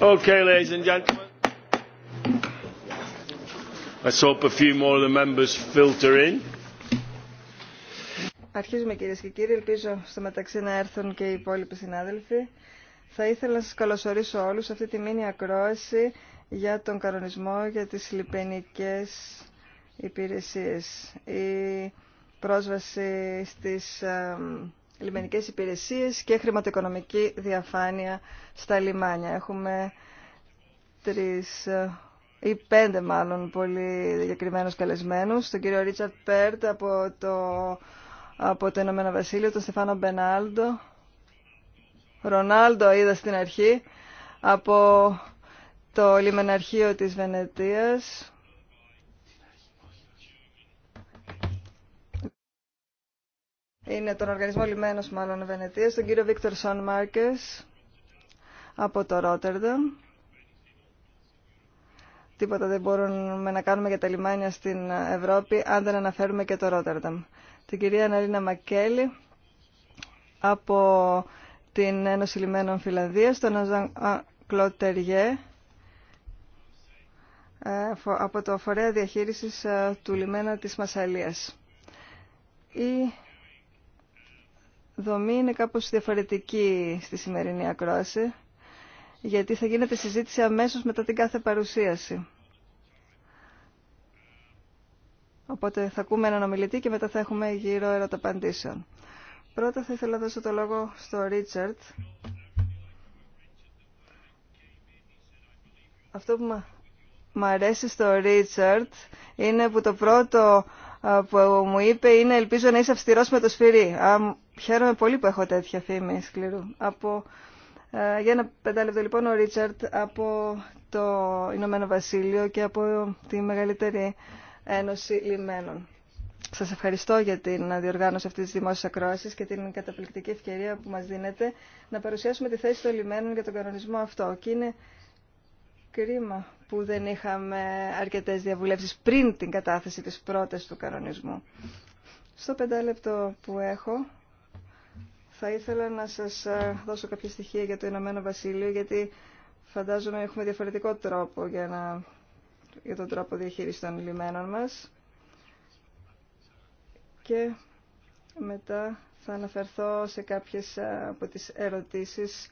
Okay, ladies and gentlemen. Let's hope a few more of the members filter in. Αρχίζουμε κυρίες και κύριοι, ελπίζω στο μεταξύ να έρθουν και οι υπόλοιποι συνάδελφοι. Θα ήθελα να σας καλωσορίσω όλους σε αυτή τη μήνυα ακρόαση για τον κανονισμό για τις λιπενικές υπηρεσίες. Η πρόσβαση στις λιμενικές υπηρεσίες και χρηματοοικονομική διαφάνεια στα λιμάνια. Έχουμε τρεις ε, ή πέντε μάλλον πολύ διακριμένους καλεσμένους, τον κύριο Ρίτσαρτ Πέρτ από το, από το Ηνωμένο Βασίλειο, τον Στεφάνο Μπενάλντο, Ρονάλντο είδα στην αρχή, από το λιμεναρχείο της Βενετίας, είναι τον Οργανισμό Λιμένος μάλλον Βενετίας, τον κύριο Βίκτορ Σον Μάρκες από το Ρότερνταμ. Τίποτα δεν μπορούμε να κάνουμε για τα λιμάνια στην Ευρώπη αν δεν αναφέρουμε και το Ρότερνταμ. Την κυρία Ναρίνα Μακέλη από την Ένωση Λιμένων Φιλανδίας, τον Αζαν Κλωτεριέ ε, από το Φορέα Διαχείρισης ε, του Λιμένα της Μασαλίας. Η δομή είναι κάπως διαφορετική στη σημερινή ακρόαση, γιατί θα γίνεται συζήτηση αμέσως μετά την κάθε παρουσίαση. Οπότε θα ακούμε έναν ομιλητή και μετά θα έχουμε γύρω ερωταπαντήσεων. Πρώτα θα ήθελα να δώσω το λόγο στο Ρίτσαρτ. Αυτό που μου αρέσει στο Ρίτσαρτ είναι που το πρώτο ε, που μου είπε είναι ελπίζω να είσαι αυστηρός με το σφυρί. Χαίρομαι πολύ που έχω τέτοια φήμη σκληρού. Από, ε, για ένα πεντάλεπτο λοιπόν ο Ρίτσαρτ από το Ηνωμένο Βασίλειο και από τη μεγαλύτερη Ένωση Λιμένων. Σας ευχαριστώ για την διοργάνωση αυτής της δημόσιας ακρόασης και την καταπληκτική ευκαιρία που μας δίνεται να παρουσιάσουμε τη θέση των λιμένων για τον κανονισμό αυτό. Και είναι κρίμα που δεν είχαμε αρκετές διαβουλεύσεις πριν την κατάθεση της πρώτης του κανονισμού. Στο πεντάλεπτο που έχω θα ήθελα να σας ε, δώσω κάποια στοιχεία για το Ηνωμένο Βασίλειο, γιατί φαντάζομαι έχουμε διαφορετικό τρόπο για, να, για τον τρόπο διαχείριση των λιμένων μας. Και μετά θα αναφερθώ σε κάποιες ε, από τις ερωτήσεις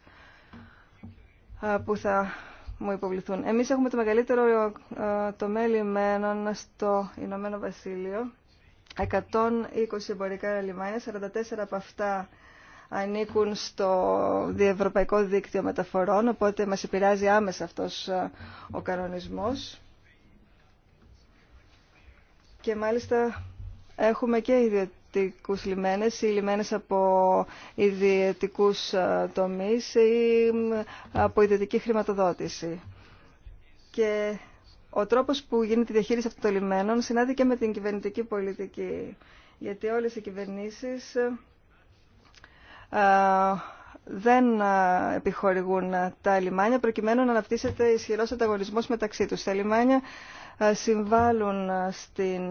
ε, που θα μου υποβληθούν. Εμείς έχουμε το μεγαλύτερο τομέα λιμένων στο Ηνωμένο Βασίλειο. 120 εμπορικά λιμάνια, 44 από αυτά ανήκουν στο διευρωπαϊκό δίκτυο μεταφορών, οπότε μας επηρεάζει άμεσα αυτός ε, ο κανονισμός. Και μάλιστα έχουμε και ιδιωτικούς λιμένες ή λιμένες από ιδιωτικούς ε, τομείς ή από ιδιωτική χρηματοδότηση. Και ο τρόπος που γίνεται η διαχείριση αυτών των λιμένων συνάδει και με την κυβερνητική πολιτική, γιατί όλες οι κυβερνήσεις ε, δεν ε, επιχορηγούν τα λιμάνια προκειμένου να αναπτύσσεται ισχυρός ανταγωνισμός μεταξύ τους. Τα λιμάνια ε, συμβάλλουν στην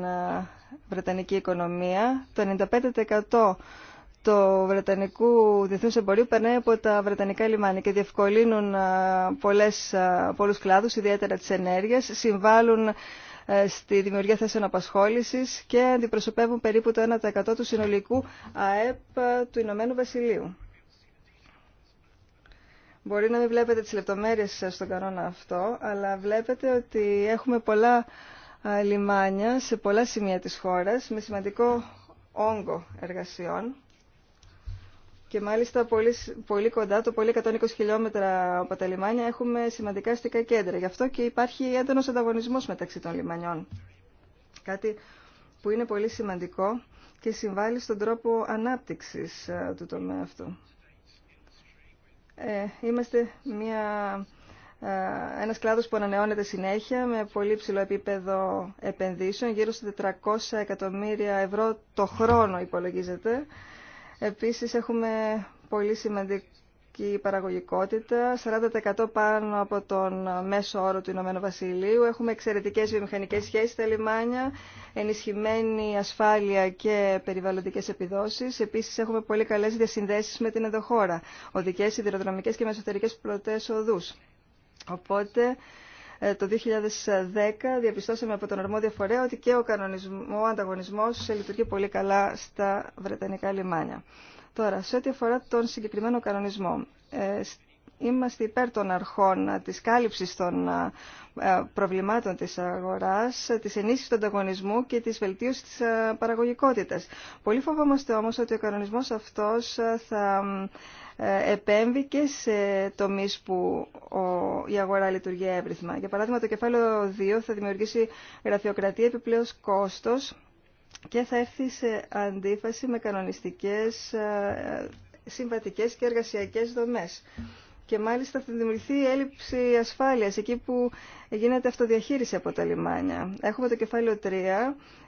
Βρετανική οικονομία. Το 95% του Βρετανικού Διεθνούς Εμπορίου περνάει από τα Βρετανικά λιμάνια και διευκολύνουν πολλές, πολλούς κλάδους, ιδιαίτερα τις ενέργειες. συμβάλλουν ε, στη δημιουργία θέσεων απασχόληση και αντιπροσωπεύουν περίπου το 1% του συνολικού ΑΕΠ ε, του Ηνωμένου Βασιλείου. Μπορεί να μην βλέπετε τις λεπτομέρειες στον κανόνα αυτό, αλλά βλέπετε ότι έχουμε πολλά ε, λιμάνια σε πολλά σημεία της χώρας με σημαντικό όγκο εργασιών και μάλιστα πολύ, πολύ κοντά, το πολύ 120 χιλιόμετρα από τα λιμάνια, έχουμε σημαντικά αστικά κέντρα. Γι' αυτό και υπάρχει έντονος ανταγωνισμός μεταξύ των λιμανιών. Κάτι που είναι πολύ σημαντικό και συμβάλλει στον τρόπο ανάπτυξης ε, του τομέα αυτού. Ε, είμαστε μια, ε, ένας κλάδος που ανανεώνεται συνέχεια με πολύ ψηλό επίπεδο επενδύσεων, γύρω στα 400 εκατομμύρια ευρώ το χρόνο υπολογίζεται, Επίσης έχουμε πολύ σημαντική παραγωγικότητα, 40% πάνω από τον μέσο όρο του Ηνωμένου Βασιλείου. Έχουμε εξαιρετικές βιομηχανικές σχέσεις στα λιμάνια, ενισχυμένη ασφάλεια και περιβαλλοντικές επιδόσεις. Επίσης έχουμε πολύ καλές διασυνδέσεις με την εδωχώρα, οδικές, σιδηροδρομικές και μεσοτερικές πλωτές οδούς. Οπότε ε, το 2010 διαπιστώσαμε από τον αρμόδιο φορέα ότι και ο, κανονισμό, ο ανταγωνισμός λειτουργεί πολύ καλά στα Βρετανικά λιμάνια. Τώρα, σε ό,τι αφορά τον συγκεκριμένο κανονισμό, ε, είμαστε υπέρ των αρχών ε, της κάλυψης των προβλημάτων της αγοράς, της ενίσχυσης του ανταγωνισμού και της βελτίωσης της παραγωγικότητας. Πολύ φοβόμαστε όμως ότι ο κανονισμός αυτός θα επέμβει και σε τομεί που η αγορά λειτουργεί εύρυθμα. Για παράδειγμα, το κεφάλαιο 2 θα δημιουργήσει γραφειοκρατία επιπλέον κόστο και θα έρθει σε αντίφαση με κανονιστικέ, ε, συμβατικές και εργασιακές δομές. Και μάλιστα θα δημιουργηθεί έλλειψη ασφάλειας εκεί που γίνεται αυτοδιαχείριση από τα λιμάνια. Έχουμε το κεφάλαιο 3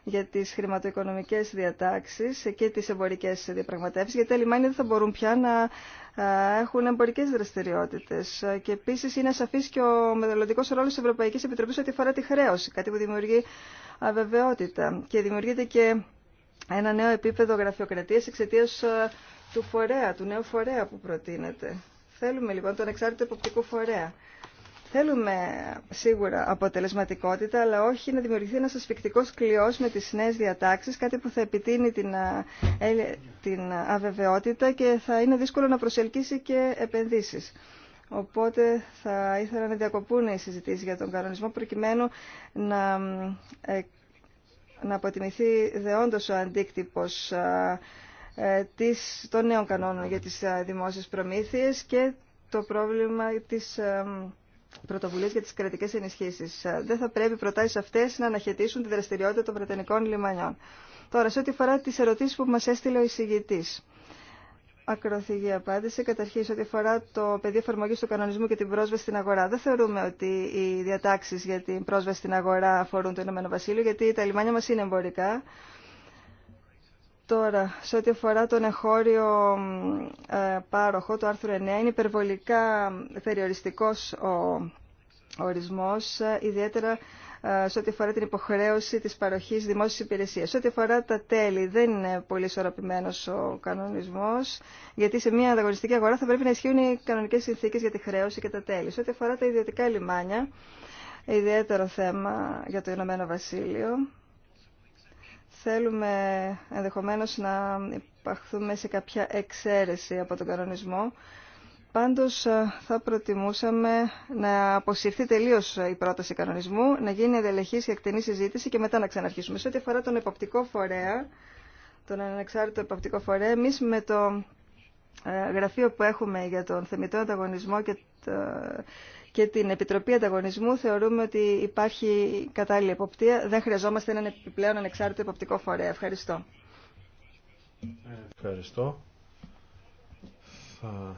για τις χρηματοοικονομικές διατάξεις και τις εμπορικές διαπραγματεύσεις, γιατί τα λιμάνια δεν θα μπορούν πια να ε, έχουν εμπορικέ δραστηριότητες ε, και επίση είναι σαφή και ο μελλοντικός ρόλος τη Ευρωπαϊκής Επιτροπής ό,τι αφορά τη χρέωση, κάτι που δημιουργεί αβεβαιότητα και δημιουργείται και ένα νέο επίπεδο γραφειοκρατίας εξαιτία ε, του φορέα, του νέου φορέα που προτείνεται. Θέλουμε λοιπόν τον εξάρτητο υποπτικό φορέα. Θέλουμε σίγουρα αποτελεσματικότητα, αλλά όχι να δημιουργηθεί ένας ασφικτικός κλειός με τις νέες διατάξεις, κάτι που θα επιτείνει την, ε, την αβεβαιότητα και θα είναι δύσκολο να προσελκύσει και επενδύσεις. Οπότε θα ήθελα να διακοπούν οι συζητήσεις για τον κανονισμό προκειμένου να, ε, να αποτιμηθεί δεόντως ο αντίκτυπος ε, των νέων κανόνων για τις δημόσιες προμήθειες και το πρόβλημα της πρωτοβουλίες για τις κρατικές ενισχύσεις. Ε, δεν θα πρέπει οι προτάσεις αυτές να αναχαιτήσουν τη δραστηριότητα των Βρετανικών λιμανιών. Τώρα, σε ό,τι αφορά τις ερωτήσεις που μας έστειλε ο εισηγητής. Ακροθυγή απάντηση. Καταρχήν, ό,τι αφορά το πεδίο εφαρμογή του κανονισμού και την πρόσβαση στην αγορά. Δεν θεωρούμε ότι οι διατάξει για την πρόσβαση στην αγορά αφορούν το Ηνωμένο Βασίλειο, γιατί τα λιμάνια μα είναι εμπορικά Τώρα, σε ό,τι αφορά τον εχώριο ε, πάροχο του άρθρου 9, είναι υπερβολικά περιοριστικός ο ορισμός, ε, ιδιαίτερα ε, σε ό,τι αφορά την υποχρέωση της παροχής δημόσιας υπηρεσίας. Σε ό,τι αφορά τα τέλη, δεν είναι πολύ ισορροπημένος ο κανονισμός, γιατί σε μια ανταγωνιστική αγορά θα πρέπει να ισχύουν οι κανονικές συνθήκες για τη χρέωση και τα τέλη. Σε ό,τι αφορά τα ιδιωτικά λιμάνια, ιδιαίτερο θέμα για το Ηνωμένο Βασίλειο, θέλουμε ενδεχομένως να υπαχθούμε σε κάποια εξαίρεση από τον κανονισμό. Πάντως ε, θα προτιμούσαμε να αποσυρθεί τελείως η πρόταση κανονισμού, να γίνει ενδελεχής και εκτενή συζήτηση και μετά να ξαναρχίσουμε. Σε ό,τι αφορά τον εποπτικό φορέα, τον ανεξάρτητο εποπτικό φορέα, εμείς με το ε, γραφείο που έχουμε για τον θεμητό ανταγωνισμό και και την Επιτροπή Ανταγωνισμού θεωρούμε ότι υπάρχει κατάλληλη εποπτεία. Δεν χρειαζόμαστε έναν επιπλέον ανεξάρτητο εποπτικό φορέα. Ευχαριστώ. Ευχαριστώ. Θα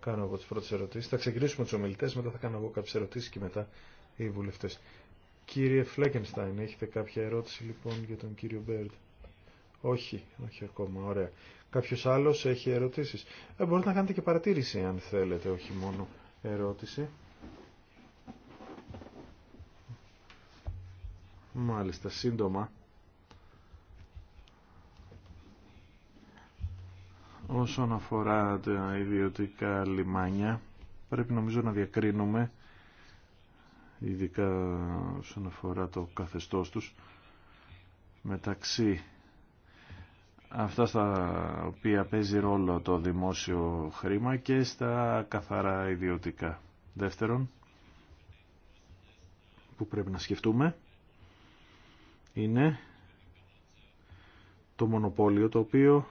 κάνω εγώ τις πρώτες ερωτήσεις. Θα ξεκινήσουμε τους ομιλητές, μετά θα κάνω εγώ κάποιες ερωτήσεις και μετά οι βουλευτές. Κύριε Φλέκενστάιν, έχετε κάποια ερώτηση λοιπόν για τον κύριο Μπέρντ. Όχι, όχι ακόμα, ωραία. Κάποιος άλλος έχει ερωτήσεις. Ε, μπορείτε να κάνετε και παρατήρηση αν θέλετε, όχι μόνο ερώτηση. Μάλιστα, σύντομα. Όσον αφορά τα ιδιωτικά λιμάνια, πρέπει νομίζω να διακρίνουμε, ειδικά όσον αφορά το καθεστώς τους, μεταξύ αυτά στα οποία παίζει ρόλο το δημόσιο χρήμα και στα καθαρά ιδιωτικά. Δεύτερον, που πρέπει να σκεφτούμε είναι το μονοπόλιο το οποίο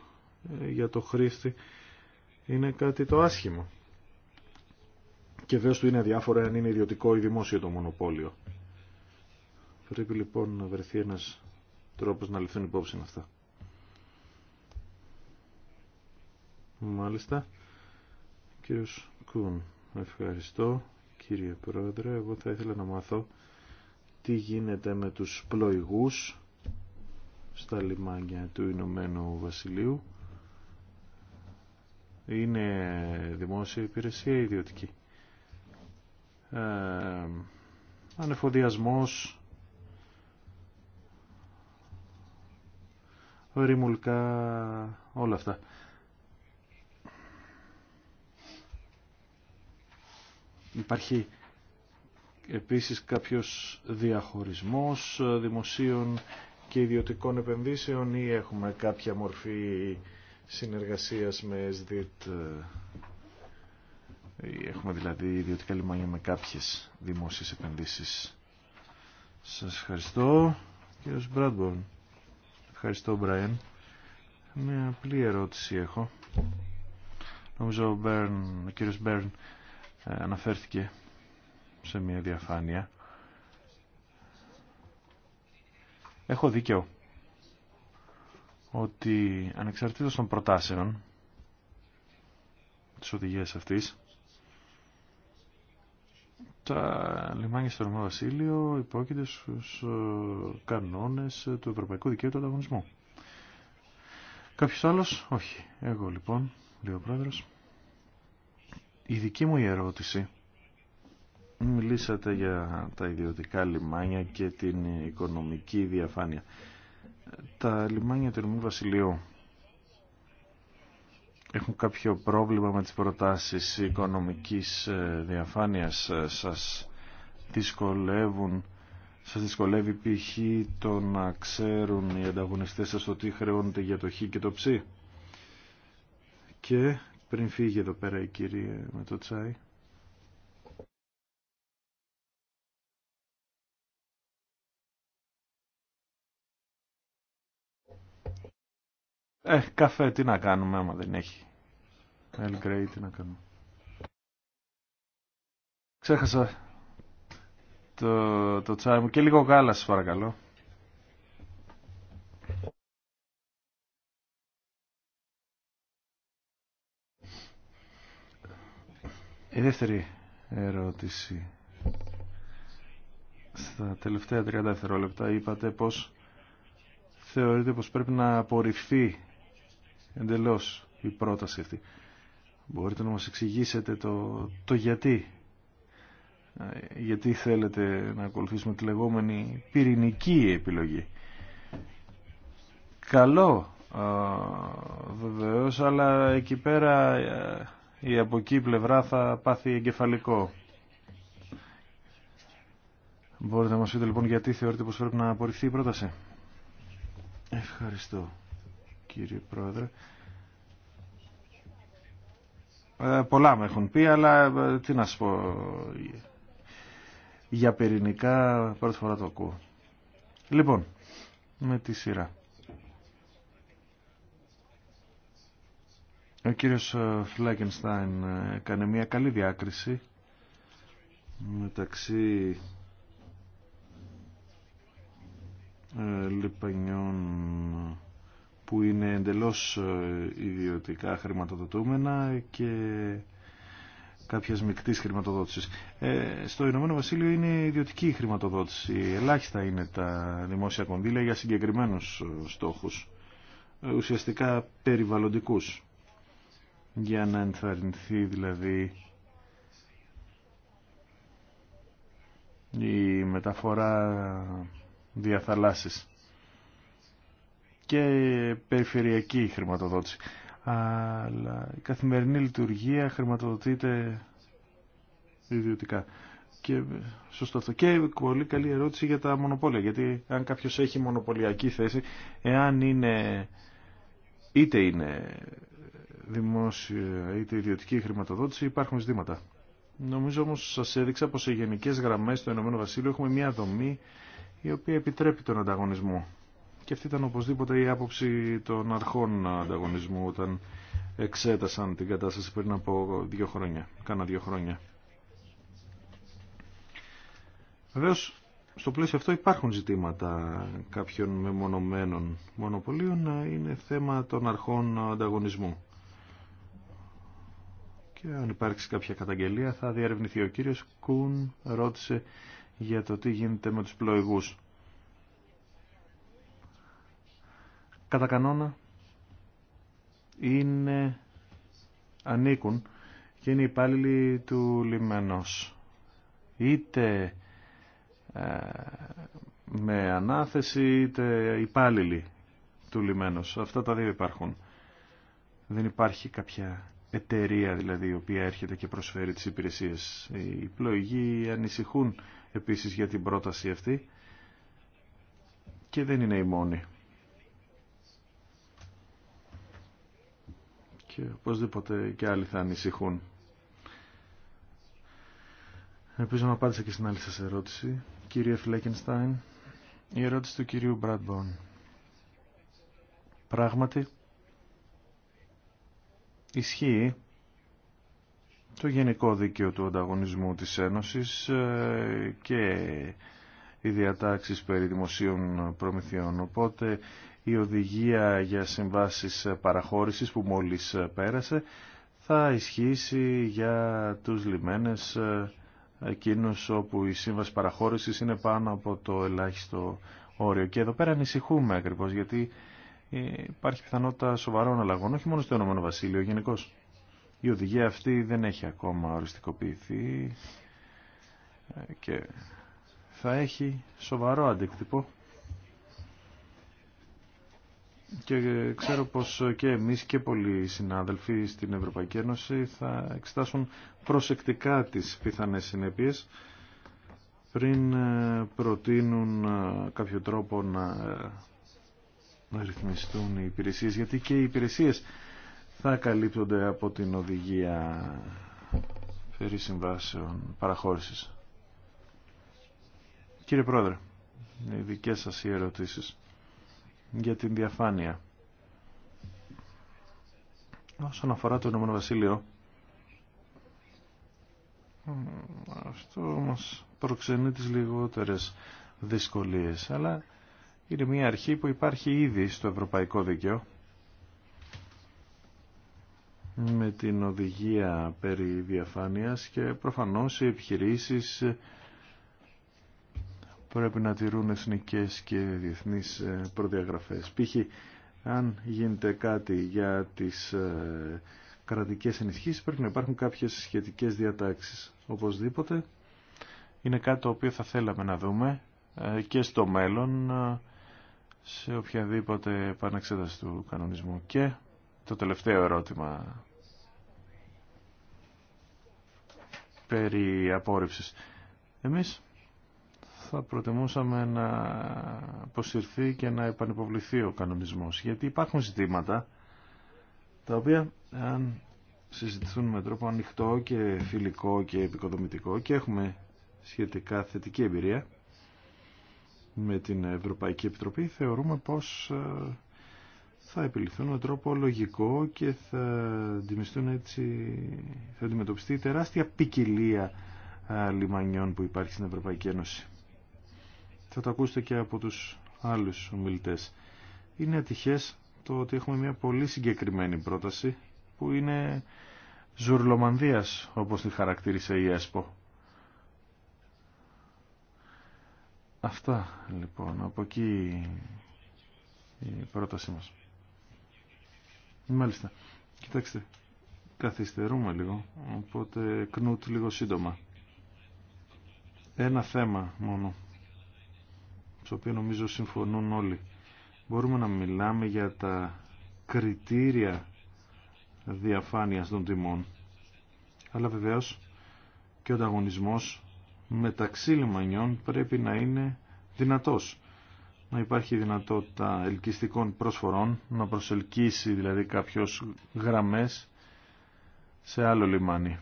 ε, για το χρήστη είναι κάτι το άσχημο. Και βέβαια του είναι διάφορα αν είναι ιδιωτικό ή δημόσιο το μονοπόλιο. Πρέπει λοιπόν να βρεθεί ένας τρόπος να ληφθούν υπόψη αυτά. Μάλιστα. Κύριος Κούν, ευχαριστώ. Κύριε Πρόεδρε, εγώ θα ήθελα να μάθω τι γίνεται με τους πλοηγούς στα λιμάνια του Ηνωμένου Βασιλείου. Είναι δημόσια υπηρεσία ή ιδιωτική. Ε, ανεφοδιασμός, ρημουλκά, όλα αυτά. Υπάρχει επίσης κάποιος διαχωρισμός δημοσίων και ιδιωτικών επενδύσεων ή έχουμε κάποια μορφή συνεργασίας με ΕΣΔΙΤ ε, ή έχουμε δηλαδή ιδιωτικά λιμάνια με κάποιες δημόσιες επενδύσεις. Σας ευχαριστώ κύριος Μπράντμπορν. Ευχαριστώ Μπράιν. Μια απλή ερώτηση έχω. Νομίζω ο, ο κύριος Μπέρν ε, αναφέρθηκε σε μια διαφάνεια. Έχω δίκαιο ότι ανεξαρτήτως των προτάσεων της οδηγίας αυτής τα λιμάνια στο Ρωμαίο Βασίλειο υπόκειται στους ε, κανόνες του Ευρωπαϊκού Δικαίου του Ανταγωνισμού. Κάποιος άλλος? Όχι. Εγώ λοιπόν, λέει ο η δική μου ερώτηση μιλήσατε για τα ιδιωτικά λιμάνια και την οικονομική διαφάνεια. Τα λιμάνια του Ιρμού Βασιλείου έχουν κάποιο πρόβλημα με τις προτάσεις οικονομικής ε, διαφάνειας ε, σας δυσκολεύουν σας δυσκολεύει π.χ. το να ξέρουν οι ανταγωνιστές σας το τι χρεώνεται για το χ και το ψ και πριν φύγει εδώ πέρα η κυρία με το τσάι. Ε, καφέ, τι να κάνουμε άμα δεν έχει. Ελ τι να κάνουμε. Ξέχασα το, το τσάι μου και λίγο γάλα σας παρακαλώ. Η δεύτερη ερώτηση. Στα τελευταία 30 δευτερόλεπτα είπατε πως θεωρείτε πως πρέπει να απορριφθεί εντελώς η πρόταση αυτή. Μπορείτε να μας εξηγήσετε το, το γιατί. Γιατί θέλετε να ακολουθήσουμε τη λεγόμενη πυρηνική επιλογή. Καλό βεβαίως, αλλά εκεί πέρα η από εκεί πλευρά θα πάθει εγκεφαλικό. Μπορείτε να μας πείτε λοιπόν γιατί θεωρείτε πως πρέπει να απορριφθεί η πρόταση. Ευχαριστώ κύριε Πρόεδρε. Ε, πολλά με έχουν πει, αλλά ε, τι να σου πω. Για πυρηνικά πρώτη φορά το ακούω. Λοιπόν, με τη σειρά. Ο κύριος ε, Φλάγκενστάιν ε, έκανε μια καλή διάκριση μεταξύ ε, λιπανιών που είναι εντελώς ιδιωτικά χρηματοδοτούμενα και κάποια μικτής χρηματοδότησης. Ε, στο Ηνωμένο Βασίλειο είναι ιδιωτική χρηματοδότηση. Ελάχιστα είναι τα δημόσια κονδύλια για συγκεκριμένους στόχους, ουσιαστικά περιβαλλοντικούς για να ενθαρρυνθεί δηλαδή η μεταφορά διαθαλάσσης και περιφερειακή χρηματοδότηση. Αλλά η καθημερινή λειτουργία χρηματοδοτείται ιδιωτικά. Και, σωστό αυτό. Και πολύ καλή ερώτηση για τα μονοπόλια. Γιατί αν κάποιος έχει μονοπωλιακή θέση, εάν είναι είτε είναι δημόσια είτε ιδιωτική χρηματοδότηση υπάρχουν ζητήματα. Νομίζω όμως σας έδειξα πως σε γενικές γραμμές στο Ηνωμένο Βασίλειο έχουμε μια δομή η οποία επιτρέπει τον ανταγωνισμό. Και αυτή ήταν οπωσδήποτε η άποψη των αρχών ανταγωνισμού όταν εξέτασαν την κατάσταση πριν από δύο χρόνια, κάνα δύο χρόνια. Βεβαίω, στο πλαίσιο αυτό υπάρχουν ζητήματα κάποιων μεμονωμένων μονοπωλίων, είναι θέμα των αρχών ανταγωνισμού και αν υπάρξει κάποια καταγγελία θα διαρευνηθεί. Ο κύριος Κούν ρώτησε για το τι γίνεται με τους πλοηγούς. Κατά κανόνα είναι, ανήκουν και είναι υπάλληλοι του λιμενός. Είτε ε, με ανάθεση είτε υπάλληλοι του λιμένος. Αυτά τα δύο υπάρχουν. Δεν υπάρχει κάποια εταιρεία δηλαδή η οποία έρχεται και προσφέρει τις υπηρεσίες. Οι πλοηγοί ανησυχούν επίσης για την πρόταση αυτή και δεν είναι οι μόνοι. Και οπωσδήποτε και άλλοι θα ανησυχούν. Ελπίζω να απάντησα και στην άλλη σας ερώτηση. Κύριε Φλέκενστάιν, η ερώτηση του κυρίου Μπραντμπον. Πράγματι, ισχύει το Γενικό Δίκαιο του Ανταγωνισμού της Ένωσης ε, και οι διατάξεις περί δημοσίων προμηθειών. Οπότε η οδηγία για συμβάσεις παραχώρησης που μόλις πέρασε θα ισχύσει για τους λιμένες ε, εκείνους όπου η σύμβαση παραχώρησης είναι πάνω από το ελάχιστο όριο. Και εδώ πέρα ανησυχούμε ακριβώς γιατί υπάρχει πιθανότητα σοβαρών αλλαγών, όχι μόνο στο Ηνωμένο Βασίλειο γενικώ. Η οδηγία αυτή δεν έχει ακόμα οριστικοποιηθεί ε, και θα έχει σοβαρό αντίκτυπο και ε, ξέρω πως και εμείς και πολλοί συνάδελφοι στην Ευρωπαϊκή Ένωση θα εξετάσουν προσεκτικά τις πιθανές συνέπειες πριν ε, προτείνουν κάποιο τρόπο να να ρυθμιστούν οι υπηρεσίες, γιατί και οι υπηρεσίες θα καλύπτονται από την οδηγία περί συμβάσεων παραχώρησης. Κύριε Πρόεδρε, οι δικέ σας οι ερωτήσεις για την διαφάνεια. Όσον αφορά το Ηνωμένο Βασίλειο, αυτό μας προξενεί τις λιγότερες δυσκολίες, αλλά είναι μια αρχή που υπάρχει ήδη στο ευρωπαϊκό δίκαιο με την οδηγία περί διαφάνειας και προφανώς οι επιχειρήσεις πρέπει να τηρούν εθνικές και διεθνείς ε, προδιαγραφές. Π.χ. αν γίνεται κάτι για τις ε, κρατικές ενισχύσεις πρέπει να υπάρχουν κάποιες σχετικές διατάξεις. Οπωσδήποτε είναι κάτι το οποίο θα θέλαμε να δούμε ε, και στο μέλλον σε οποιαδήποτε επαναξέταση του κανονισμού. Και το τελευταίο ερώτημα περί απόρριψης. Εμείς θα προτιμούσαμε να αποσυρθεί και να επανεποβληθεί ο κανονισμός. Γιατί υπάρχουν ζητήματα τα οποία αν συζητηθούν με τρόπο ανοιχτό και φιλικό και επικοδομητικό και έχουμε σχετικά θετική εμπειρία με την Ευρωπαϊκή Επιτροπή θεωρούμε πως ε, θα επιληθούν με τρόπο λογικό και θα έτσι θα αντιμετωπιστεί η τεράστια ποικιλία ε, λιμανιών που υπάρχει στην Ευρωπαϊκή Ένωση. Θα το ακούσετε και από τους άλλους ομιλητές. Είναι ατυχές το ότι έχουμε μια πολύ συγκεκριμένη πρόταση που είναι ζουρλομανδίας όπως τη χαρακτήρισε η ΕΣΠΟ. Αυτά λοιπόν, από εκεί η πρότασή μας. Μάλιστα. Κοιτάξτε, καθυστερούμε λίγο, οπότε κνούτ λίγο σύντομα. Ένα θέμα μόνο, στο οποίο νομίζω συμφωνούν όλοι. Μπορούμε να μιλάμε για τα κριτήρια διαφάνειας των τιμών. Αλλά βεβαίως και ο ανταγωνισμός μεταξύ λιμανιών πρέπει να είναι δυνατός. Να υπάρχει δυνατότητα ελκυστικών προσφορών, να προσελκύσει δηλαδή κάποιος γραμμές σε άλλο λιμάνι.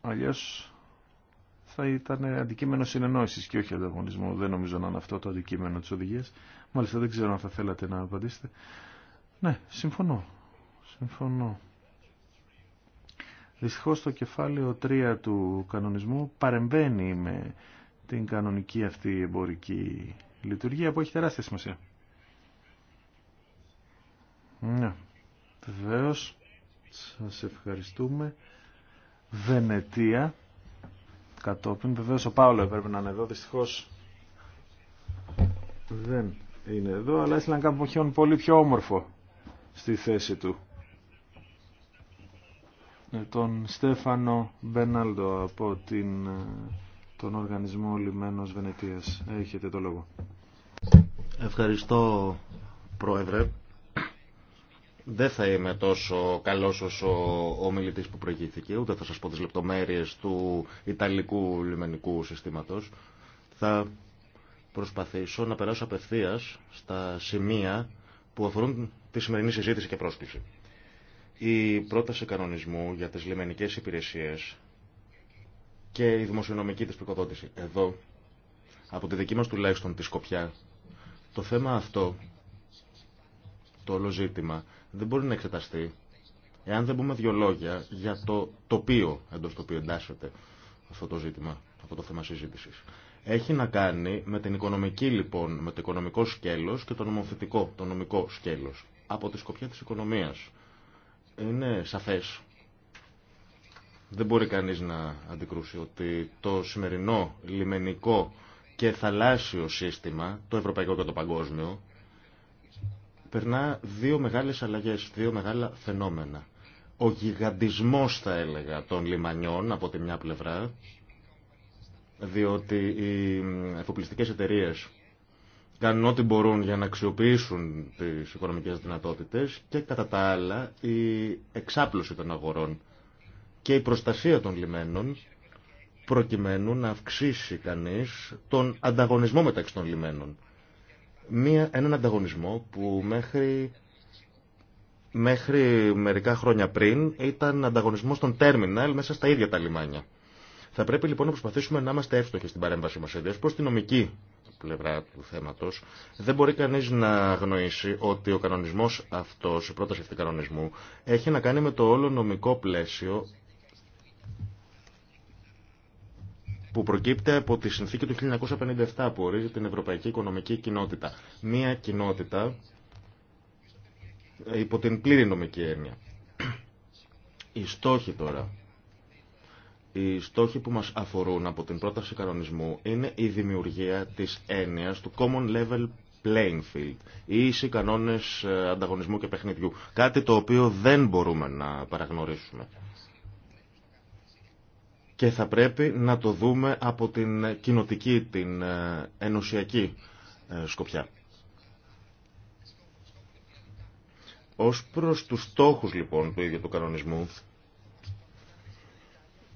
Αλλιώς θα ήταν αντικείμενο συνεννόησης και όχι ανταγωνισμού. Δεν νομίζω να είναι αυτό το αντικείμενο της οδηγίας. Μάλιστα δεν ξέρω αν θα θέλατε να απαντήσετε. Ναι, συμφωνώ. Συμφωνώ. Δυστυχώς το κεφάλαιο 3 του κανονισμού παρεμβαίνει με την κανονική αυτή εμπορική λειτουργία που έχει τεράστια σημασία. Ναι, βεβαίω. Σας ευχαριστούμε. Βενετία. Κατόπιν. Βεβαίως ο Πάολο έπρεπε να είναι εδώ. Δυστυχώς δεν είναι εδώ. Αλλά ήθελα να κάνω πολύ πιο όμορφο στη θέση του. Ε, τον Στέφανο Μπενάλντο από την, ε, τον Οργανισμό Λιμένος Βενετίας. Έχετε το λόγο. Ευχαριστώ Πρόεδρε. Δεν θα είμαι τόσο καλός όσο ο μιλητής που προηγήθηκε, ούτε θα σας πω τις λεπτομέρειες του Ιταλικού λιμενικού συστήματος. Θα προσπαθήσω να περάσω απευθείας στα σημεία που αφορούν τη σημερινή συζήτηση και πρόσκληση η πρόταση κανονισμού για τις λιμενικές υπηρεσίες και η δημοσιονομική της προκοδότηση. Εδώ, από τη δική μας τουλάχιστον τη Σκοπιά, το θέμα αυτό, το όλο ζήτημα, δεν μπορεί να εξεταστεί εάν δεν πούμε δύο λόγια για το τοπίο εντός το οποίο εντάσσεται αυτό το ζήτημα, αυτό το θέμα συζήτησης. Έχει να κάνει με την οικονομική λοιπόν, με το οικονομικό σκέλος και το νομοθετικό, το νομικό σκέλος. Από τη σκοπιά της οικονομίας είναι σαφές. Δεν μπορεί κανείς να αντικρούσει ότι το σημερινό λιμενικό και θαλάσσιο σύστημα, το ευρωπαϊκό και το παγκόσμιο, περνά δύο μεγάλες αλλαγές, δύο μεγάλα φαινόμενα. Ο γιγαντισμός, θα έλεγα, των λιμανιών από τη μια πλευρά, διότι οι εφοπλιστικές εταιρείες κάνουν ό,τι μπορούν για να αξιοποιήσουν τις οικονομικές δυνατότητες και κατά τα άλλα η εξάπλωση των αγορών και η προστασία των λιμένων προκειμένου να αυξήσει κανείς τον ανταγωνισμό μεταξύ των λιμένων. Μία, έναν ανταγωνισμό που μέχρι, μέχρι μερικά χρόνια πριν ήταν ανταγωνισμός των τέρμιναλ μέσα στα ίδια τα λιμάνια. Θα πρέπει λοιπόν να προσπαθήσουμε να είμαστε εύστοχοι στην παρέμβαση μας, ιδέως προς τη νομική πλευρά του θέματος, δεν μπορεί κανείς να γνωρίσει ότι ο κανονισμός αυτός, η πρόταση αυτή κανονισμού, έχει να κάνει με το όλο νομικό πλαίσιο που προκύπτει από τη συνθήκη του 1957 που ορίζει την Ευρωπαϊκή Οικονομική Κοινότητα. Μία κοινότητα υπό την πλήρη νομική έννοια. Οι στόχοι τώρα οι στόχοι που μας αφορούν από την πρόταση κανονισμού είναι η δημιουργία της έννοιας του Common Level Playing Field, ή ίσοι κανόνες ε, ανταγωνισμού και παιχνιδιού, κάτι το οποίο δεν μπορούμε να παραγνωρίσουμε. Και θα πρέπει να το δούμε από την κοινοτική, την ε, ενωσιακή ε, σκοπιά. Ως προς τους στόχους λοιπόν του ίδιου του κανονισμού,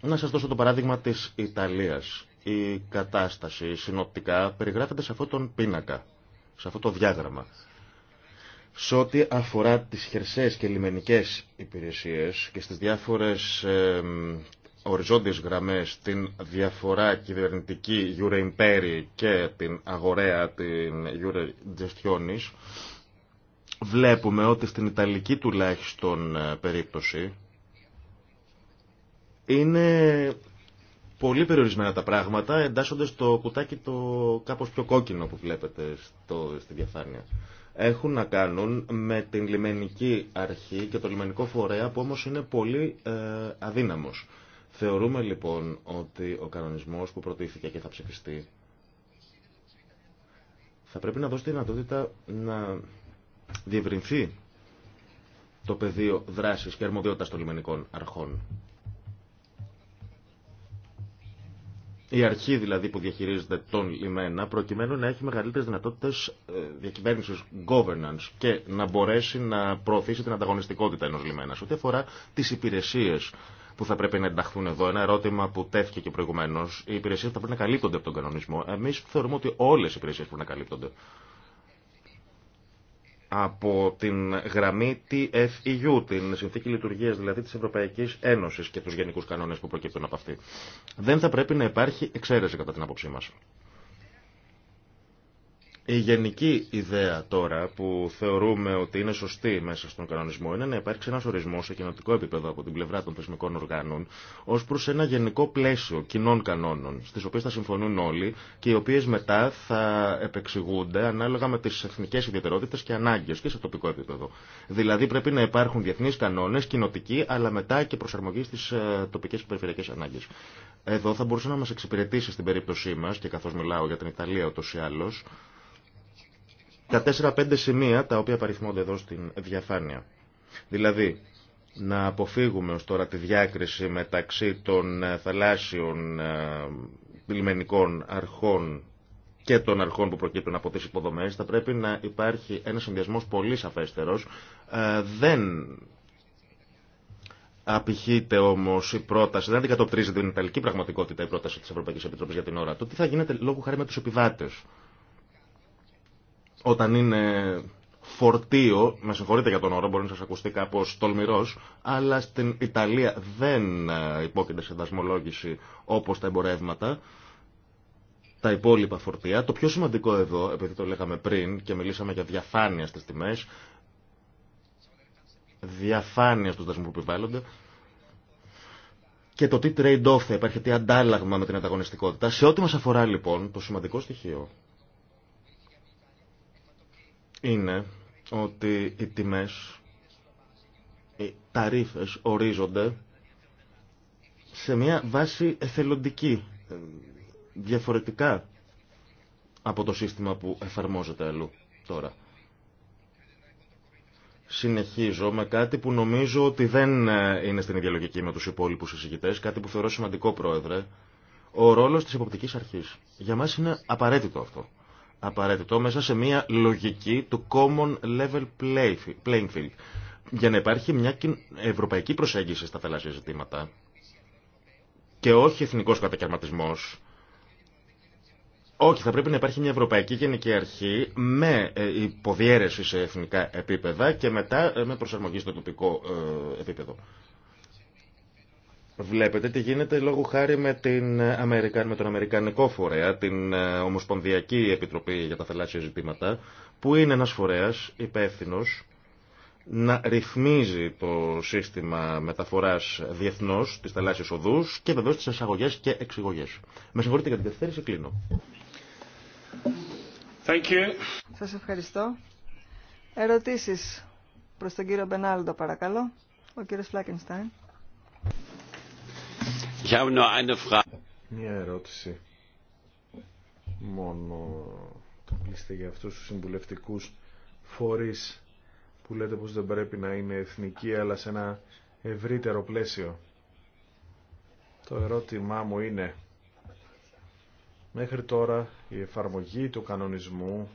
να σας δώσω το παράδειγμα της Ιταλίας. Η κατάσταση συνοπτικά περιγράφεται σε αυτόν τον πίνακα, σε αυτό το διάγραμμα. Σε ό,τι αφορά τις χερσαίες και λιμενικές υπηρεσίες και στις διάφορες ε, οριζόντιες γραμμές, την διαφορά κυβερνητική Euro Imperi και την αγορέα την Euro Gestionis, βλέπουμε ότι στην Ιταλική τουλάχιστον ε, περίπτωση, είναι πολύ περιορισμένα τα πράγματα, εντάσσονται στο κουτάκι το κάπως πιο κόκκινο που βλέπετε στο, στη διαφάνεια. Έχουν να κάνουν με την λιμενική αρχή και το λιμενικό φορέα που όμως είναι πολύ ε, αδύναμος. Θεωρούμε λοιπόν ότι ο κανονισμός που προτίθηκε και θα ψηφιστεί θα πρέπει να δώσει τη δυνατότητα να διευρυνθεί το πεδίο δράσης και αρμοδιότητας των λιμενικών αρχών. η αρχή δηλαδή που διαχειρίζεται τον λιμένα προκειμένου να έχει μεγαλύτερες δυνατότητες ε, διακυβέρνησης governance και να μπορέσει να προωθήσει την ανταγωνιστικότητα ενός λιμένα. Ό,τι αφορά τις υπηρεσίες που θα πρέπει να ενταχθούν εδώ, ένα ερώτημα που τέθηκε και προηγουμένω, οι υπηρεσίε θα πρέπει να καλύπτονται από τον κανονισμό. Εμεί θεωρούμε ότι όλε οι υπηρεσίε πρέπει να καλύπτονται από την γραμμή TFEU, την Συνθήκη Λειτουργίας δηλαδή της Ευρωπαϊκής Ένωσης και τους γενικούς κανόνες που προκύπτουν από αυτή. Δεν θα πρέπει να υπάρχει εξαίρεση κατά την άποψή μας. Η γενική ιδέα τώρα που θεωρούμε ότι είναι σωστή μέσα στον κανονισμό είναι να υπάρξει ένα ορισμό σε κοινοτικό επίπεδο από την πλευρά των θεσμικών οργάνων ω προ ένα γενικό πλαίσιο κοινών κανόνων, στι οποίε θα συμφωνούν όλοι και οι οποίε μετά θα επεξηγούνται ανάλογα με τι εθνικέ ιδιαιτερότητε και ανάγκε και σε τοπικό επίπεδο. Δηλαδή πρέπει να υπάρχουν διεθνεί κανόνε, κοινοτικοί, αλλά μετά και προσαρμογή στι ε, τοπικέ και περιφερειακέ ανάγκε. Εδώ θα μπορούσε να μα εξυπηρετήσει στην περίπτωσή μα και καθώ μιλάω για την Ιταλία ούτω ή άλλω, τα 4-5 σημεία τα οποία παριθμώνται εδώ στην διαφάνεια. Δηλαδή, να αποφύγουμε ως τώρα τη διάκριση μεταξύ των ε, θαλάσσιων ε, λιμενικών αρχών και των αρχών που προκύπτουν από τις υποδομές, θα πρέπει να υπάρχει ένας συνδυασμός πολύ σαφέστερος. Ε, δεν απηχείται όμως η πρόταση, δεν αντικατοπτρίζεται την Ιταλική πραγματικότητα η πρόταση της Ευρωπαϊκής Επιτροπής για την ώρα. Το τι θα γίνεται λόγω χάρη με του επιβάτε όταν είναι φορτίο, με συγχωρείτε για τον όρο, μπορεί να σα ακουστεί κάπως τολμηρό, αλλά στην Ιταλία δεν ε, υπόκειται σε δασμολόγηση όπω τα εμπορεύματα, τα υπόλοιπα φορτία. Το πιο σημαντικό εδώ, επειδή το λέγαμε πριν και μιλήσαμε για διαφάνεια στι τιμέ, διαφάνεια στους δασμού που επιβάλλονται, και το τι trade-off θα υπάρχει, τι αντάλλαγμα με την ανταγωνιστικότητα. Σε ό,τι μα αφορά λοιπόν, το σημαντικό στοιχείο είναι ότι οι τιμές, οι ταρίφες ορίζονται σε μια βάση εθελοντική, διαφορετικά από το σύστημα που εφαρμόζεται αλλού τώρα. Συνεχίζω με κάτι που νομίζω ότι δεν ε, είναι στην ίδια λογική με τους υπόλοιπους συζητητές, κάτι που θεωρώ σημαντικό πρόεδρε, ο ρόλος της υποπτικής αρχής. Για μας είναι απαραίτητο αυτό απαραίτητο μέσα σε μια λογική του common level playing field για να υπάρχει μια ευρωπαϊκή προσέγγιση στα θαλάσσια ζητήματα και όχι εθνικός κατακαιρματισμός. Όχι, θα πρέπει να υπάρχει μια Ευρωπαϊκή Γενική Αρχή με ε, υποδιέρεση σε εθνικά επίπεδα και μετά ε, με προσαρμογή στο τοπικό ε, επίπεδο. Βλέπετε τι γίνεται λόγω χάρη με, την Αμερικα... με τον Αμερικανικό φορέα, την ε, Ομοσπονδιακή Επιτροπή για τα Θελάσσια Ζητήματα, που είναι ένας φορέας υπεύθυνο να ρυθμίζει το σύστημα μεταφοράς διεθνώς της Θελάσσιας οδούς και βεβαίως τις εισαγωγές και εξηγωγές. Με συγχωρείτε για την καθυστέρηση, κλείνω. Thank you. Σας ευχαριστώ. Ερωτήσεις προς τον κύριο Μπενάλντο, παρακαλώ. Ο κύριος Φλάκενστάιν. Μια ερώτηση. Μόνο το μιλήσετε για αυτούς τους συμβουλευτικούς φορείς που λέτε πως δεν πρέπει να είναι εθνική αλλά σε ένα ευρύτερο πλαίσιο. Το ερώτημά μου είναι μέχρι τώρα η εφαρμογή του κανονισμού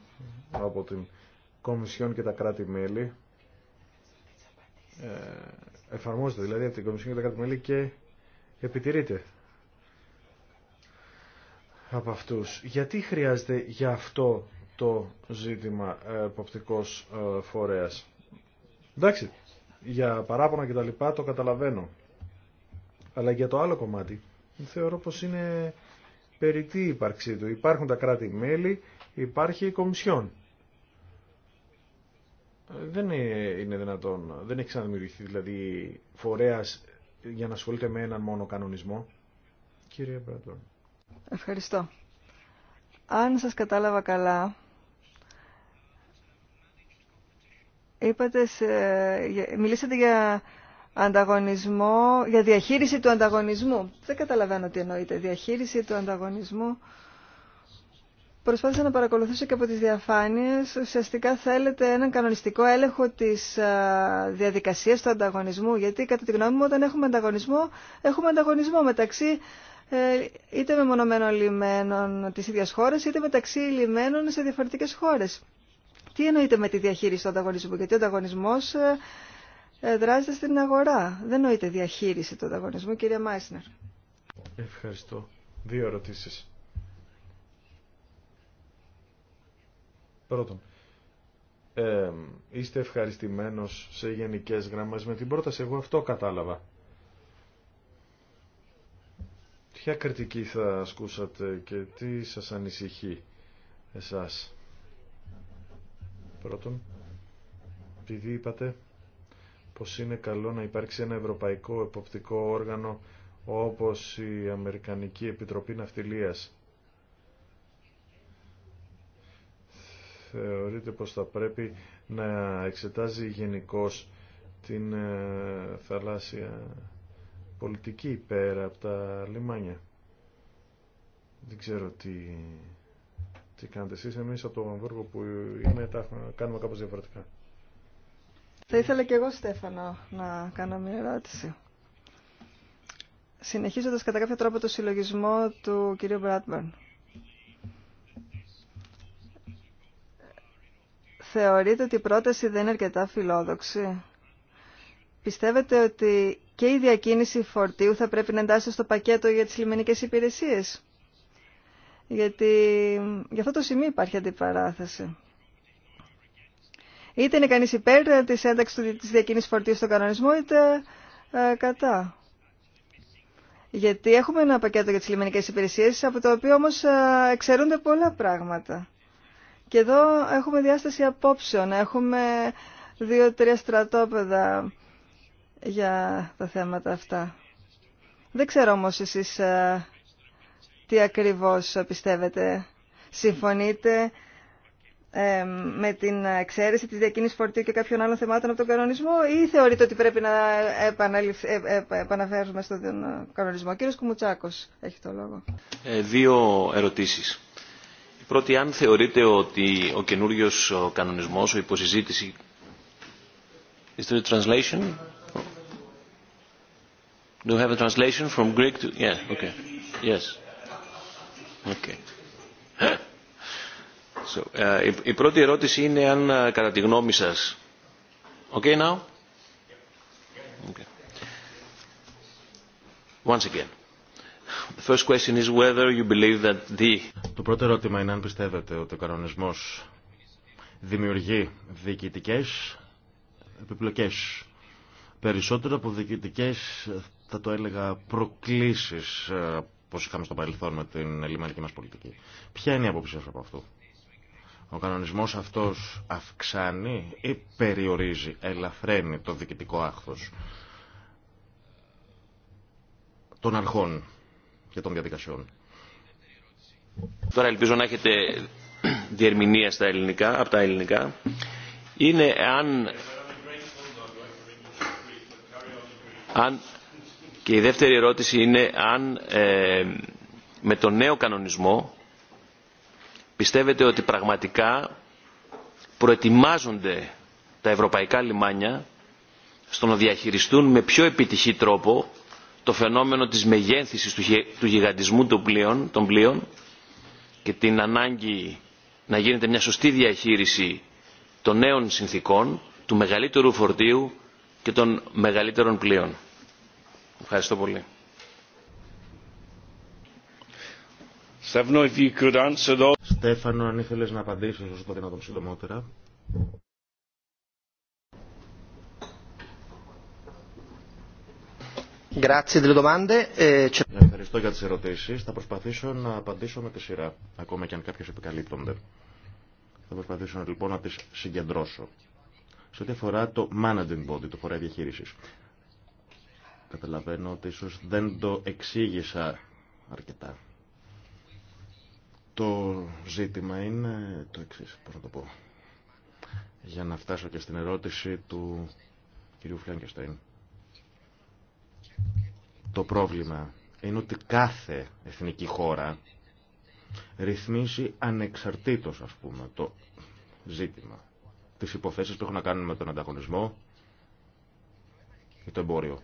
από την Κομισιόν και τα κράτη-μέλη ε, εφαρμόζεται δηλαδή από την Κομισιόν και τα κράτη-μέλη και επιτηρείται από αυτούς. Γιατί χρειάζεται για αυτό το ζήτημα ε, εποπτικός ε, φορέας. Εντάξει, για παράπονα και τα λοιπά το καταλαβαίνω. Αλλά για το άλλο κομμάτι θεωρώ πως είναι περιττή η ύπαρξή του. Υπάρχουν τα κράτη-μέλη, υπάρχει η Κομισιόν. Ε, δεν είναι δυνατόν, δεν έχει ξαναδημιουργηθεί δηλαδή φορέας για να ασχολείται με έναν μόνο κανονισμό. Κύριε Μπραντών. Ευχαριστώ. Αν σας κατάλαβα καλά, είπατε σε, μιλήσατε για ανταγωνισμό, για διαχείριση του ανταγωνισμού. Δεν καταλαβαίνω τι εννοείτε. Διαχείριση του ανταγωνισμού προσπάθησα να παρακολουθήσω και από τις διαφάνειες. Ουσιαστικά θέλετε έναν κανονιστικό έλεγχο της ε, διαδικασίας του ανταγωνισμού. Γιατί κατά τη γνώμη μου όταν έχουμε ανταγωνισμό, έχουμε ανταγωνισμό μεταξύ ε, είτε μονομένων λιμένων της ίδιας χώρας, είτε μεταξύ λιμένων σε διαφορετικές χώρες. Τι εννοείται με τη διαχείριση του ανταγωνισμού, γιατί ο ανταγωνισμός ε, δράζεται στην αγορά. Δεν εννοείται διαχείριση του ανταγωνισμού, κυρία Μάισνερ. Ευχαριστώ. Δύο ερωτήσεις. Πρώτον, είστε ευχαριστημένος σε γενικές γραμμές με την πρόταση. Εγώ αυτό κατάλαβα. Ποια κριτική θα ασκούσατε και τι σας ανησυχεί εσάς. Πρώτον, επειδή είπατε πως είναι καλό να υπάρξει ένα ευρωπαϊκό εποπτικό όργανο όπως η Αμερικανική Επιτροπή Ναυτιλίας θεωρείται πως θα πρέπει να εξετάζει γενικώ την ε, θαλάσσια πολιτική πέρα από τα λιμάνια. Δεν ξέρω τι, τι κάνετε εσείς. Εμείς από το Βαμβούργο που είμαι τα κάνουμε κάπως διαφορετικά. Θα ήθελα και εγώ, Στέφανο, να κάνω μια ερώτηση. Συνεχίζοντας κατά κάποιο τρόπο το συλλογισμό του κ. Μπράτμπερν. θεωρείτε ότι η πρόταση δεν είναι αρκετά φιλόδοξη. Πιστεύετε ότι και η διακίνηση φορτίου θα πρέπει να εντάσσεται στο πακέτο για τις λιμενικές υπηρεσίες. Γιατί για αυτό το σημείο υπάρχει αντιπαράθεση. Είτε είναι κανείς υπέρ της ένταξης της διακίνησης φορτίου στον κανονισμό, είτε ε, κατά. Γιατί έχουμε ένα πακέτο για τις λιμενικές υπηρεσίες, από το οποίο όμως ε, εξαιρούνται πολλά πράγματα. Και εδώ έχουμε διάσταση απόψεων, έχουμε δύο-τρία στρατόπεδα για τα θέματα αυτά. Δεν ξέρω όμως εσείς ε, τι ακριβώς πιστεύετε. Συμφωνείτε ε, με την εξαίρεση της διακίνησης φορτίου και κάποιων άλλων θεμάτων από τον κανονισμό ή θεωρείτε ότι πρέπει να ε, επαναφέρουμε στον κανονισμό. Κύριο κύριος Κουμουτσάκος έχει το λόγο. δύο ερωτήσεις πρώτη, αν θεωρείτε ότι ο καινούριο κανονισμός, ο υποσυζήτηση... Is there a translation? Do you have a translation from Greek to... Yeah, okay. Yes. Okay. So, uh, η, η πρώτη ερώτηση είναι αν uh, κατά τη γνώμη σας... Okay now? Okay. Once again. Το πρώτο ερώτημα είναι αν πιστεύετε ότι ο κανονισμός δημιουργεί διοικητικές επιπλοκές. Περισσότερο από διοικητικές, θα το έλεγα, προκλήσεις ε, όπως είχαμε στο παρελθόν με την ελληνική μας πολιτική. Ποια είναι η άποψή από αυτού. Ο κανονισμός αυτός αυξάνει ή περιορίζει, ελαφραίνει το διοικητικό άχθος των αρχών και διαδικασιών. Τώρα ελπίζω να έχετε διερμηνία στα ελληνικά, από τα ελληνικά. Είναι αν... και η δεύτερη ερώτηση είναι αν ε, με τον νέο κανονισμό πιστεύετε ότι πραγματικά προετοιμάζονται τα ευρωπαϊκά λιμάνια στο να διαχειριστούν με πιο επιτυχή τρόπο το φαινόμενο της μεγέθυνσης του γιγαντισμού των πλοίων, των πλοίων και την ανάγκη να γίνεται μια σωστή διαχείριση των νέων συνθήκων, του μεγαλύτερου φορτίου και των μεγαλύτερων πλοίων. Ευχαριστώ πολύ. Στέφανο, αν ήθελες να απαντήσεις όσο το δυνατόν συντομότερα. Eh, Ευχαριστώ για τις ερωτήσεις. Θα προσπαθήσω να απαντήσω με τη σειρά, ακόμα και αν κάποιες επικαλύπτονται. Θα προσπαθήσω λοιπόν να τις συγκεντρώσω. Σε ό,τι αφορά το managing body, το φορέα διαχείρισης. Καταλαβαίνω ότι ίσως δεν το εξήγησα αρκετά. Το ζήτημα είναι το εξής, πώς να το πω. Για να φτάσω και στην ερώτηση του κυρίου Φλανκεστέν. Το πρόβλημα είναι ότι κάθε εθνική χώρα ρυθμίζει ανεξαρτήτως, ας πούμε, το ζήτημα. Τις υποθέσεις που έχουν να κάνουν με τον ανταγωνισμό ή το εμπόριο.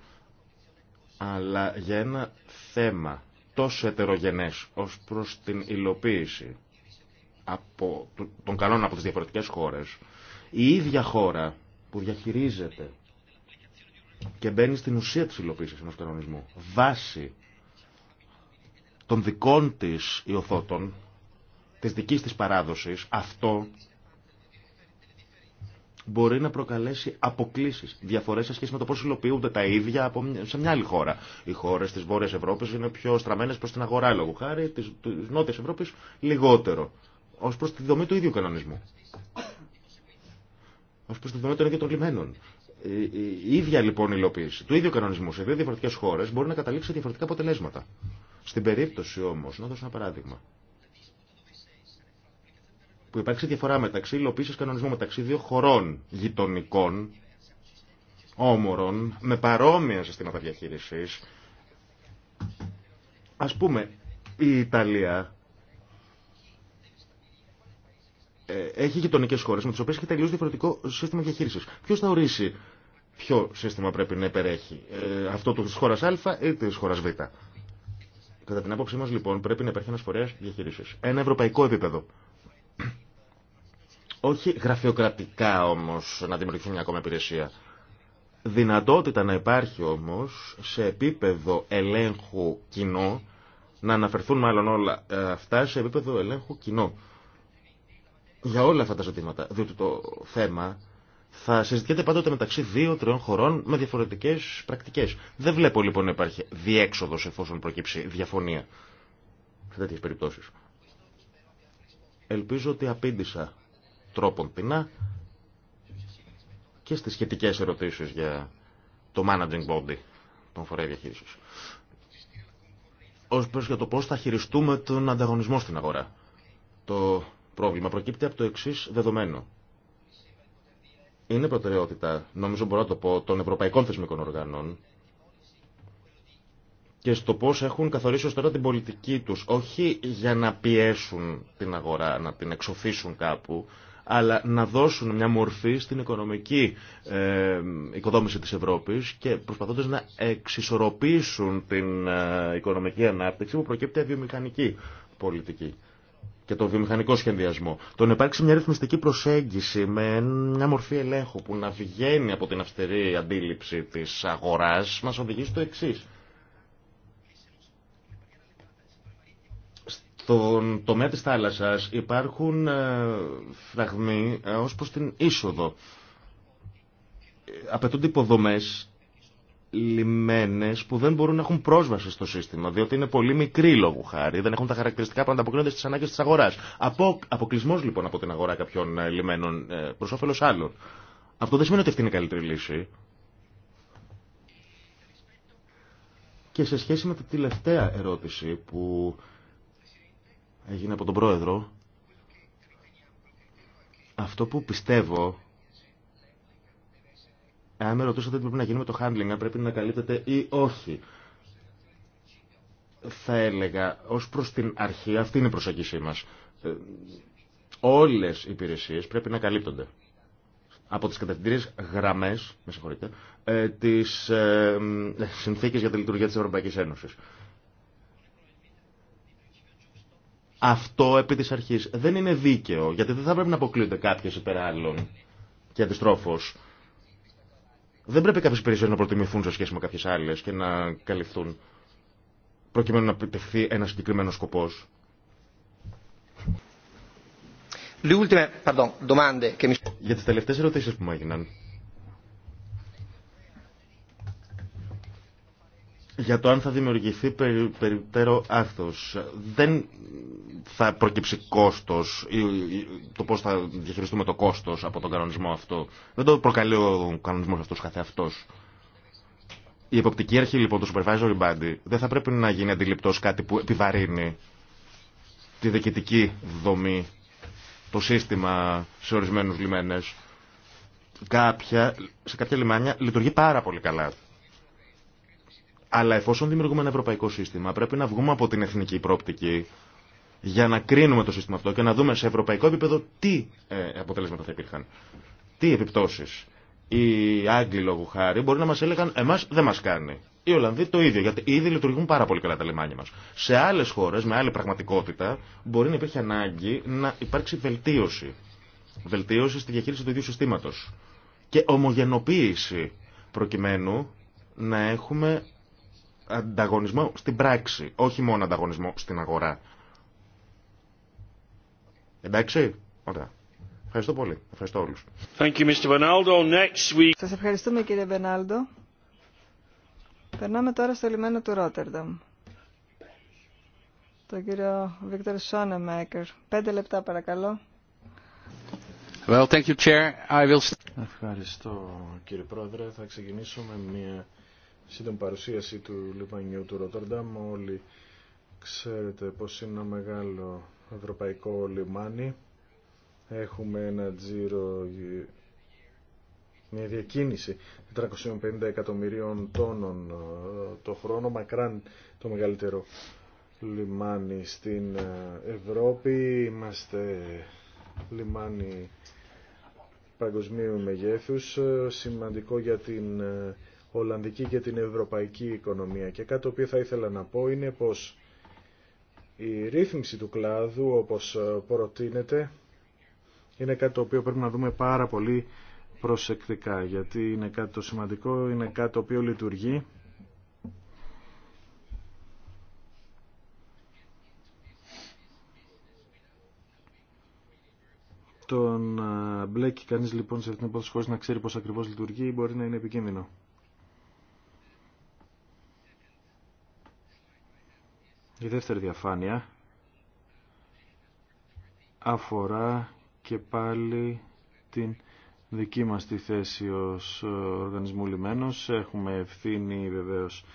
Αλλά για ένα θέμα τόσο ετερογενές ως προς την υλοποίηση από, των κανόνων από τις διαφορετικές χώρες, η ίδια χώρα που διαχειρίζεται και μπαίνει στην ουσία της υλοποίησης ενός κανονισμού. βάσει των δικών της ιωθώτων, της δικής της παράδοσης, αυτό μπορεί να προκαλέσει αποκλήσει, διαφορές σε σχέση με το πώ υλοποιούνται τα ίδια από σε μια άλλη χώρα. Οι χώρες της Βόρειας Ευρώπης είναι πιο στραμμένες προς την αγορά, λόγω χάρη τη Νότιας Ευρώπης λιγότερο. ως προς τη δομή του ίδιου κανονισμού. ως προς τη δομή των ίδιων των λιμένων. Ε, ε, η ίδια λοιπόν υλοποίηση του ίδιου κανονισμού σε δύο διαφορετικέ χώρε μπορεί να καταλήξει σε διαφορετικά αποτελέσματα. Στην περίπτωση όμω, να δώσω ένα παράδειγμα, που υπάρξει διαφορά μεταξύ υλοποίηση κανονισμού μεταξύ δύο χωρών γειτονικών, όμορων, με παρόμοια συστήματα διαχείριση, α πούμε, η Ιταλία ε, έχει γειτονικέ χώρε με τι οποίε έχει τελείω διαφορετικό σύστημα διαχείριση. Ποιο θα ορίσει ποιο σύστημα πρέπει να υπερέχει. Ε, αυτό του χώρα Α ή τη χώρα Β. Κατά την άποψή μα, λοιπόν, πρέπει να υπάρχει ένα φορέα διαχείριση. Ένα ευρωπαϊκό επίπεδο. Όχι γραφειοκρατικά όμω να δημιουργηθεί μια ακόμα υπηρεσία. Δυνατότητα να υπάρχει όμω σε επίπεδο ελέγχου κοινό, να αναφερθούν μάλλον όλα ε, αυτά σε επίπεδο ελέγχου κοινό. Για όλα αυτά τα ζητήματα. Διότι το θέμα θα συζητιέται πάντοτε μεταξύ δύο-τριών χωρών με διαφορετικέ πρακτικέ. Δεν βλέπω λοιπόν να υπάρχει διέξοδο εφόσον προκύψει διαφωνία σε τέτοιε περιπτώσει. Ελπίζω ότι απήντησα τρόπον πεινά και στις σχετικέ ερωτήσεις για το managing body των φορέων διαχείριση. Ω προ για το πώ θα χειριστούμε τον ανταγωνισμό στην αγορά. Το πρόβλημα προκύπτει από το εξή δεδομένο είναι προτεραιότητα, νομίζω μπορώ να το πω, των ευρωπαϊκών θεσμικών οργανών και στο πώς έχουν καθορίσει ως τώρα την πολιτική τους, όχι για να πιέσουν την αγορά, να την εξοφίσουν κάπου, αλλά να δώσουν μια μορφή στην οικονομική ε, οικοδόμηση της Ευρώπης και προσπαθώντας να εξισορροπήσουν την ε, οικονομική ανάπτυξη που προκύπτει πολιτική και τον βιομηχανικό σχεδιασμό. Το να υπάρξει μια ρυθμιστική προσέγγιση με μια μορφή ελέγχου που να βγαίνει από την αυστηρή αντίληψη της αγοράς μας οδηγεί στο εξή. Στον τομέα της θάλασσας υπάρχουν ε, φραγμοί ε, ως προς την είσοδο. Ε, απαιτούνται υποδομές λιμένες που δεν μπορούν να έχουν πρόσβαση στο σύστημα, διότι είναι πολύ μικροί λόγου χάρη, δεν έχουν τα χαρακτηριστικά που ανταποκρίνονται στις ανάγκες της αγοράς. Απο, αποκλεισμός λοιπόν από την αγορά κάποιων ε, λιμένων ε, προς όφελος άλλων. Αυτό δεν σημαίνει ότι αυτή είναι η καλύτερη λύση. Και σε σχέση με την τελευταία ερώτηση που έγινε από τον Πρόεδρο, αυτό που πιστεύω Εάν με ρωτούσατε τι πρέπει να γίνει με το handling, αν πρέπει να καλύπτεται ή όχι, θα έλεγα ως προς την αρχή, αυτή είναι η προσέγγιση μας, ε, όλες οι υπηρεσίες πρέπει να καλύπτονται από τις κατευθυντήριες γραμμές, με συγχωρείτε, ε, τις ε, συνθήκες για τη λειτουργία της Ευρωπαϊκής Ένωσης. Αυτό επί της αρχής δεν είναι δίκαιο, γιατί δεν θα πρέπει να αποκλείονται κάποιες υπεράλλων και αντιστρόφως. Δεν πρέπει κάποιε υπηρεσίε να προτιμηθούν σε σχέση με κάποιε άλλε και να καλυφθούν προκειμένου να επιτευχθεί ένα συγκεκριμένο σκοπό. Για τι τελευταίε ερωτήσει που μου έγιναν. για το αν θα δημιουργηθεί περι, περιττέρω Δεν θα προκύψει κόστος, ή, το πώς θα διαχειριστούμε το κόστος από τον κανονισμό αυτό. Δεν το προκαλεί ο κανονισμός αυτός καθεαυτός. Η εποπτική αρχή λοιπόν του supervisory body δεν θα πρέπει να γίνει αντιληπτός κάτι που επιβαρύνει τη διοικητική δομή, το σύστημα σε ορισμένους λιμένες. σε κάποια λιμάνια λειτουργεί πάρα πολύ καλά αλλά εφόσον δημιουργούμε ένα ευρωπαϊκό σύστημα, πρέπει να βγούμε από την εθνική πρόπτικη για να κρίνουμε το σύστημα αυτό και να δούμε σε ευρωπαϊκό επίπεδο τι ε, αποτελέσματα θα υπήρχαν. Τι επιπτώσει. Οι Άγγλοι λόγου χάρη μπορεί να μα έλεγαν Εμά δεν μα κάνει. Οι Ολλανδοί το ίδιο, γιατί ήδη λειτουργούν πάρα πολύ καλά τα λιμάνια μα. Σε άλλε χώρε, με άλλη πραγματικότητα, μπορεί να υπήρχε ανάγκη να υπάρξει βελτίωση. Βελτίωση στη διαχείριση του ίδιου συστήματο. Και ομογενοποίηση, προκειμένου να έχουμε ανταγωνισμό στην πράξη, όχι μόνο ανταγωνισμό στην αγορά. Εντάξει, ωραία. Ευχαριστώ πολύ. Ευχαριστώ όλους. Thank Σας ευχαριστούμε κύριε Μπενάλντο. Περνάμε τώρα στο λιμένο του Ρότερνταμ. Το κύριο Βίκτορ Σόνεμέκερ. Πέντε λεπτά παρακαλώ. Well, thank you, Chair. I will... Ευχαριστώ κύριε Πρόεδρε. Θα ξεκινήσω με μια σύντομη παρουσίαση του λιμάνιου του Ρότερνταμ. Όλοι ξέρετε πως είναι ένα μεγάλο ευρωπαϊκό λιμάνι. Έχουμε ένα τζίρο, μια διακίνηση 450 εκατομμυρίων τόνων ε, το χρόνο, μακράν το μεγαλύτερο λιμάνι στην ε, Ευρώπη. Είμαστε λιμάνι παγκοσμίου μεγέθους, ε, σημαντικό για την Ολλανδική και την Ευρωπαϊκή οικονομία. Και κάτι το οποίο θα ήθελα να πω είναι πως η ρύθμιση του κλάδου όπως ε, προτείνεται είναι κάτι το οποίο πρέπει να δούμε πάρα πολύ προσεκτικά γιατί είναι κάτι το σημαντικό, είναι κάτι το οποίο λειτουργεί τον μπλέκει κανείς λοιπόν σε αυτήν την υπόθεση χωρίς να ξέρει πώς ακριβώς λειτουργεί μπορεί να είναι επικίνδυνο. Η δεύτερη διαφάνεια αφορά και πάλι την δική μας τη θέση ως οργανισμού λιμένος. Έχουμε ευθύνη βεβαίως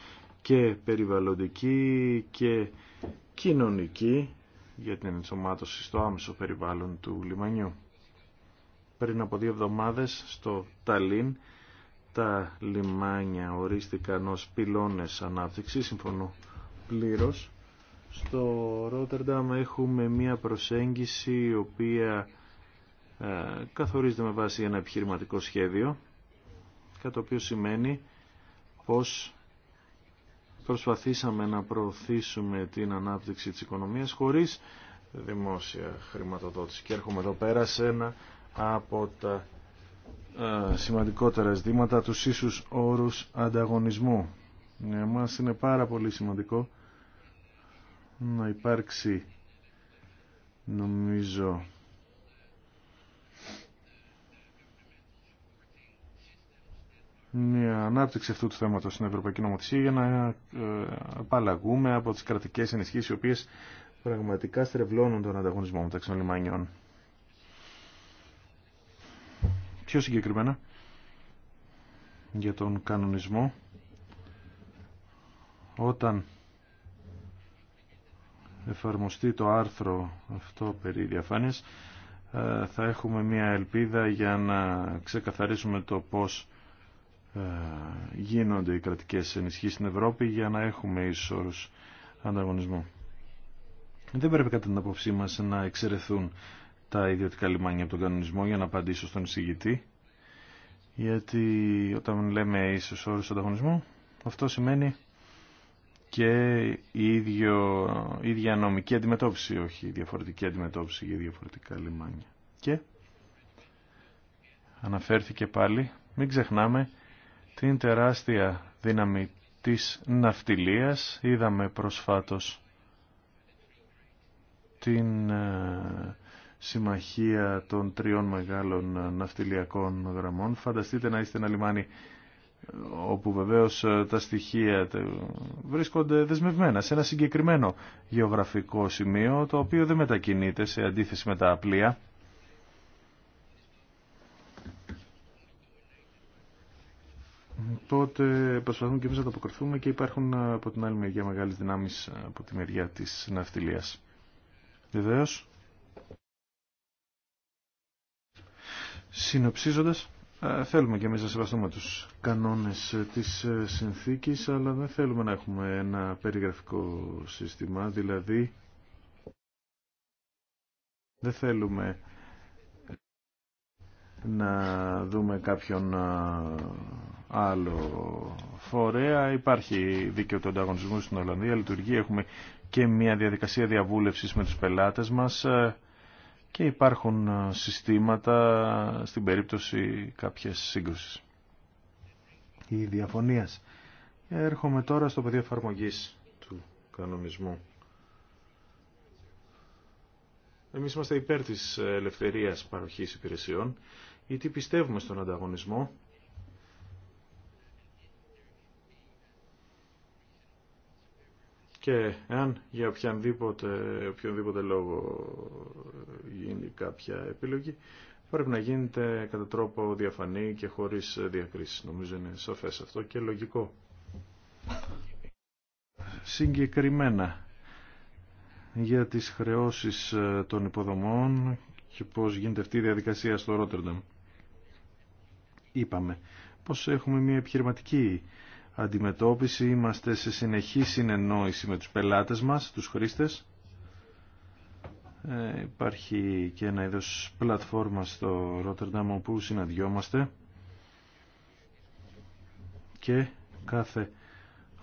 και περιβαλλοντική και κοινωνική για την ενσωμάτωση στο άμεσο περιβάλλον του λιμανιού. Πριν από δύο εβδομάδες στο Ταλίν τα λιμάνια ορίστηκαν ως πυλώνες ανάπτυξης, συμφωνώ πλήρως, στο Ρότερνταμ έχουμε μία προσέγγιση η οποία ε, καθορίζεται με βάση ένα επιχειρηματικό σχέδιο κατά το οποίο σημαίνει πως προσπαθήσαμε να προωθήσουμε την ανάπτυξη της οικονομίας χωρίς δημόσια χρηματοδότηση. Και έρχομαι εδώ πέρα σε ένα από τα ε, σημαντικότερα ζητήματα, τους ίσους όρους ανταγωνισμού. Για ε, μας είναι πάρα πολύ σημαντικό να υπάρξει νομίζω μια ανάπτυξη αυτού του θέματος στην Ευρωπαϊκή Νομοθεσία για να ε, απαλλαγούμε από τις κρατικές ενισχύσεις οι οποίες πραγματικά στρεβλώνουν τον ανταγωνισμό μεταξύ των λιμανιών. Πιο συγκεκριμένα για τον κανονισμό όταν εφαρμοστεί το άρθρο αυτό περί διαφάνειας ε, θα έχουμε μια ελπίδα για να ξεκαθαρίσουμε το πώς ε, γίνονται οι κρατικές ενισχύσεις στην Ευρώπη για να έχουμε ίσως ανταγωνισμό. Δεν πρέπει κατά την απόψή μας να εξαιρεθούν τα ιδιωτικά λιμάνια από τον κανονισμό για να απαντήσω στον εισηγητή γιατί όταν λέμε ίσως όρους ανταγωνισμού αυτό σημαίνει και η ίδιο, η ίδια νομική αντιμετώπιση, όχι η διαφορετική αντιμετώπιση για διαφορετικά λιμάνια. Και αναφέρθηκε πάλι, μην ξεχνάμε, την τεράστια δύναμη της ναυτιλίας. Είδαμε προσφάτως την ε, συμμαχία των τριών μεγάλων ε, ναυτιλιακών γραμμών. Φανταστείτε να είστε ένα λιμάνι όπου βεβαίως ε, τα στοιχεία βρίσκονται δεσμευμένα σε ένα συγκεκριμένο γεωγραφικό σημείο το οποίο δεν μετακινείται σε αντίθεση με τα απλία τότε προσπαθούμε και εμείς να το αποκριθούμε και υπάρχουν ε, από την άλλη μεριά μεγάλες δυνάμεις ε, από τη μεριά της ναυτιλίας. Βεβαίω. Συνοψίζοντας, ε, θέλουμε και εμείς να σεβαστούμε τους κανόνες της ε, συνθήκης, αλλά δεν θέλουμε να έχουμε ένα περιγραφικό σύστημα, δηλαδή δεν θέλουμε να δούμε κάποιον ε, άλλο φορέα. Υπάρχει δίκαιο του ανταγωνισμού στην Ολλανδία, λειτουργεί, έχουμε και μια διαδικασία διαβούλευσης με τους πελάτες μας και υπάρχουν ε, συστήματα στην περίπτωση κάποιας σύγκρουσης ή διαφωνίας. Έρχομαι τώρα στο πεδίο εφαρμογή του κανονισμού. Εμείς είμαστε υπέρ της ελευθερίας παροχής υπηρεσιών, γιατί πιστεύουμε στον ανταγωνισμό και αν για οποιονδήποτε, οποιονδήποτε λόγο γίνει κάποια επιλογή, πρέπει να γίνεται κατά τρόπο διαφανή και χωρίς διακρίσεις. Νομίζω είναι σαφές αυτό και λογικό. Συγκεκριμένα για τις χρεώσεις ε, των υποδομών και πώς γίνεται αυτή η διαδικασία στο Ρότερνταμ. Είπαμε πως έχουμε μια επιχειρηματική αντιμετώπιση. Είμαστε σε συνεχή συνεννόηση με τους πελάτες μας, τους χρήστες. Ε, υπάρχει και ένα είδος πλατφόρμα στο Rotterdam όπου συναντιόμαστε και κάθε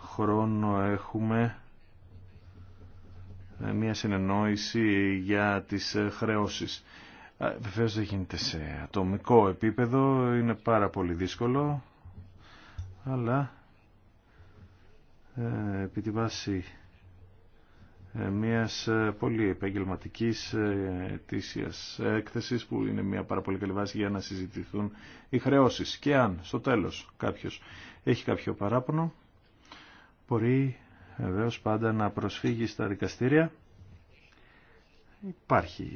χρόνο έχουμε ε, μια συνεννόηση για τις ε, χρεώσεις. Ε, Βεβαίω δεν γίνεται σε ατομικό επίπεδο, είναι πάρα πολύ δύσκολο, αλλά ε, επί τη βάση ε, μιας ε, πολύ επαγγελματικής ετήσιας έκθεσης που είναι μια πάρα πολύ καλή βάση για να συζητηθούν οι χρεώσεις και αν στο τέλος κάποιος έχει κάποιο παράπονο μπορεί βεβαίω πάντα να προσφύγει στα δικαστήρια υπάρχει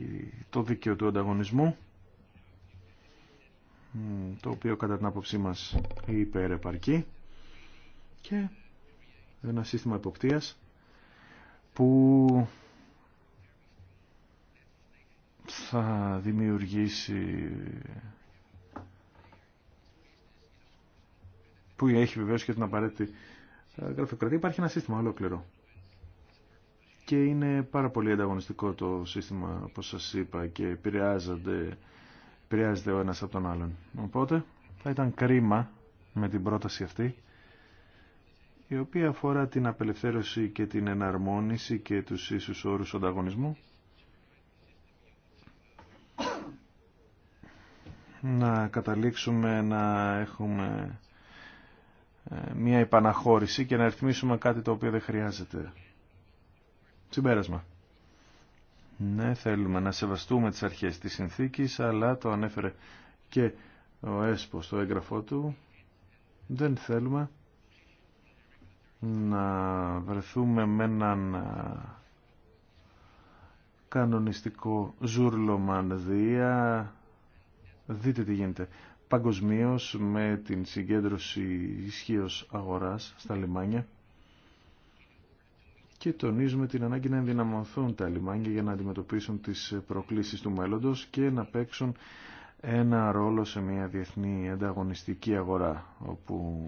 το δίκαιο του ανταγωνισμού το οποίο κατά την άποψή μας υπερεπαρκεί και ένα σύστημα εποπτείας που θα δημιουργήσει που έχει βεβαίως και την απαραίτητη ε, γραφειοκρατία. Υπάρχει ένα σύστημα ολόκληρο. Και είναι πάρα πολύ ανταγωνιστικό το σύστημα, όπως σας είπα, και επηρεάζονται, επηρεάζεται ο ένας από τον άλλον. Οπότε θα ήταν κρίμα με την πρόταση αυτή η οποία αφορά την απελευθέρωση και την εναρμόνιση και τους ίσους όρους ανταγωνισμού. Να καταλήξουμε να έχουμε ε, μια επαναχώρηση και να ρυθμίσουμε κάτι το οποίο δεν χρειάζεται. Συμπέρασμα. Ναι, θέλουμε να σεβαστούμε τις αρχές της συνθήκης, αλλά το ανέφερε και ο ΕΣΠΟ στο έγγραφό του. Δεν θέλουμε να βρεθούμε με έναν κανονιστικό ζουρλομανδία. Δείτε τι γίνεται. Παγκοσμίω με την συγκέντρωση ισχύω αγοράς στα λιμάνια και τονίζουμε την ανάγκη να ενδυναμωθούν τα λιμάνια για να αντιμετωπίσουν τις προκλήσεις του μέλλοντος και να παίξουν ένα ρόλο σε μια διεθνή ανταγωνιστική αγορά όπου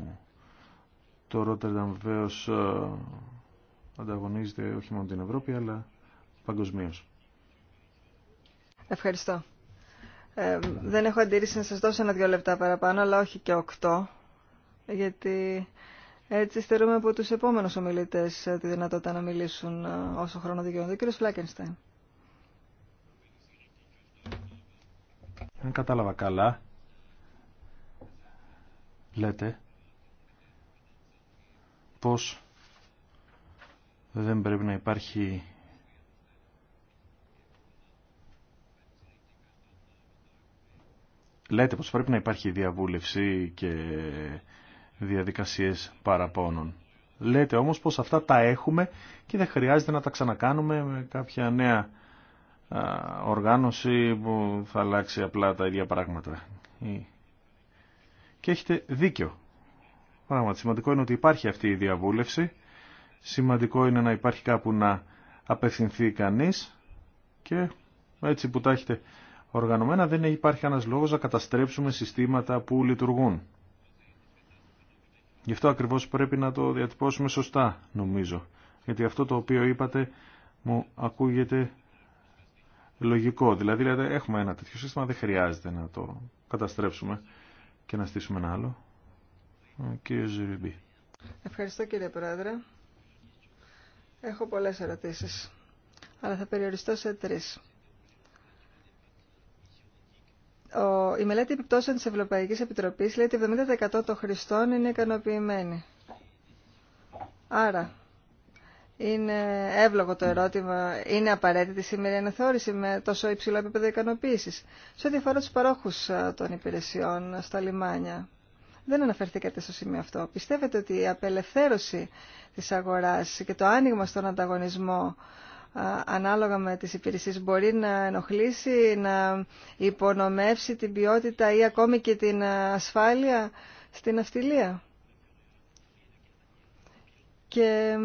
το Ρότερνταμ βεβαίω ε, ανταγωνίζεται όχι μόνο την Ευρώπη αλλά παγκοσμίω. Ευχαριστώ. Ε, δεν έχω αντίρρηση να σας δώσω ένα-δυο λεπτά παραπάνω, αλλά όχι και οκτώ, γιατί έτσι στερούμε από τους επόμενους ομιλητές ε, τη δυνατότητα να μιλήσουν όσο χρόνο δικαιούνται. Κύριος Φλάκενστάιν. Αν κατάλαβα καλά, λέτε πως δεν πρέπει να υπάρχει Λέτε πως πρέπει να υπάρχει διαβούλευση και διαδικασίες παραπώνων. Λέτε όμως πως αυτά τα έχουμε και δεν χρειάζεται να τα ξανακάνουμε με κάποια νέα οργάνωση που θα αλλάξει απλά τα ίδια πράγματα. Και έχετε δίκιο πράγματα. Σημαντικό είναι ότι υπάρχει αυτή η διαβούλευση. Σημαντικό είναι να υπάρχει κάπου να απευθυνθεί κανείς και έτσι που τα έχετε οργανωμένα δεν υπάρχει κανένας λόγος να καταστρέψουμε συστήματα που λειτουργούν. Γι' αυτό ακριβώς πρέπει να το διατυπώσουμε σωστά νομίζω. Γιατί αυτό το οποίο είπατε μου ακούγεται λογικό. Δηλαδή έχουμε ένα τέτοιο σύστημα, δεν χρειάζεται να το καταστρέψουμε και να στήσουμε ένα άλλο. Ευχαριστώ κύριε Πρόεδρε. Έχω πολλές ερωτήσεις, αλλά θα περιοριστώ σε τρεις. Ο, η μελέτη επιπτώσεων της Ευρωπαϊκής Επιτροπής λέει ότι 70% των χρηστών είναι ικανοποιημένοι. Άρα, είναι εύλογο το ερώτημα, είναι απαραίτητη σήμερα η αναθεώρηση με τόσο υψηλό επίπεδο ικανοποίησης. Σε ό,τι αφορά τους παρόχους ε, των υπηρεσιών στα λιμάνια, δεν αναφερθήκατε στο σημείο αυτό. Πιστεύετε ότι η απελευθέρωση της αγοράς και το άνοιγμα στον ανταγωνισμό ανάλογα με τις υπηρεσίες μπορεί να ενοχλήσει, να υπονομεύσει την ποιότητα ή ακόμη και την ασφάλεια στην αυτιλία. Και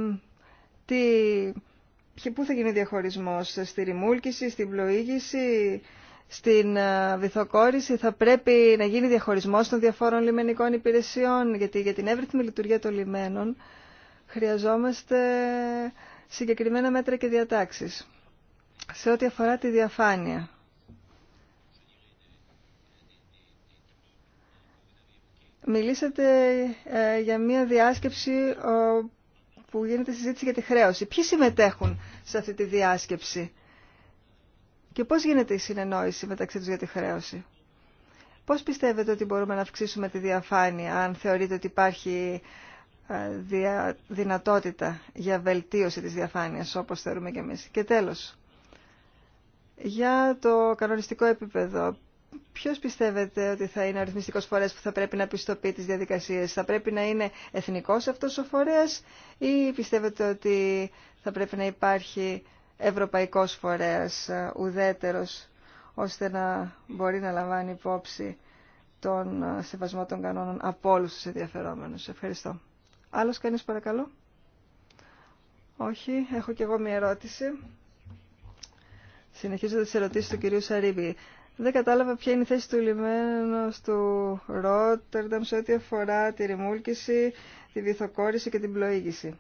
τι, πού θα γίνει ο διαχωρισμός, στη ρημούλκηση, στην πλοήγηση, στην ε, βυθοκόρηση θα πρέπει να γίνει διαχωρισμός των διαφόρων λιμενικών υπηρεσιών, γιατί για την εύρυθμη λειτουργία των λιμένων χρειαζόμαστε συγκεκριμένα μέτρα και διατάξεις. Σε ό,τι αφορά τη διαφάνεια. Μιλήσατε ε, για μια διάσκεψη που γίνεται συζήτηση για τη χρέωση. Ποιοι συμμετέχουν σε αυτή τη διάσκεψη και πώς γίνεται η συνεννόηση μεταξύ τους για τη χρέωση. Πώς πιστεύετε ότι μπορούμε να αυξήσουμε τη διαφάνεια, αν θεωρείτε ότι υπάρχει ε, δυνατότητα για βελτίωση της διαφάνειας, όπως θεωρούμε και εμείς. Και τέλος, για το κανονιστικό επίπεδο, ποιο πιστεύετε ότι θα είναι ο ρυθμιστικό φορέας που θα πρέπει να πιστοποιεί τι διαδικασίε, Θα πρέπει να είναι εθνικό αυτό ο φορέα, ή πιστεύετε ότι θα πρέπει να υπάρχει ευρωπαϊκός φορέας ε, ουδέτερος ώστε να μπορεί να λαμβάνει υπόψη τον ε, σεβασμό των κανόνων από όλου του ενδιαφερόμενου. Ευχαριστώ. Άλλο κανεί παρακαλώ. Όχι, έχω κι εγώ μια ερώτηση. Συνεχίζω τι ερωτήσει του κυρίου Σαρίβη. Δεν κατάλαβα ποια είναι η θέση του λιμένου του Ρότερνταμ σε ό,τι αφορά τη ρημούλκηση, τη βυθοκόρηση και την πλοήγηση.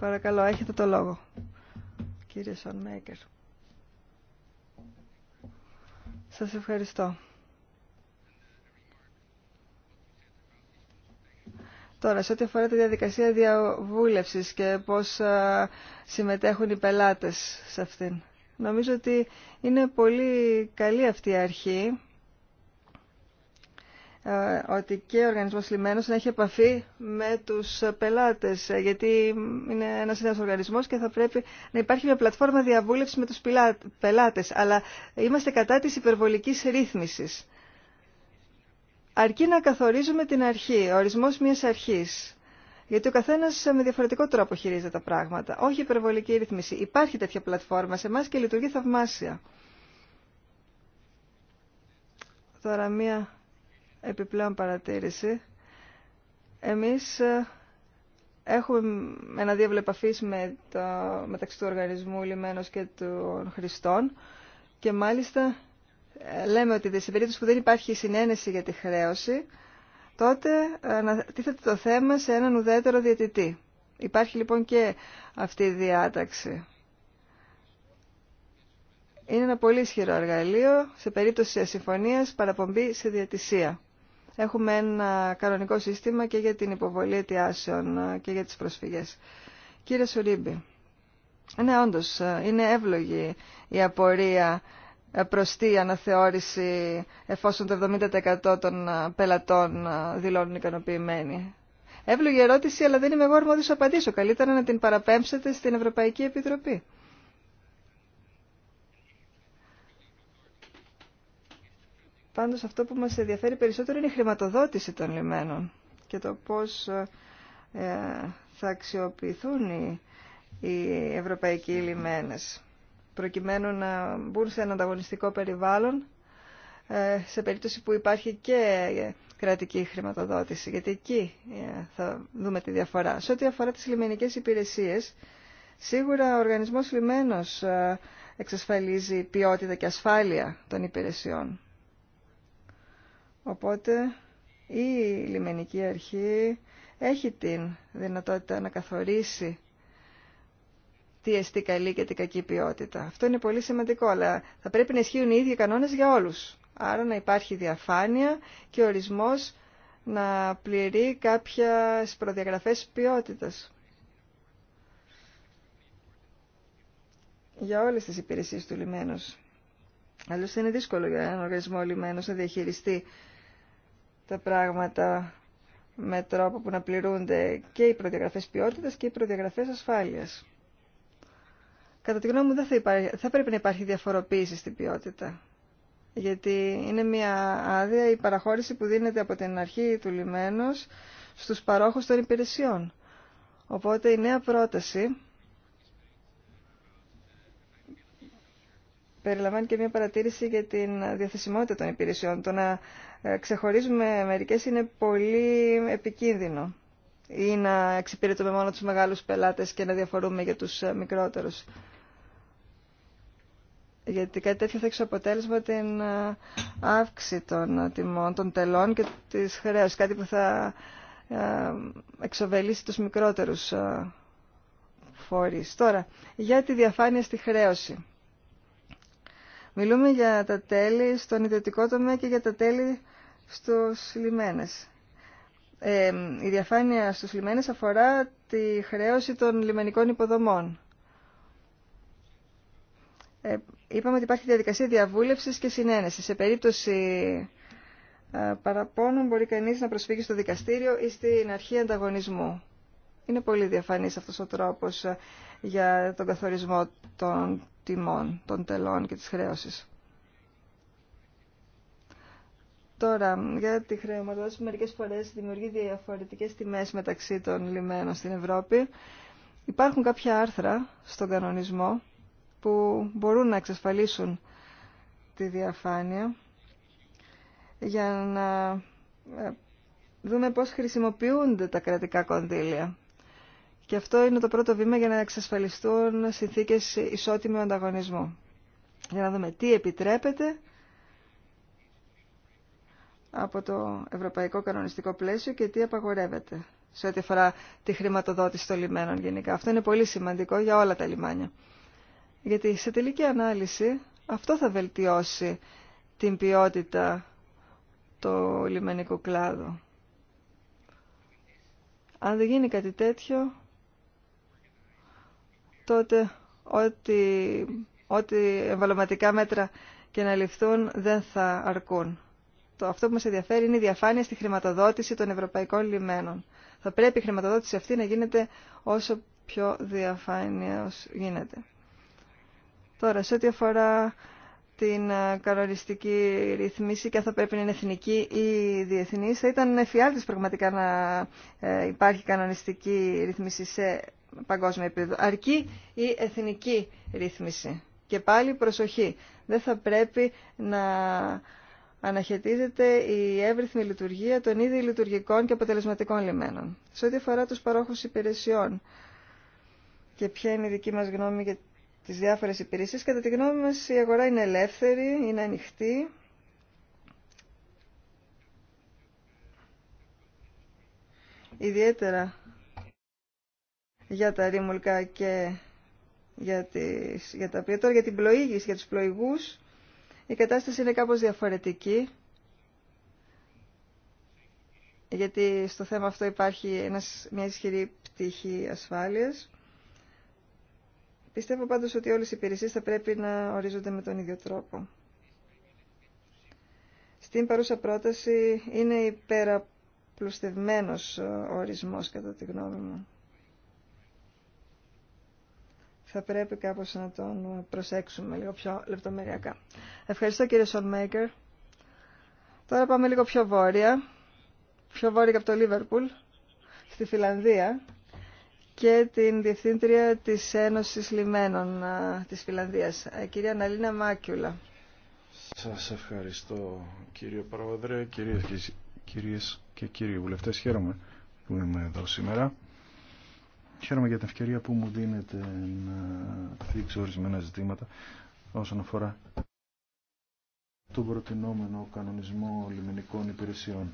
Παρακαλώ, έχετε το λόγο. Κύριε Σονμέικερ. Σας ευχαριστώ. Τώρα, σε ό,τι αφορά τη διαδικασία διαβούλευσης και πώς συμμετέχουν οι πελάτες σε αυτήν. Νομίζω ότι είναι πολύ καλή αυτή η αρχή ε, ότι και ο οργανισμός λιμένος να έχει επαφή με τους πελάτες, ε, γιατί είναι ένας νέος οργανισμός και θα πρέπει να υπάρχει μια πλατφόρμα διαβούλευσης με τους πελάτες. Αλλά είμαστε κατά της υπερβολικής ρύθμισης. Αρκεί να καθορίζουμε την αρχή, ο ορισμός μιας αρχής. Γιατί ο καθένα ε, με διαφορετικό τρόπο χειρίζεται τα πράγματα. Όχι υπερβολική ρύθμιση. Υπάρχει τέτοια πλατφόρμα σε εμά και λειτουργεί θαυμάσια. Τώρα μία επιπλέον παρατήρηση. Εμείς ε, έχουμε ένα διάβλο επαφή με το, μεταξύ του οργανισμού λιμένος και των Χριστών και μάλιστα ε, λέμε ότι σε περίπτωση που δεν υπάρχει συνένεση για τη χρέωση, τότε ανατίθεται ε, το θέμα σε έναν ουδέτερο διαιτητή. Υπάρχει λοιπόν και αυτή η διάταξη. Είναι ένα πολύ ισχυρό εργαλείο σε περίπτωση ασυμφωνίας παραπομπή σε διατησία έχουμε ένα κανονικό σύστημα και για την υποβολή αιτιάσεων και για τις προσφυγές. Κύριε Σουρίμπη, ναι όντως είναι εύλογη η απορία προς τι αναθεώρηση εφόσον το 70% των πελατών δηλώνουν ικανοποιημένοι. Εύλογη ερώτηση, αλλά δεν είμαι εγώ αρμόδιος να απαντήσω. Καλύτερα να την παραπέμψετε στην Ευρωπαϊκή Επιτροπή. Πάντως αυτό που μας ενδιαφέρει περισσότερο είναι η χρηματοδότηση των λιμένων και το πώς ε, ε, θα αξιοποιηθούν οι, οι ευρωπαϊκοί λιμένες προκειμένου να μπουν σε ένα ανταγωνιστικό περιβάλλον ε, σε περίπτωση που υπάρχει και κρατική χρηματοδότηση, γιατί εκεί θα δούμε τη διαφορά. Σε ό,τι αφορά τις λιμενικές υπηρεσίες, σίγουρα ο οργανισμός λιμένος εξασφαλίζει ποιότητα και ασφάλεια των υπηρεσιών. Οπότε η λιμενική αρχή έχει την δυνατότητα να καθορίσει τι εστί καλή και τι κακή ποιότητα. Αυτό είναι πολύ σημαντικό, αλλά θα πρέπει να ισχύουν οι ίδιοι κανόνες για όλους. Άρα να υπάρχει διαφάνεια και ορισμός να πληρεί κάποιες προδιαγραφές ποιότητας. Για όλες τις υπηρεσίες του λιμένους. Αλλιώς είναι δύσκολο για έναν οργανισμό λιμένος να διαχειριστεί τα πράγματα με τρόπο που να πληρούνται και οι προδιαγραφές ποιότητας και οι προδιαγραφές ασφάλειας. Κατά τη γνώμη μου δεν θα, υπάρχει, θα πρέπει να υπάρχει διαφοροποίηση στην ποιότητα. Γιατί είναι μια άδεια η παραχώρηση που δίνεται από την αρχή του λιμένος στους παρόχους των υπηρεσιών. Οπότε η νέα πρόταση περιλαμβάνει και μια παρατήρηση για την διαθεσιμότητα των υπηρεσιών. Το να ε, ξεχωρίζουμε μερικέ είναι πολύ επικίνδυνο ή να εξυπηρετούμε μόνο τους μεγάλους πελάτες και να διαφορούμε για τους ε, μικρότερους. Γιατί κάτι τέτοιο θα έχει αποτέλεσμα την ε, αύξηση των τιμών, των τελών και της χρέας. Κάτι που θα εξοβελήσει τους μικρότερους φορείς. Τώρα, για τη διαφάνεια στη χρέωση. Μιλούμε για τα τέλη στον ιδιωτικό τομέα και για τα τέλη στους λιμένες. Ε, η διαφάνεια στους λιμένες αφορά τη χρέωση των λιμενικών υποδομών. Ε, είπαμε ότι υπάρχει διαδικασία διαβούλευσης και συνένεσης. Σε περίπτωση ε, παραπώνων μπορεί κανείς να προσφύγει στο δικαστήριο ή στην αρχή ανταγωνισμού. Είναι πολύ διαφανής αυτός ο τρόπος για τον καθορισμό των τιμών των τελών και της χρέωσης. Τώρα, για τη χρηματοδότηση μερικές φορές δημιουργεί διαφορετικές τιμές μεταξύ των λιμένων στην Ευρώπη, υπάρχουν κάποια άρθρα στον κανονισμό που μπορούν να εξασφαλίσουν τη διαφάνεια για να ε, δούμε πώς χρησιμοποιούνται τα κρατικά κονδύλια. Και αυτό είναι το πρώτο βήμα για να εξασφαλιστούν συνθήκες ισότιμου ανταγωνισμού. Για να δούμε τι επιτρέπεται από το ευρωπαϊκό κανονιστικό πλαίσιο και τι απαγορεύεται σε ό,τι αφορά τη χρηματοδότηση των λιμένων γενικά. Αυτό είναι πολύ σημαντικό για όλα τα λιμάνια. Γιατί σε τελική ανάλυση αυτό θα βελτιώσει την ποιότητα του λιμενικού κλάδου. Αν δεν γίνει κάτι τέτοιο, τότε ό,τι, ό,τι εμβαλωματικά μέτρα και να ληφθούν δεν θα αρκούν. Το, αυτό που μας ενδιαφέρει είναι η διαφάνεια στη χρηματοδότηση των ευρωπαϊκών λιμένων. Θα πρέπει η χρηματοδότηση αυτή να γίνεται όσο πιο διαφάνεια γίνεται. Τώρα, σε ό,τι αφορά την ε, κανονιστική ρυθμίση και αν θα πρέπει να είναι εθνική ή διεθνής, θα ήταν εφιάλτης πραγματικά να ε, υπάρχει κανονιστική ρυθμίση σε παγκόσμιο επίπεδο. Αρκεί η εθνική ρύθμιση. Και πάλι προσοχή. Δεν θα πρέπει να αναχαιτίζεται η εύρυθμη λειτουργία των ήδη λειτουργικών και αποτελεσματικών λιμένων. Σε ό,τι αφορά τους παρόχους υπηρεσιών και ποια είναι η δική μας γνώμη για τις διάφορες υπηρεσίες, κατά τη γνώμη μας η αγορά είναι ελεύθερη, είναι ανοιχτή. Ιδιαίτερα για τα ρήμουλκα και για, τις, για τα για την πλοήγηση, για τους πλοηγούς, η κατάσταση είναι κάπως διαφορετική, γιατί στο θέμα αυτό υπάρχει ένας, μια ισχυρή πτυχή ασφάλειας. Πιστεύω πάντως ότι όλες οι υπηρεσίες θα πρέπει να ορίζονται με τον ίδιο τρόπο. Στην παρούσα πρόταση είναι υπεραπλουστευμένος ο ε, ορισμός κατά τη γνώμη μου θα πρέπει κάπως να τον προσέξουμε λίγο πιο λεπτομεριακά. Ευχαριστώ κύριε Σολμέικερ. Τώρα πάμε λίγο πιο βόρεια, πιο βόρεια από το Λίβερπουλ, στη Φιλανδία και την Διευθύντρια της Ένωσης Λιμένων της Φιλανδίας, κυρία Ναλίνα Μάκιουλα. Σας ευχαριστώ κύριε Πρόεδρε, κυρίες και, κυρίες και κύριοι βουλευτές. Χαίρομαι που είμαι εδώ σήμερα. Χαίρομαι για την ευκαιρία που μου δίνετε να δείξω ορισμένα ζητήματα όσον αφορά τον προτινόμενο κανονισμό λιμενικών υπηρεσιών.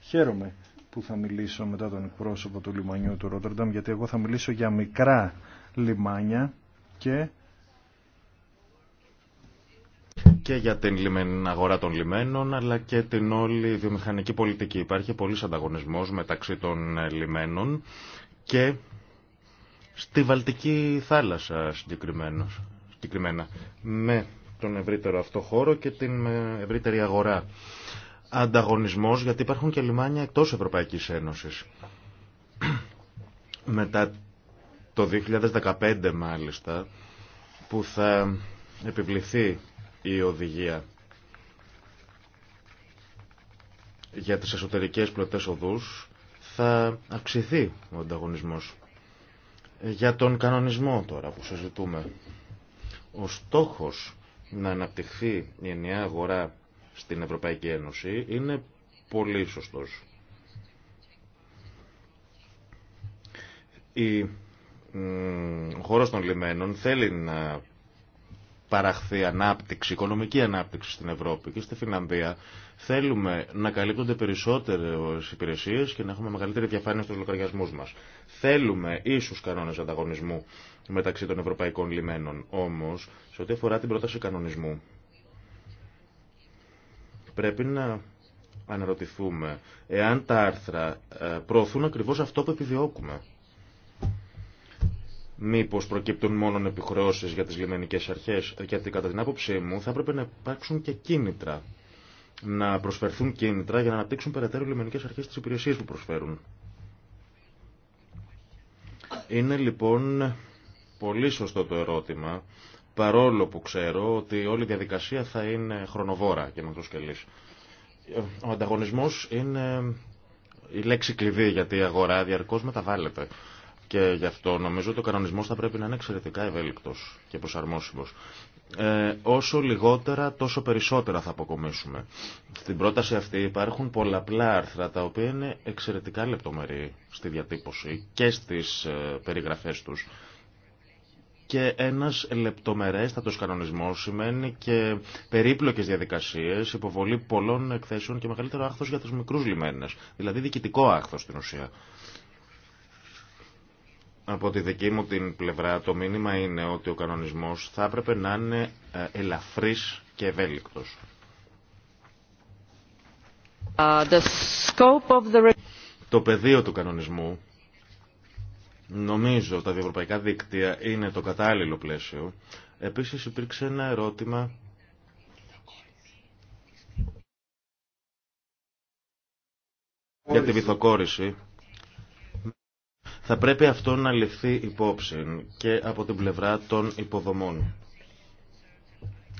Χαίρομαι που θα μιλήσω μετά τον εκπρόσωπο του λιμανιού του Ρότερνταμ, γιατί εγώ θα μιλήσω για μικρά λιμάνια και για την αγορά των λιμένων αλλά και την όλη βιομηχανική πολιτική. Υπάρχει πολύς ανταγωνισμός μεταξύ των ε, λιμένων και στη Βαλτική θάλασσα συγκεκριμένα με τον ευρύτερο αυτό χώρο και την ε, ευρύτερη αγορά. Ανταγωνισμός γιατί υπάρχουν και λιμάνια εκτός Ευρωπαϊκής Ένωσης. Μετά το 2015 μάλιστα που θα επιβληθεί η οδηγία για τις εσωτερικές πλωτές οδούς θα αυξηθεί ο ανταγωνισμός. Για τον κανονισμό τώρα που συζητούμε. Ο στόχος να αναπτυχθεί η ενιαία αγορά στην Ευρωπαϊκή Ένωση είναι πολύ σωστός. Η ο χώρος των λιμένων θέλει να παραχθεί ανάπτυξη, οικονομική ανάπτυξη στην Ευρώπη και στη Φιλανδία, θέλουμε να καλύπτονται περισσότερε υπηρεσίε και να έχουμε μεγαλύτερη διαφάνεια στου λογαριασμού μα. Θέλουμε ίσου κανόνε ανταγωνισμού μεταξύ των ευρωπαϊκών λιμένων. Όμω, σε ό,τι αφορά την πρόταση κανονισμού, πρέπει να αναρωτηθούμε εάν τα άρθρα ε, προωθούν ακριβώ αυτό που επιδιώκουμε. Μήπω προκύπτουν μόνο επιχρεώσει για τι λιμενικέ αρχέ, γιατί κατά την άποψή μου θα έπρεπε να υπάρξουν και κίνητρα. Να προσφερθούν κίνητρα για να αναπτύξουν περαιτέρω λιμενικέ αρχέ τι υπηρεσίε που προσφέρουν. Είναι λοιπόν πολύ σωστό το ερώτημα, παρόλο που ξέρω ότι όλη η διαδικασία θα είναι χρονοβόρα και μακροσκελή. Ο ανταγωνισμό είναι η λέξη κλειδί γιατί η αγορά διαρκώ μεταβάλλεται. Και γι' αυτό νομίζω ότι ο κανονισμός θα πρέπει να είναι εξαιρετικά ευέλικτος και προσαρμόσιμος. Ε, όσο λιγότερα, τόσο περισσότερα θα αποκομίσουμε. Στην πρόταση αυτή υπάρχουν πολλαπλά άρθρα, τα οποία είναι εξαιρετικά λεπτομερή στη διατύπωση και στις ε, περιγραφές τους. Και ένας λεπτομερέστατος κανονισμός σημαίνει και περίπλοκες διαδικασίες, υποβολή πολλών εκθέσεων και μεγαλύτερο άχθος για τους μικρούς λιμένες. Δηλαδή διοικητικό άχθος στην ουσία. Από τη δική μου την πλευρά το μήνυμα είναι ότι ο κανονισμός θα έπρεπε να είναι ε, ελαφρύς και ευέλικτος. Uh, το πεδίο του κανονισμού νομίζω τα διευρωπαϊκά δίκτυα είναι το κατάλληλο πλαίσιο. Επίσης υπήρξε ένα ερώτημα για τη βυθοκόρηση θα πρέπει αυτό να ληφθεί υπόψη και από την πλευρά των υποδομών.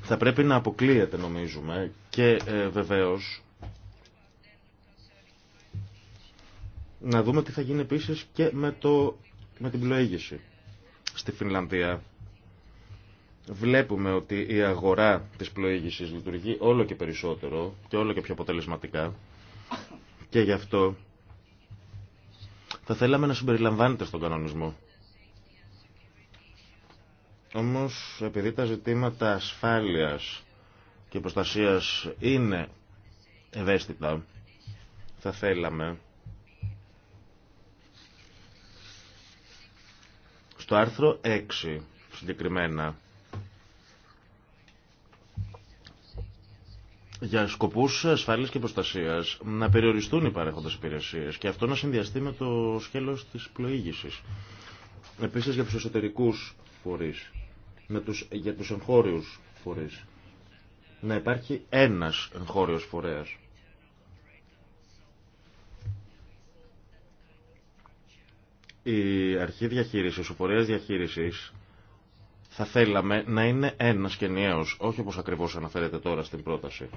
Θα πρέπει να αποκλείεται νομίζουμε και ε, βεβαίως να δούμε τι θα γίνει επίσης και με, το, με την πλοήγηση στη Φινλανδία. Βλέπουμε ότι η αγορά της πλοήγησης λειτουργεί όλο και περισσότερο και όλο και πιο αποτελεσματικά και γι' αυτό θα θέλαμε να συμπεριλαμβάνεται στον κανονισμό. Όμως, επειδή τα ζητήματα ασφάλειας και προστασίας είναι ευαίσθητα, θα θέλαμε στο άρθρο 6 συγκεκριμένα για σκοπού ασφάλεια και προστασία να περιοριστούν οι παρέχοντε υπηρεσίε και αυτό να συνδυαστεί με το σχέλο τη πλοήγηση. Επίση για του εσωτερικού φορεί, για του εγχώριου φορεί. Να υπάρχει ένα εγχώριο φορέα. Η αρχή διαχείρισης, ο φορέας διαχείρισης θα θέλαμε να είναι ένας και όχι όπως ακριβώς αναφέρεται τώρα στην πρόταση.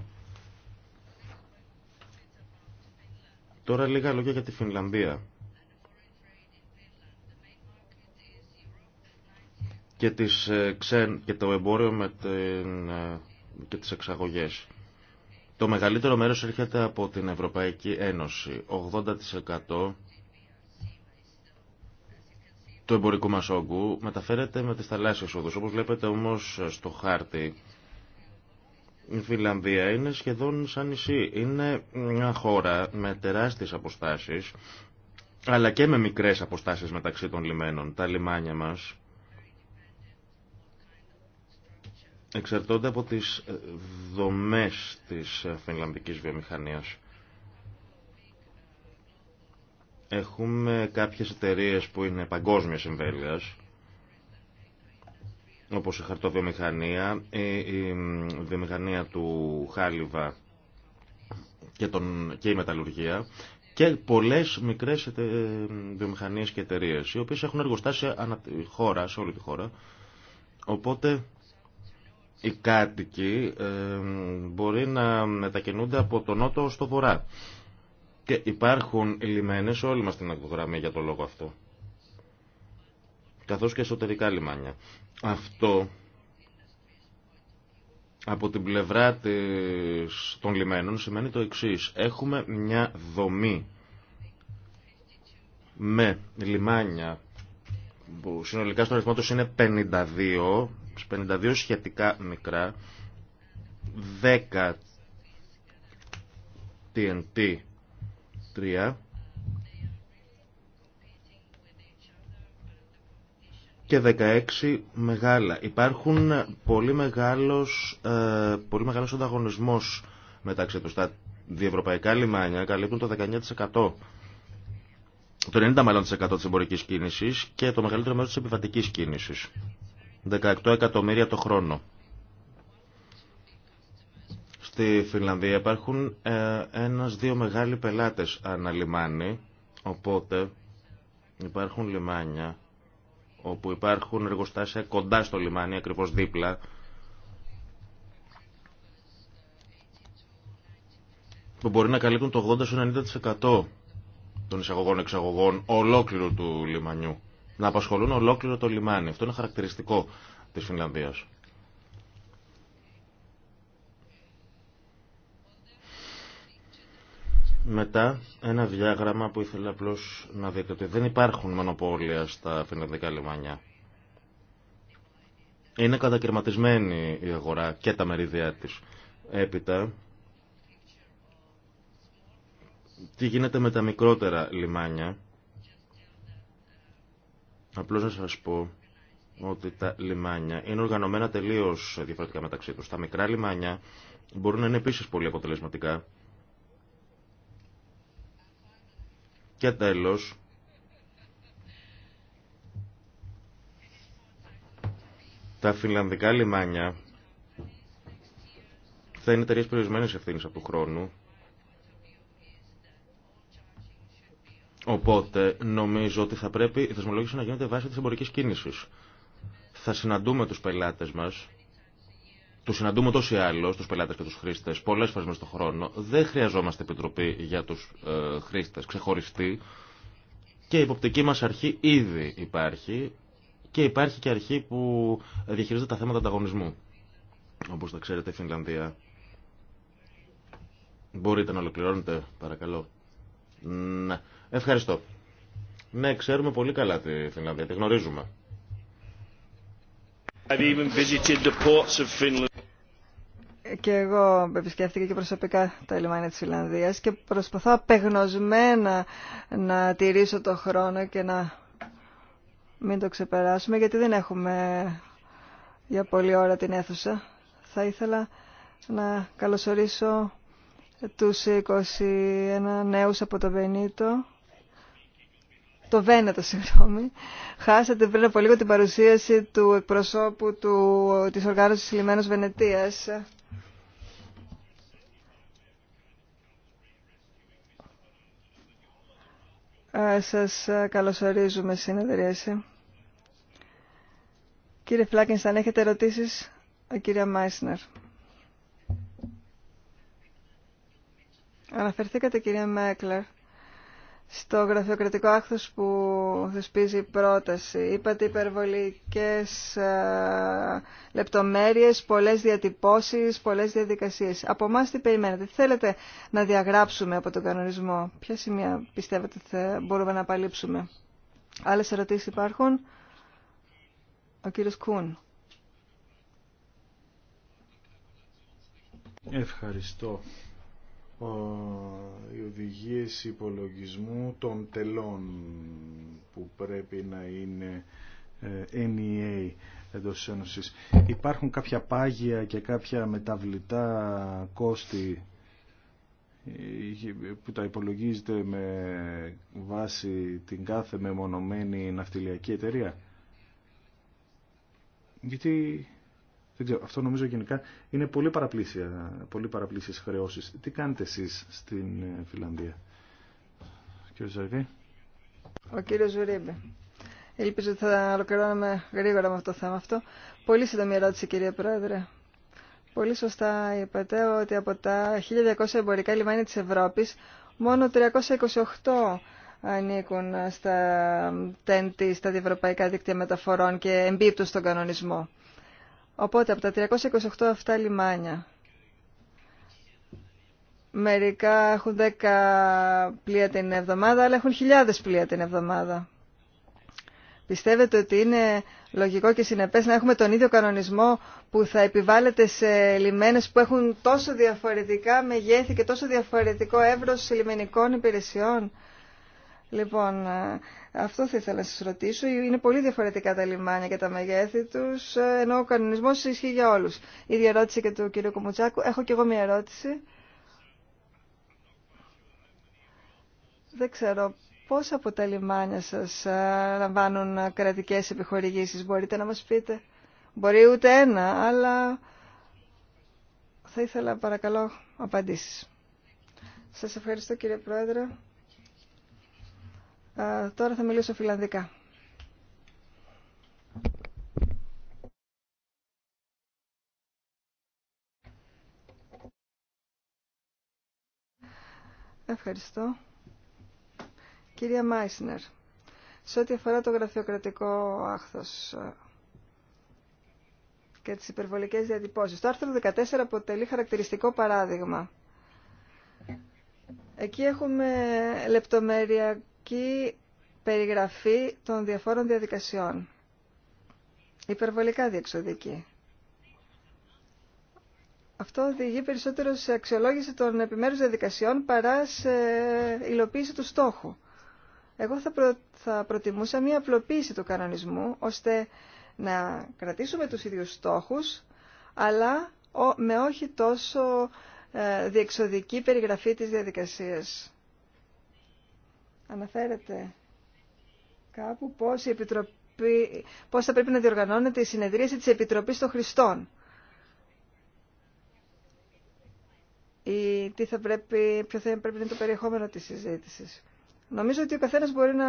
Τώρα λίγα λόγια για τη Φινλανδία. Και, τις, ε, ξεν, και το εμπόριο με την, ε, και τις εξαγωγές. Το μεγαλύτερο μέρος έρχεται από την Ευρωπαϊκή Ένωση. 80% το εμπορικού μας όγκου μεταφέρεται με τις θαλάσσιες οδούς. Όπως βλέπετε όμως στο χάρτη, η Φιλανδία είναι σχεδόν σαν νησί. Είναι μια χώρα με τεράστιες αποστάσεις, αλλά και με μικρές αποστάσεις μεταξύ των λιμένων. Τα λιμάνια μας εξαρτώνται από τις δομές της φιλανδικής βιομηχανίας. Έχουμε κάποιες εταιρείε που είναι παγκόσμια εμβέλειας, όπως η χαρτοβιομηχανία, η βιομηχανία του Χάλιβα και, τον, και η μεταλλουργία και πολλές μικρές ε, βιομηχανίες και εταιρείε, οι οποίες έχουν εργοστάσια ανά χώρα, σε όλη τη χώρα. Οπότε οι κάτοικοι ε, μπορεί να μετακινούνται από τον νότο στο βορρά. Και υπάρχουν λιμένες όλοι όλη μας την αγκογραμμή για το λόγο αυτό. Καθώς και εσωτερικά λιμάνια. Αυτό από την πλευρά της, των λιμένων σημαίνει το εξής. Έχουμε μια δομή με λιμάνια που συνολικά στον αριθμό τους είναι 52, 52 σχετικά μικρά, 10 TNT και 16 μεγάλα. Υπάρχουν πολύ μεγάλος, ε, πολύ μεγάλος ανταγωνισμός μεταξύ τους. Τα διευρωπαϊκά λιμάνια καλύπτουν το 19% το 90% μάλλον της εμπορικής κίνησης και το μεγαλύτερο μέρος της επιβατικής κίνησης. 18 εκατομμύρια το χρόνο. Στη Φινλανδία υπάρχουν ε, ένας-δύο μεγάλοι πελάτες ανά λιμάνι, οπότε υπάρχουν λιμάνια όπου υπάρχουν εργοστάσια κοντά στο λιμάνι, ακριβώς δίπλα, που μπορεί να καλύπτουν το 80-90% των εισαγωγών-εξαγωγών ολόκληρου του λιμανιού. Να απασχολούν ολόκληρο το λιμάνι. Αυτό είναι χαρακτηριστικό της Φινλανδίας. Μετά ένα διάγραμμα που ήθελα απλώ να δείτε ότι δεν υπάρχουν μονοπόλια στα φινλανδικά λιμάνια. Είναι κατακαιρματισμένη η αγορά και τα μερίδια της. Έπειτα, τι γίνεται με τα μικρότερα λιμάνια. Απλώς να σας πω ότι τα λιμάνια είναι οργανωμένα τελείως διαφορετικά μεταξύ τους. Τα μικρά λιμάνια μπορούν να είναι επίσης πολύ αποτελεσματικά Και τέλος, τα φιλανδικά λιμάνια θα είναι εταιρείε περιορισμένη ευθύνη από του χρόνου. Οπότε νομίζω ότι θα πρέπει η θεσμολόγηση να γίνεται βάσει τη εμπορική κίνηση. Θα συναντούμε τους πελάτες μας του συναντούμε τόσοι άλλους, του πελάτε και του χρήστε, πολλέ φορέ μέσα στον χρόνο. Δεν χρειαζόμαστε επιτροπή για του ε, χρήστε ξεχωριστή. Και η υποπτική μα αρχή ήδη υπάρχει και υπάρχει και αρχή που διαχειρίζεται τα θέματα ανταγωνισμού. Όπω τα ξέρετε, η Φινλανδία. Μπορείτε να ολοκληρώνετε, παρακαλώ. Ναι. Ευχαριστώ. Ναι, ξέρουμε πολύ καλά τη Φινλανδία, τη γνωρίζουμε. I've even visited the ports of Finland και εγώ επισκέφτηκα και προσωπικά τα λιμάνια της Φιλανδίας και προσπαθώ απεγνωσμένα να τηρήσω το χρόνο και να μην το ξεπεράσουμε γιατί δεν έχουμε για πολλή ώρα την αίθουσα. Θα ήθελα να καλωσορίσω τους 21 νέους από το Βενίτο το Βένετο, συγγνώμη. Χάσατε πριν από λίγο την παρουσίαση του εκπροσώπου του, της οργάνωσης Λιμένος Βενετίας Σας καλωσορίζουμε συνεδρίαση. Κύριε Φλάκινς, αν έχετε ερωτήσεις, ο κύριε Μάισνερ. Αναφερθήκατε κυρία Μέκλερ στο γραφειοκρατικό άκθος που θεσπίζει η πρόταση. Είπατε υπερβολικές α, ε, λεπτομέρειες, πολλές διατυπώσεις, πολλές διαδικασίες. Από εμάς τι περιμένετε, τι θέλετε να διαγράψουμε από τον κανονισμό, ποια σημεία πιστεύετε θα μπορούμε να απαλείψουμε. Άλλες ερωτήσεις υπάρχουν. Ο κύριος Κούν. Ευχαριστώ οι οδηγίες υπολογισμού των τελών που πρέπει να είναι ε, NEA εντός Ένωσης. Υπάρχουν κάποια πάγια και κάποια μεταβλητά κόστη ε, που τα υπολογίζετε με βάση την κάθε μεμονωμένη ναυτιλιακή εταιρεία. Γιατί δεν ξέρω, αυτό νομίζω γενικά είναι πολύ, παραπλήσια, πολύ παραπλήσιες χρεώσεις. Τι κάνετε εσείς στην ε, Φιλανδία, κύριε Ζαρβή. Ο κύριος Ζουρίμπη. Ελπίζω ότι θα ολοκληρώνουμε γρήγορα με αυτό το θέμα αυτό. Πολύ σύντομη ερώτηση, κύριε Πρόεδρε. Πολύ σωστά είπατε ότι από τα 1.200 εμπορικά λιμάνια της Ευρώπης, μόνο 328 ανήκουν στα τέντη, στα διευρωπαϊκά δίκτυα μεταφορών και εμπίπτουν στον κανονισμό. Οπότε από τα 328 αυτά λιμάνια μερικά έχουν 10 πλοία την εβδομάδα, αλλά έχουν χιλιάδες πλοία την εβδομάδα. Πιστεύετε ότι είναι λογικό και συνεπές να έχουμε τον ίδιο κανονισμό που θα επιβάλλεται σε λιμένες που έχουν τόσο διαφορετικά μεγέθη και τόσο διαφορετικό εύρος λιμενικών υπηρεσιών. Λοιπόν, ε, αυτό θα ήθελα να σας ρωτήσω. Είναι πολύ διαφορετικά τα λιμάνια και τα μεγέθη τους, ε, ενώ ο κανονισμός ισχύει για όλους. Η ερώτηση και του κ. Κουμουτσάκου. Έχω και εγώ μια ερώτηση. Δεν ξέρω πώς από τα λιμάνια σας ε, λαμβάνουν κρατικές επιχορηγήσεις. Μπορείτε να μας πείτε. Μπορεί ούτε ένα, αλλά θα ήθελα παρακαλώ απαντήσεις. Σας ευχαριστώ κύριε Πρόεδρε τώρα θα μιλήσω φιλανδικά. Ευχαριστώ. Κυρία Μάισνερ, σε ό,τι αφορά το γραφειοκρατικό άχθος και τις υπερβολικές διατυπώσεις, το άρθρο 14 αποτελεί χαρακτηριστικό παράδειγμα. Εκεί έχουμε λεπτομέρεια και περιγραφή των διαφόρων διαδικασιών. Υπερβολικά διεξοδική. Αυτό οδηγεί περισσότερο σε αξιολόγηση των επιμέρους διαδικασιών παρά σε υλοποίηση του στόχου. Εγώ θα, προ... θα προτιμούσα μία απλοποίηση του κανονισμού, ώστε να κρατήσουμε τους ίδιους στόχους, αλλά με όχι τόσο ε, διεξοδική περιγραφή της διαδικασίας αναφέρεται κάπου πώς, η Επιτροπή, πώς θα πρέπει να διοργανώνεται η συνεδρίαση της Επιτροπής των Χριστών. Ή τι θα πρέπει, ποιο θα πρέπει να είναι το περιεχόμενο της συζήτησης. Νομίζω ότι ο καθένας μπορεί να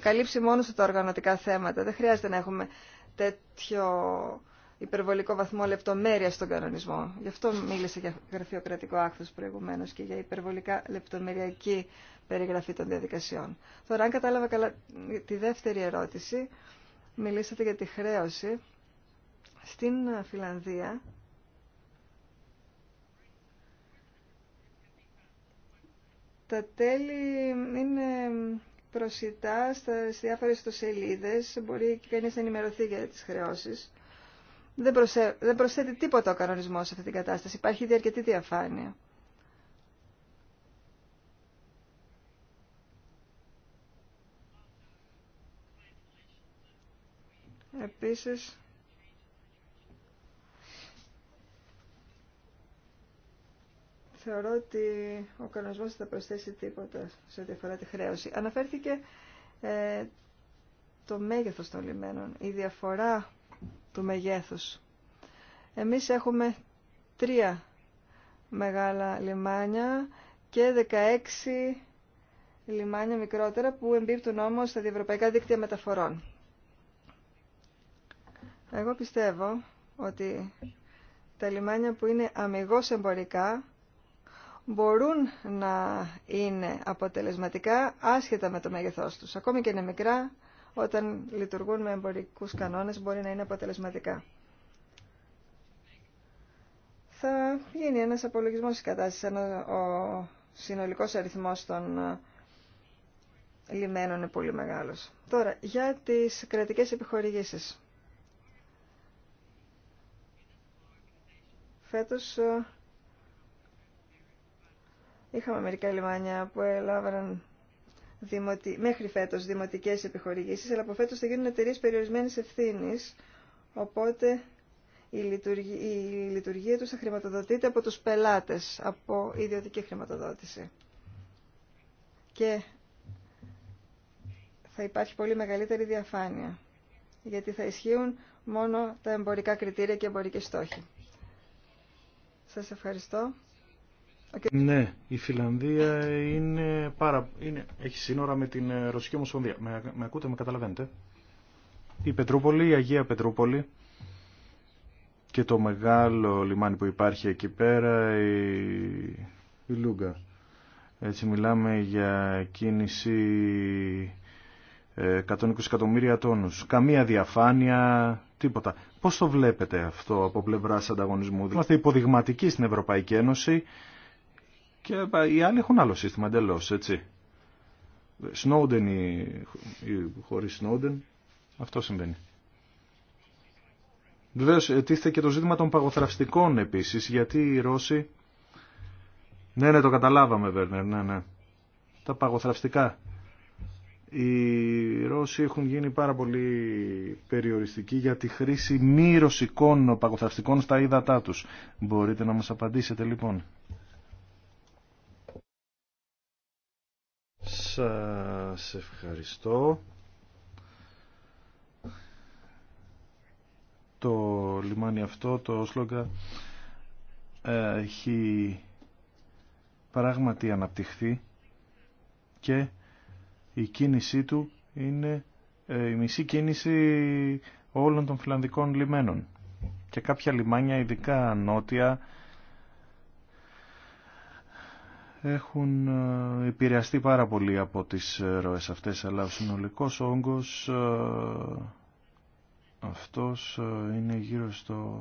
καλύψει μόνο του τα οργανωτικά θέματα. Δεν χρειάζεται να έχουμε τέτοιο υπερβολικό βαθμό λεπτομέρεια στον κανονισμό. Γι' αυτό μίλησα για γραφειοκρατικό άκθο προηγουμένω και για υπερβολικά λεπτομεριακή περιγραφή των διαδικασιών. Τώρα, αν κατάλαβα καλά τη δεύτερη ερώτηση, μιλήσατε για τη χρέωση. Στην Φιλανδία τα τέλη είναι προσιτά στις διάφορες ιστοσελίδες, μπορεί και κανείς να ενημερωθεί για τις χρεώσεις. Δεν, προσε... δεν προσθέτει τίποτα ο κανονισμός σε αυτή την κατάσταση. Υπάρχει ήδη αρκετή διαφάνεια. Επίσης, θεωρώ ότι ο κανονισμός θα προσθέσει τίποτα σε ό,τι αφορά τη χρέωση. Αναφέρθηκε ε, το μέγεθος των λιμένων. Η διαφορά του μεγέθους. Εμείς έχουμε τρία μεγάλα λιμάνια και 16 λιμάνια μικρότερα που εμπίπτουν όμως στα διευρωπαϊκά δίκτυα μεταφορών. Εγώ πιστεύω ότι τα λιμάνια που είναι αμυγός εμπορικά μπορούν να είναι αποτελεσματικά άσχετα με το μέγεθός τους. Ακόμη και είναι μικρά, όταν λειτουργούν με εμπορικούς κανόνες μπορεί να είναι αποτελεσματικά. Θα γίνει ένας απολογισμός της κατάστασης, ο συνολικός αριθμός των ε, λιμένων είναι πολύ μεγάλος. Τώρα, για τις κρατικές επιχορηγήσεις. Φέτος ε, είχαμε μερικά λιμάνια που έλαβαν δημοτι... μέχρι φέτος δημοτικές επιχορηγήσεις, αλλά από φέτο θα γίνουν εταιρείε περιορισμένη ευθύνη. οπότε η λειτουργία, η τους θα χρηματοδοτείται από τους πελάτες, από ιδιωτική χρηματοδότηση. Και θα υπάρχει πολύ μεγαλύτερη διαφάνεια, γιατί θα ισχύουν μόνο τα εμπορικά κριτήρια και εμπορικοί στόχοι. Σας ευχαριστώ. Ναι, η Φιλανδία είναι πάρα... είναι... έχει σύνορα με την ε, Ρωσική Ομοσπονδία. Με, ακούτε, με καταλαβαίνετε. Η Πετρούπολη, η Αγία Πετρούπολη και το μεγάλο λιμάνι που υπάρχει εκεί πέρα, η, η Λούγκα. Έτσι μιλάμε για κίνηση 120 ε, εκατομμύρια τόνους. Καμία διαφάνεια, τίποτα. Πώς το βλέπετε αυτό από πλευράς ανταγωνισμού. Είμαστε υποδειγματικοί στην Ευρωπαϊκή Ένωση και ε, οι άλλοι έχουν άλλο σύστημα εντελώ, έτσι. Σνόντεν ή, Σνόντεν, αυτό συμβαίνει. Βεβαίω, τίθεται και το ζήτημα των παγοθραυστικών επίση, γιατί οι Ρώσοι... Ναι, ναι, το καταλάβαμε, Βέρνερ, ναι, ναι. Τα παγοθραυστικά. Οι Ρώσοι έχουν γίνει πάρα πολύ περιοριστικοί για τη χρήση μη ρωσικών παγοθραυστικών στα ύδατά τους. Μπορείτε να μας απαντήσετε, λοιπόν. Σας ευχαριστώ. Το λιμάνι αυτό, το Όσλογκα, ε, έχει πράγματι αναπτυχθεί και η κίνησή του είναι ε, η μισή κίνηση όλων των φιλανδικών λιμένων. Και κάποια λιμάνια, ειδικά νότια, έχουν ε, επηρεαστεί πάρα πολύ από τις ε, ροές αυτές, αλλά ο συνολικός όγκος ε, αυτός είναι γύρω στο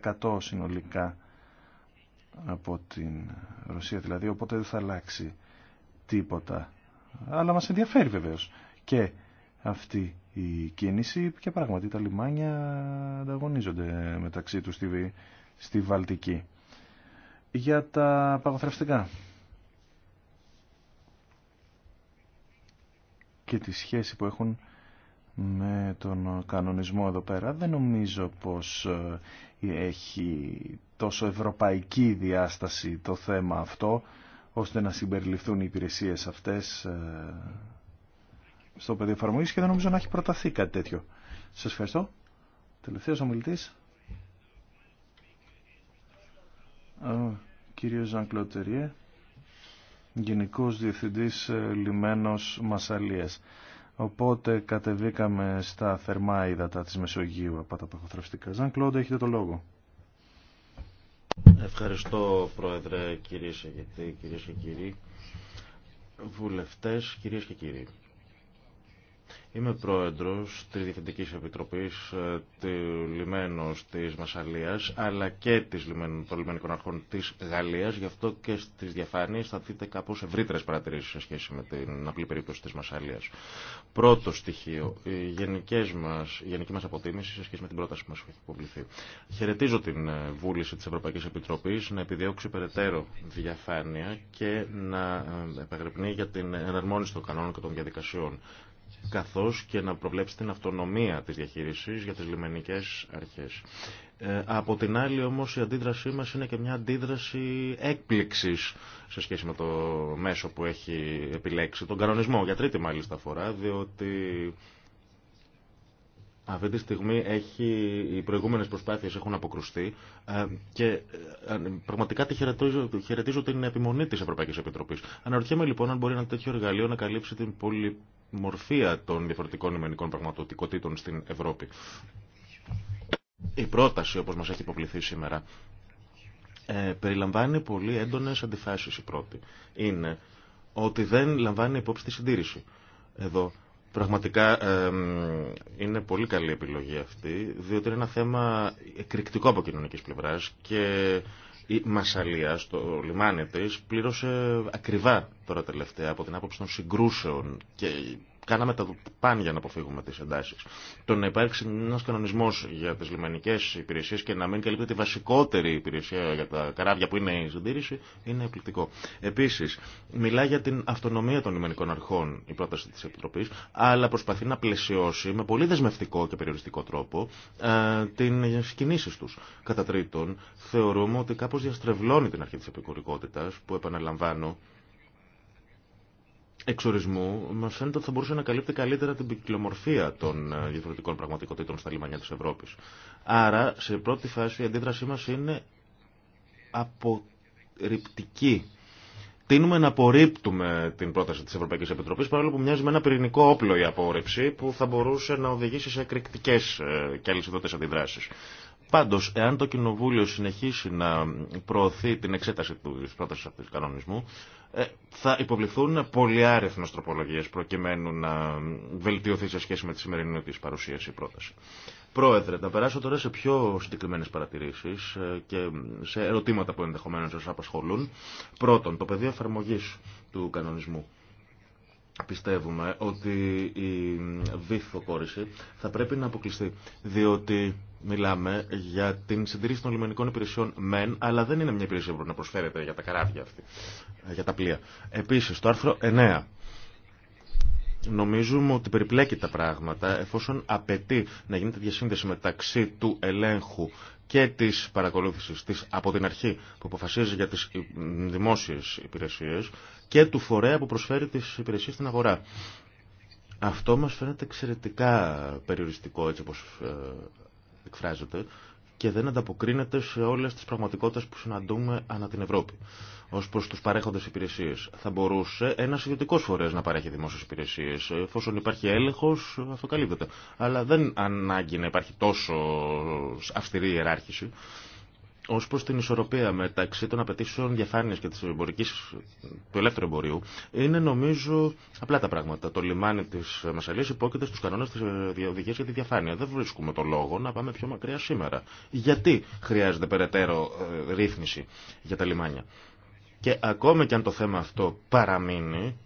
7% συνολικά από την Ρωσία δηλαδή, οπότε δεν θα αλλάξει τίποτα. Αλλά μας ενδιαφέρει βεβαίως και αυτή η κίνηση και πράγματι τα λιμάνια ανταγωνίζονται μεταξύ τους στη Βαλτική για τα παγωθρευστικά και τη σχέση που έχουν με τον κανονισμό εδώ πέρα. Δεν νομίζω πως ε, έχει τόσο ευρωπαϊκή διάσταση το θέμα αυτό ώστε να συμπεριληφθούν οι υπηρεσίες αυτές ε, στο πεδίο εφαρμογή και δεν νομίζω να έχει προταθεί κάτι τέτοιο. Σας ευχαριστώ. Τελευταίος ομιλητής. Κύριε κύριος Ζανκλωτεριέ, Γενικός Διευθυντής ε, Λιμένος Μασαλίας. Οπότε κατεβήκαμε στα θερμά ύδατα της Μεσογείου από τα παχοθραυστικά. Ζαν έχετε το λόγο. Ευχαριστώ Πρόεδρε, κύριε και κύριοι, κυρίες και κύριοι, βουλευτές, κυρίες και κύριοι. Είμαι πρόεδρος της Διευθυντικής Επιτροπής ε, του λιμένου της Μασαλίας αλλά και της των Λιμενικών Αρχών της Γαλλίας. Γι' αυτό και στις διαφάνειες θα δείτε κάπως ευρύτερες παρατηρήσεις σε σχέση με την απλή περίπτωση της Μασαλίας. Πρώτο στοιχείο, η, γενικές μας, γενική μας αποτίμηση σε σχέση με την πρόταση που μας έχει υποβληθεί. Χαιρετίζω την ε, βούληση της Ευρωπαϊκής Επιτροπής να επιδιώξει περαιτέρω διαφάνεια και να ε, επαγρυπνεί για την εναρμόνιση των κανόνων και των διαδικασιών καθώς και να προβλέψει την αυτονομία της διαχείρισης για τις λιμενικές αρχές. Ε, από την άλλη όμως η αντίδρασή μας είναι και μια αντίδραση έκπληξης σε σχέση με το μέσο που έχει επιλέξει, τον κανονισμό, για τρίτη μάλιστα φορά, διότι αυτή τη στιγμή έχει, οι προηγούμενες προσπάθειες έχουν αποκρουστεί ε, και ε, πραγματικά τη χαιρετίζω, την επιμονή της Ευρωπαϊκής Επιτροπής. Αναρωτιέμαι λοιπόν αν μπορεί ένα τέτοιο εργαλείο να καλύψει την πολύ μορφία των διαφορετικών ημενικών πραγματοτικότητων στην Ευρώπη. Η πρόταση, όπως μας έχει υποβληθεί σήμερα, ε, περιλαμβάνει πολύ έντονες αντιφάσεις η πρώτη. Είναι ότι δεν λαμβάνει υπόψη τη συντήρηση. Εδώ πραγματικά είναι πολύ καλή επιλογή αυτή, διότι είναι ένα θέμα εκρηκτικό από κοινωνικής πλευράς και η Μασαλία στο λιμάνι της πλήρωσε ακριβά τώρα τελευταία από την άποψη των συγκρούσεων και κάναμε τα παν για να αποφύγουμε τι εντάσει. Το να υπάρξει ένα κανονισμό για τι λιμενικέ υπηρεσίε και να μην καλύπτεται η βασικότερη υπηρεσία για τα καράβια που είναι η συντήρηση είναι εκπληκτικό. Επίση, μιλά για την αυτονομία των λιμενικών αρχών η πρόταση τη Επιτροπή, αλλά προσπαθεί να πλαισιώσει με πολύ δεσμευτικό και περιοριστικό τρόπο ε, τι κινήσει του. Κατά τρίτον, θεωρούμε ότι κάπω διαστρεβλώνει την αρχή τη επικουρικότητα που επαναλαμβάνω εξορισμού μα φαίνεται ότι θα μπορούσε να καλύπτει καλύτερα την ποικιλομορφία των ε, διαφορετικών πραγματικότητων στα λιμανιά τη Ευρώπη. Άρα, σε πρώτη φάση, η αντίδρασή μα είναι απορριπτική. Τίνουμε να απορρίπτουμε την πρόταση τη Ευρωπαϊκή Επιτροπή, παρόλο που μοιάζει με ένα πυρηνικό όπλο η απόρριψη, που θα μπορούσε να οδηγήσει σε εκρηκτικέ ε, και αλυσιδωτέ αντιδράσεις. Πάντω, εάν το Κοινοβούλιο συνεχίσει να προωθεί την εξέταση τη πρόταση αυτή του κανονισμού, ε, θα υποβληθούν πολυάρεθμε τροπολογίε προκειμένου να βελτιωθεί σε σχέση με τη σημερινή τη παρουσίαση πρόταση. Πρόεδρε, να περάσω τώρα σε πιο συγκεκριμένε παρατηρήσει ε, και σε ερωτήματα που ενδεχομένω σα απασχολούν. Πρώτον, το πεδίο εφαρμογή του κανονισμού. Πιστεύουμε ότι η βυθοκόρηση θα πρέπει να αποκλειστεί, διότι μιλάμε για την συντηρήση των λιμενικών υπηρεσιών μεν, αλλά δεν είναι μια υπηρεσία που να προσφέρεται για τα καράβια αυτή για τα πλοία. Επίσης, το άρθρο 9. Νομίζουμε ότι περιπλέκει τα πράγματα εφόσον απαιτεί να γίνεται διασύνδεση μεταξύ του ελέγχου και της παρακολούθησης της από την αρχή που αποφασίζει για τις δημόσιες υπηρεσίες και του φορέα που προσφέρει τις υπηρεσίες στην αγορά. Αυτό μας φαίνεται εξαιρετικά περιοριστικό έτσι όπως ε, εκφράζεται και δεν ανταποκρίνεται σε όλες τις πραγματικότητες που συναντούμε ανά την Ευρώπη. Ως προς τους παρέχοντε υπηρεσίε. Θα μπορούσε ένας ιδιωτικό φορέας να παρέχει δημόσιες υπηρεσίες. Εφόσον υπάρχει έλεγχος, αυτό καλύπτεται. Αλλά δεν ανάγκη να υπάρχει τόσο αυστηρή ιεράρχηση ω προ την ισορροπία μεταξύ των απαιτήσεων διαφάνεια και της εμπορικής, του ελεύθερου εμπορίου, είναι νομίζω απλά τα πράγματα. Το λιμάνι τη Μασαλία υπόκειται στου κανόνε τη ε, οδηγία για τη διαφάνεια. Δεν βρίσκουμε το λόγο να πάμε πιο μακριά σήμερα. Γιατί χρειάζεται περαιτέρω ε, ρύθμιση για τα λιμάνια. Και ακόμα και αν το θέμα αυτό παραμείνει,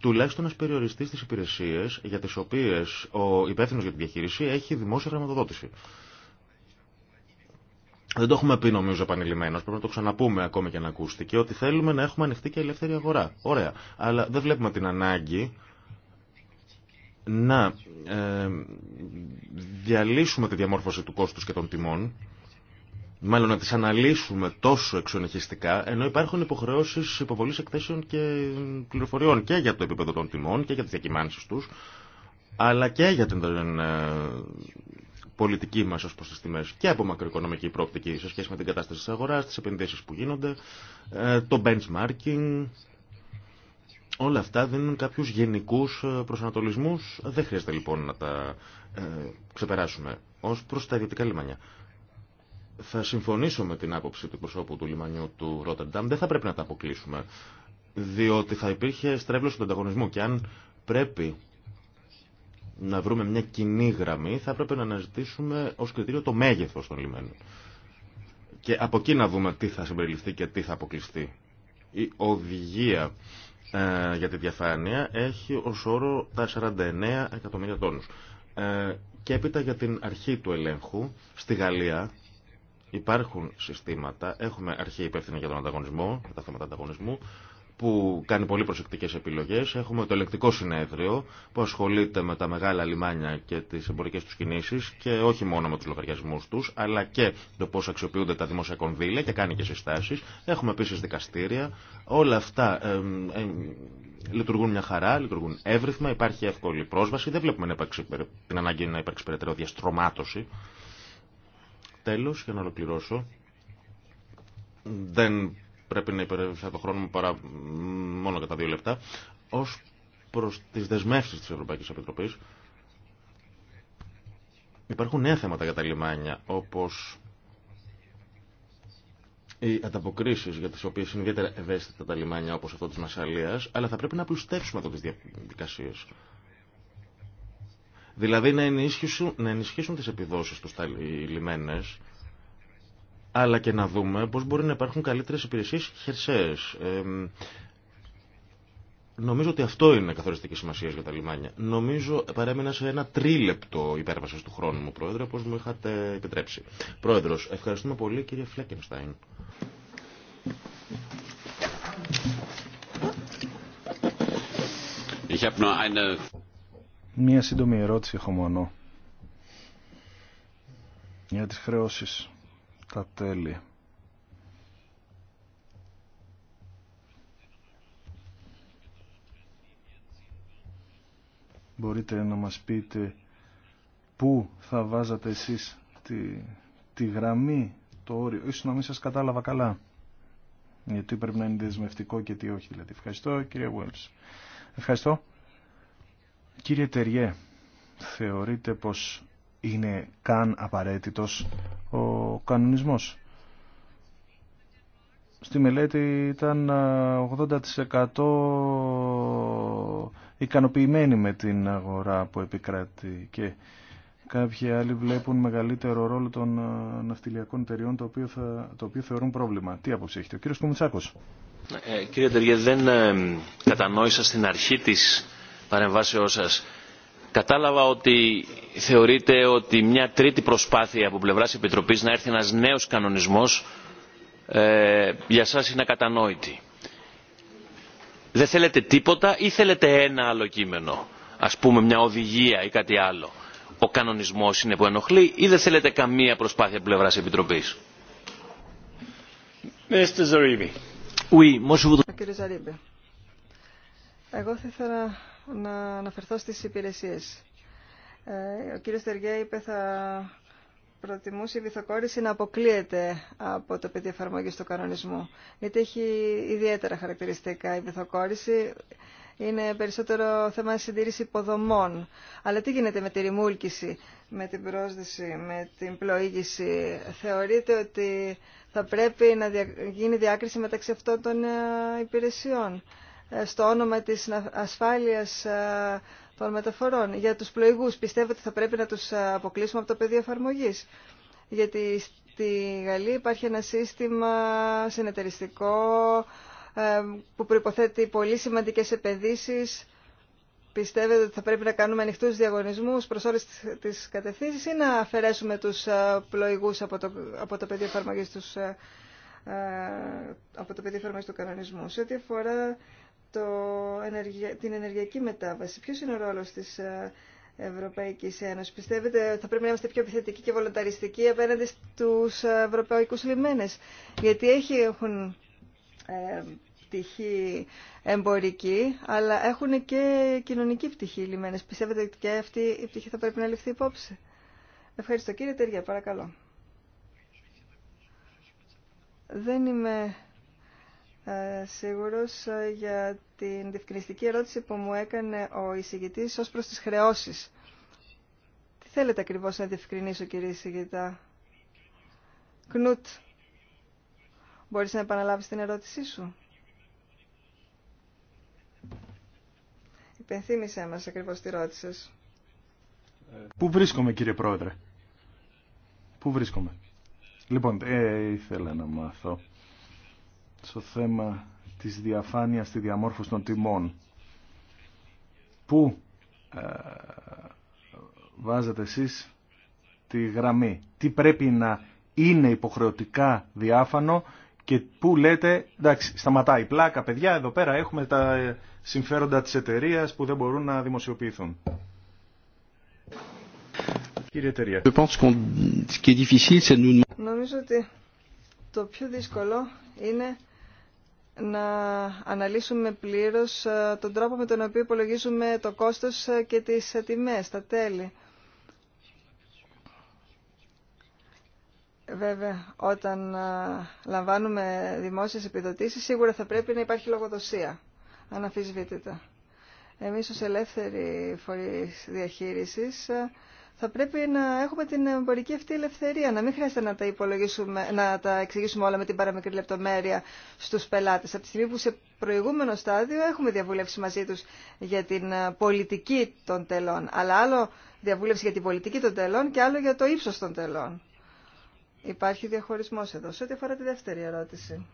τουλάχιστον να περιοριστεί στι υπηρεσίε για τι οποίε ο υπεύθυνο για τη διαχείριση έχει δημόσια χρηματοδότηση. Δεν το έχουμε πει νομίζω επανειλημμένω. Πρέπει να το ξαναπούμε ακόμη και να ακούστηκε ότι θέλουμε να έχουμε ανοιχτή και ελεύθερη αγορά. Ωραία. Αλλά δεν βλέπουμε την ανάγκη να ε, διαλύσουμε τη διαμόρφωση του κόστους και των τιμών, μάλλον να τι αναλύσουμε τόσο εξονυχιστικά, ενώ υπάρχουν υποχρεώσει υποβολή εκθέσεων και πληροφοριών και για το επίπεδο των τιμών και για τι διακυμάνσει του, αλλά και για την ε, πολιτική μα ως προς τι τιμέ και από μακροοικονομική προοπτική σε σχέση με την κατάσταση τη αγορά, τι επενδύσει που γίνονται, ε, το benchmarking, όλα αυτά δίνουν κάποιου γενικού ε, προσανατολισμούς. Δεν χρειάζεται λοιπόν να τα ε, ξεπεράσουμε ω προ τα ιδιωτικά λιμανιά. Θα συμφωνήσω με την άποψη του προσώπου του λιμανιού του Ρότερνταμ. Δεν θα πρέπει να τα αποκλείσουμε, διότι θα υπήρχε στρέβλωση του ανταγωνισμού και αν πρέπει να βρούμε μια κοινή γραμμή, θα έπρεπε να αναζητήσουμε ως κριτήριο το μέγεθος των λιμένων. Και από εκεί να δούμε τι θα συμπεριληφθεί και τι θα αποκλειστεί. Η οδηγία ε, για τη διαφάνεια έχει ως όρο τα 49 εκατομμύρια τόνους. Ε, και έπειτα για την αρχή του ελέγχου, στη Γαλλία υπάρχουν συστήματα, έχουμε αρχή υπεύθυνη για τον ανταγωνισμό, για τα θέματα ανταγωνισμού, που κάνει πολύ προσεκτικές επιλογές. Έχουμε το ελεκτικό συνέδριο που ασχολείται με τα μεγάλα λιμάνια και τις εμπορικές τους κινήσεις και όχι μόνο με τους λογαριασμούς τους, αλλά και το πώς αξιοποιούνται τα δημόσια κονδύλια και κάνει και συστάσεις. Έχουμε επίσης δικαστήρια. Όλα αυτά ε, λειτουργούν μια χαρά, λειτουργούν εύρυθμα, υπάρχει εύκολη πρόσβαση. Δεν βλέπουμε την ανάγκη να υπάρξει περαιτέρω διαστρωμάτωση. Τέλος, για να ολοκληρώσω, δεν πρέπει να υπερεύσει το χρόνο μου παρά μόνο κατά δύο λεπτά, ως προς τις δεσμεύσει τη Ευρωπαϊκή Επιτροπή. Υπάρχουν νέα θέματα για τα λιμάνια, όπως οι ανταποκρίσει για τι οποίε είναι ιδιαίτερα ευαίσθητα τα λιμάνια όπω αυτό τη Μασαλία, αλλά θα πρέπει να πλουστεύσουμε εδώ τι διαδικασίε. Δηλαδή να ενισχύσουν, να ενισχύσουν τι επιδόσει του τα λιμένε αλλά και να δούμε πώς μπορεί να υπάρχουν καλύτερες υπηρεσίες χερσαίες. νομίζω ότι αυτό είναι καθοριστική σημασία για τα λιμάνια. Νομίζω παρέμεινα σε ένα τρίλεπτο υπέρβαση του χρόνου μου, Πρόεδρε, όπως μου είχατε επιτρέψει. Πρόεδρος, ευχαριστούμε πολύ κύριε Φλέκενστάιν. Μία σύντομη ερώτηση έχω μόνο για τις χρεώσεις τέλη. Μπορείτε να μας πείτε πού θα βάζατε εσείς τη, τη γραμμή, το όριο. Ίσως να μην σας κατάλαβα καλά. Γιατί πρέπει να είναι δεσμευτικό και τι όχι. Δηλαδή. Ευχαριστώ κύριε Βουέλς. Ευχαριστώ. Κύριε Τεριέ, θεωρείτε πως είναι καν απαραίτητος ο κανονισμός. Στη μελέτη ήταν 80% ικανοποιημένοι με την αγορά που επικράτει και κάποιοι άλλοι βλέπουν μεγαλύτερο ρόλο των ναυτιλιακών εταιριών το οποίο, θα, το οποίο θεωρούν πρόβλημα. Τι άποψη έχετε, ο κύριος Κουμουτσάκος. Ε, κύριε Τεργέ, δεν ε, κατανόησα στην αρχή της παρεμβάσεώς σας Κατάλαβα ότι θεωρείτε ότι μια τρίτη προσπάθεια από πλευράς Επιτροπής να έρθει ένας νέος κανονισμός ε, για σας είναι ακατανόητη. Δεν θέλετε τίποτα ή θέλετε ένα άλλο κείμενο, ας πούμε μια οδηγία ή κάτι άλλο. Ο κανονισμός είναι που ενοχλεί ή δεν θέλετε καμία προσπάθεια από πλευράς Επιτροπής. Κύριε εγώ θα ήθελα να αναφερθώ στις υπηρεσίες. Ε, ο κύριος Τεργέ είπε θα προτιμούσε η βυθοκόρηση να αποκλείεται από το πεδίο εφαρμογή του κανονισμού. Γιατί έχει ιδιαίτερα χαρακτηριστικά η βυθοκόρηση. Είναι περισσότερο θέμα συντήρηση υποδομών. Αλλά τι γίνεται με τη ρημούλκηση, με την πρόσδεση, με την πλοήγηση. Θεωρείτε ότι θα πρέπει να γίνει διάκριση μεταξύ αυτών των ε, υπηρεσιών. Ε, στο όνομα της ασφάλειας ε, των μεταφορών. Για τους πλοηγούς πιστεύω ότι θα πρέπει να τους ε, αποκλείσουμε από το πεδίο εφαρμογή. Γιατί στη Γαλλία υπάρχει ένα σύστημα συνεταιριστικό που προϋποθέτει πολύ σημαντικές επενδύσεις. Πιστεύετε ότι θα πρέπει να κάνουμε ανοιχτούς διαγωνισμούς προς όλες τις κατευθύνσεις ή να αφαιρέσουμε τους πλοηγούς από το, από το πεδίο εφαρμογή τους από το πεδίο του κανονισμού. Σε ό,τι αφορά το, την ενεργειακή μετάβαση. Ποιος είναι ο ρόλος της ε, Ευρωπαϊκής Ένωσης. Πιστεύετε ότι θα πρέπει να είμαστε πιο επιθετικοί και βολονταριστικοί απέναντι στους ευρωπαϊκούς λιμένες. Γιατί έχει, έχουν ε, πτυχή εμπορική, αλλά έχουν και κοινωνική πτυχή οι λιμένες. Πιστεύετε ότι και αυτή η πτυχή θα πρέπει να ληφθεί υπόψη. Ευχαριστώ. Κύριε Τεριά, παρακαλώ. Δεν είμαι ε, σίγουρος ε, για την διευκρινιστική ερώτηση που μου έκανε ο εισηγητής ως προς τις χρεώσεις. Τι θέλετε ακριβώς να διευκρινίσω κύριε εισηγητά. Κνούτ, μπορείς να επαναλάβεις την ερώτησή σου. Υπενθύμησέ μας ακριβώς τη ρώτησες. Πού βρίσκομαι κύριε Πρόεδρε. Πού βρίσκομαι. Λοιπόν, ε, ήθελα να μάθω στο θέμα της διαφάνειας στη διαμόρφωση των τιμών που ε, βάζετε εσείς τη γραμμή τι πρέπει να είναι υποχρεωτικά διάφανο και που λέτε, εντάξει, σταματάει η πλάκα, παιδιά, εδώ πέρα έχουμε τα ε, συμφέροντα της εταιρεία που δεν μπορούν να δημοσιοποιηθούν. Κύριε Εταιρεία. Νομίζω ότι το πιο δύσκολο είναι να αναλύσουμε πλήρως ε, τον τρόπο με τον οποίο υπολογίζουμε το κόστος ε, και τις ε, τιμές, τα τέλη. Βέβαια, όταν λαμβάνουμε δημόσιες επιδοτήσεις, σίγουρα θα πρέπει να υπάρχει λογοδοσία, αναφυσβήτητα. Εμείς ως ελεύθεροι φορείς διαχείρισης θα πρέπει να έχουμε την εμπορική αυτή ελευθερία, να μην χρειάζεται να τα, υπολογίσουμε, να τα εξηγήσουμε όλα με την παραμικρή λεπτομέρεια στους πελάτες. Από τη στιγμή που σε προηγούμενο στάδιο έχουμε διαβούλευση μαζί τους για την πολιτική των τελών, αλλά άλλο διαβούλευση για την πολιτική των τελών και άλλο για το ύψος των τελών. Υπάρχει διαχωρισμός εδώ. Σε ό,τι αφορά τη δεύτερη ερώτηση.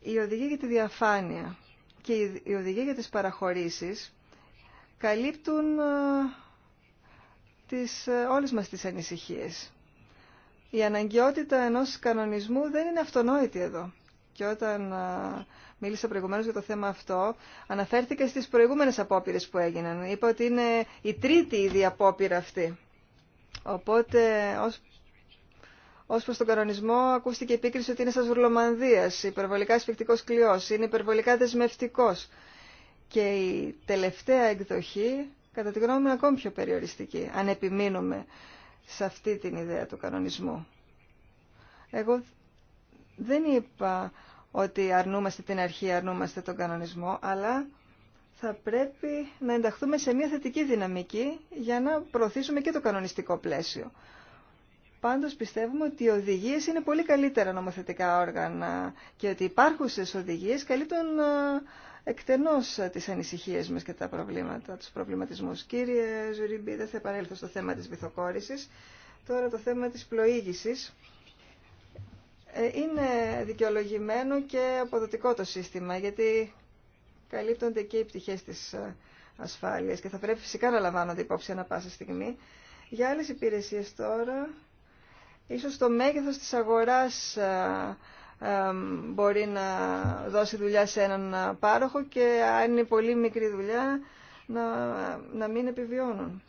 Η οδηγία για τη διαφάνεια και η οδηγία για τις παραχωρήσεις καλύπτουν ε, τις, ε, όλες μας τις ανησυχίες. Η αναγκαιότητα ενός κανονισμού δεν είναι αυτονόητη εδώ. Και όταν ε, μίλησα προηγουμένως για το θέμα αυτό, αναφέρθηκα στις προηγούμενες απόπειρες που έγιναν. Είπα ότι είναι η τρίτη ήδη απόπειρα αυτή. Οπότε, ως Ω προ τον κανονισμό, ακούστηκε επίκριση ότι είναι σα βουρλομανδία, υπερβολικά ασφικτικό κλειό, είναι υπερβολικά δεσμευτικό. Και η τελευταία εκδοχή, κατά τη γνώμη μου, είναι ακόμη πιο περιοριστική, αν επιμείνουμε σε αυτή την ιδέα του κανονισμού. Εγώ δεν είπα ότι αρνούμαστε την αρχή, αρνούμαστε τον κανονισμό, αλλά θα πρέπει να ενταχθούμε σε μια θετική δυναμική για να προωθήσουμε και το κανονιστικό πλαίσιο. Πάντως πιστεύουμε ότι οι οδηγίες είναι πολύ καλύτερα νομοθετικά όργανα και ότι υπάρχουσες οδηγίες καλύπτουν εκτενώς τις ανησυχίες μας και τα προβλήματα, τους προβληματισμούς. Κύριε Ζουριμπή, δεν θα επανέλθω στο θέμα της βυθοκόρησης. Τώρα το θέμα της πλοήγησης. Ε, είναι δικαιολογημένο και αποδοτικό το σύστημα, γιατί καλύπτονται και οι πτυχές της ε, ασφάλειας και θα πρέπει φυσικά να λαμβάνονται υπόψη ανα πάσα στιγμή. Για άλλες υπηρεσίες τώρα, ίσως το μέγεθος της αγοράς ε, μπορεί να δώσει δουλειά σε έναν πάροχο και αν είναι πολύ μικρή δουλειά να, να μην επιβιώνουν.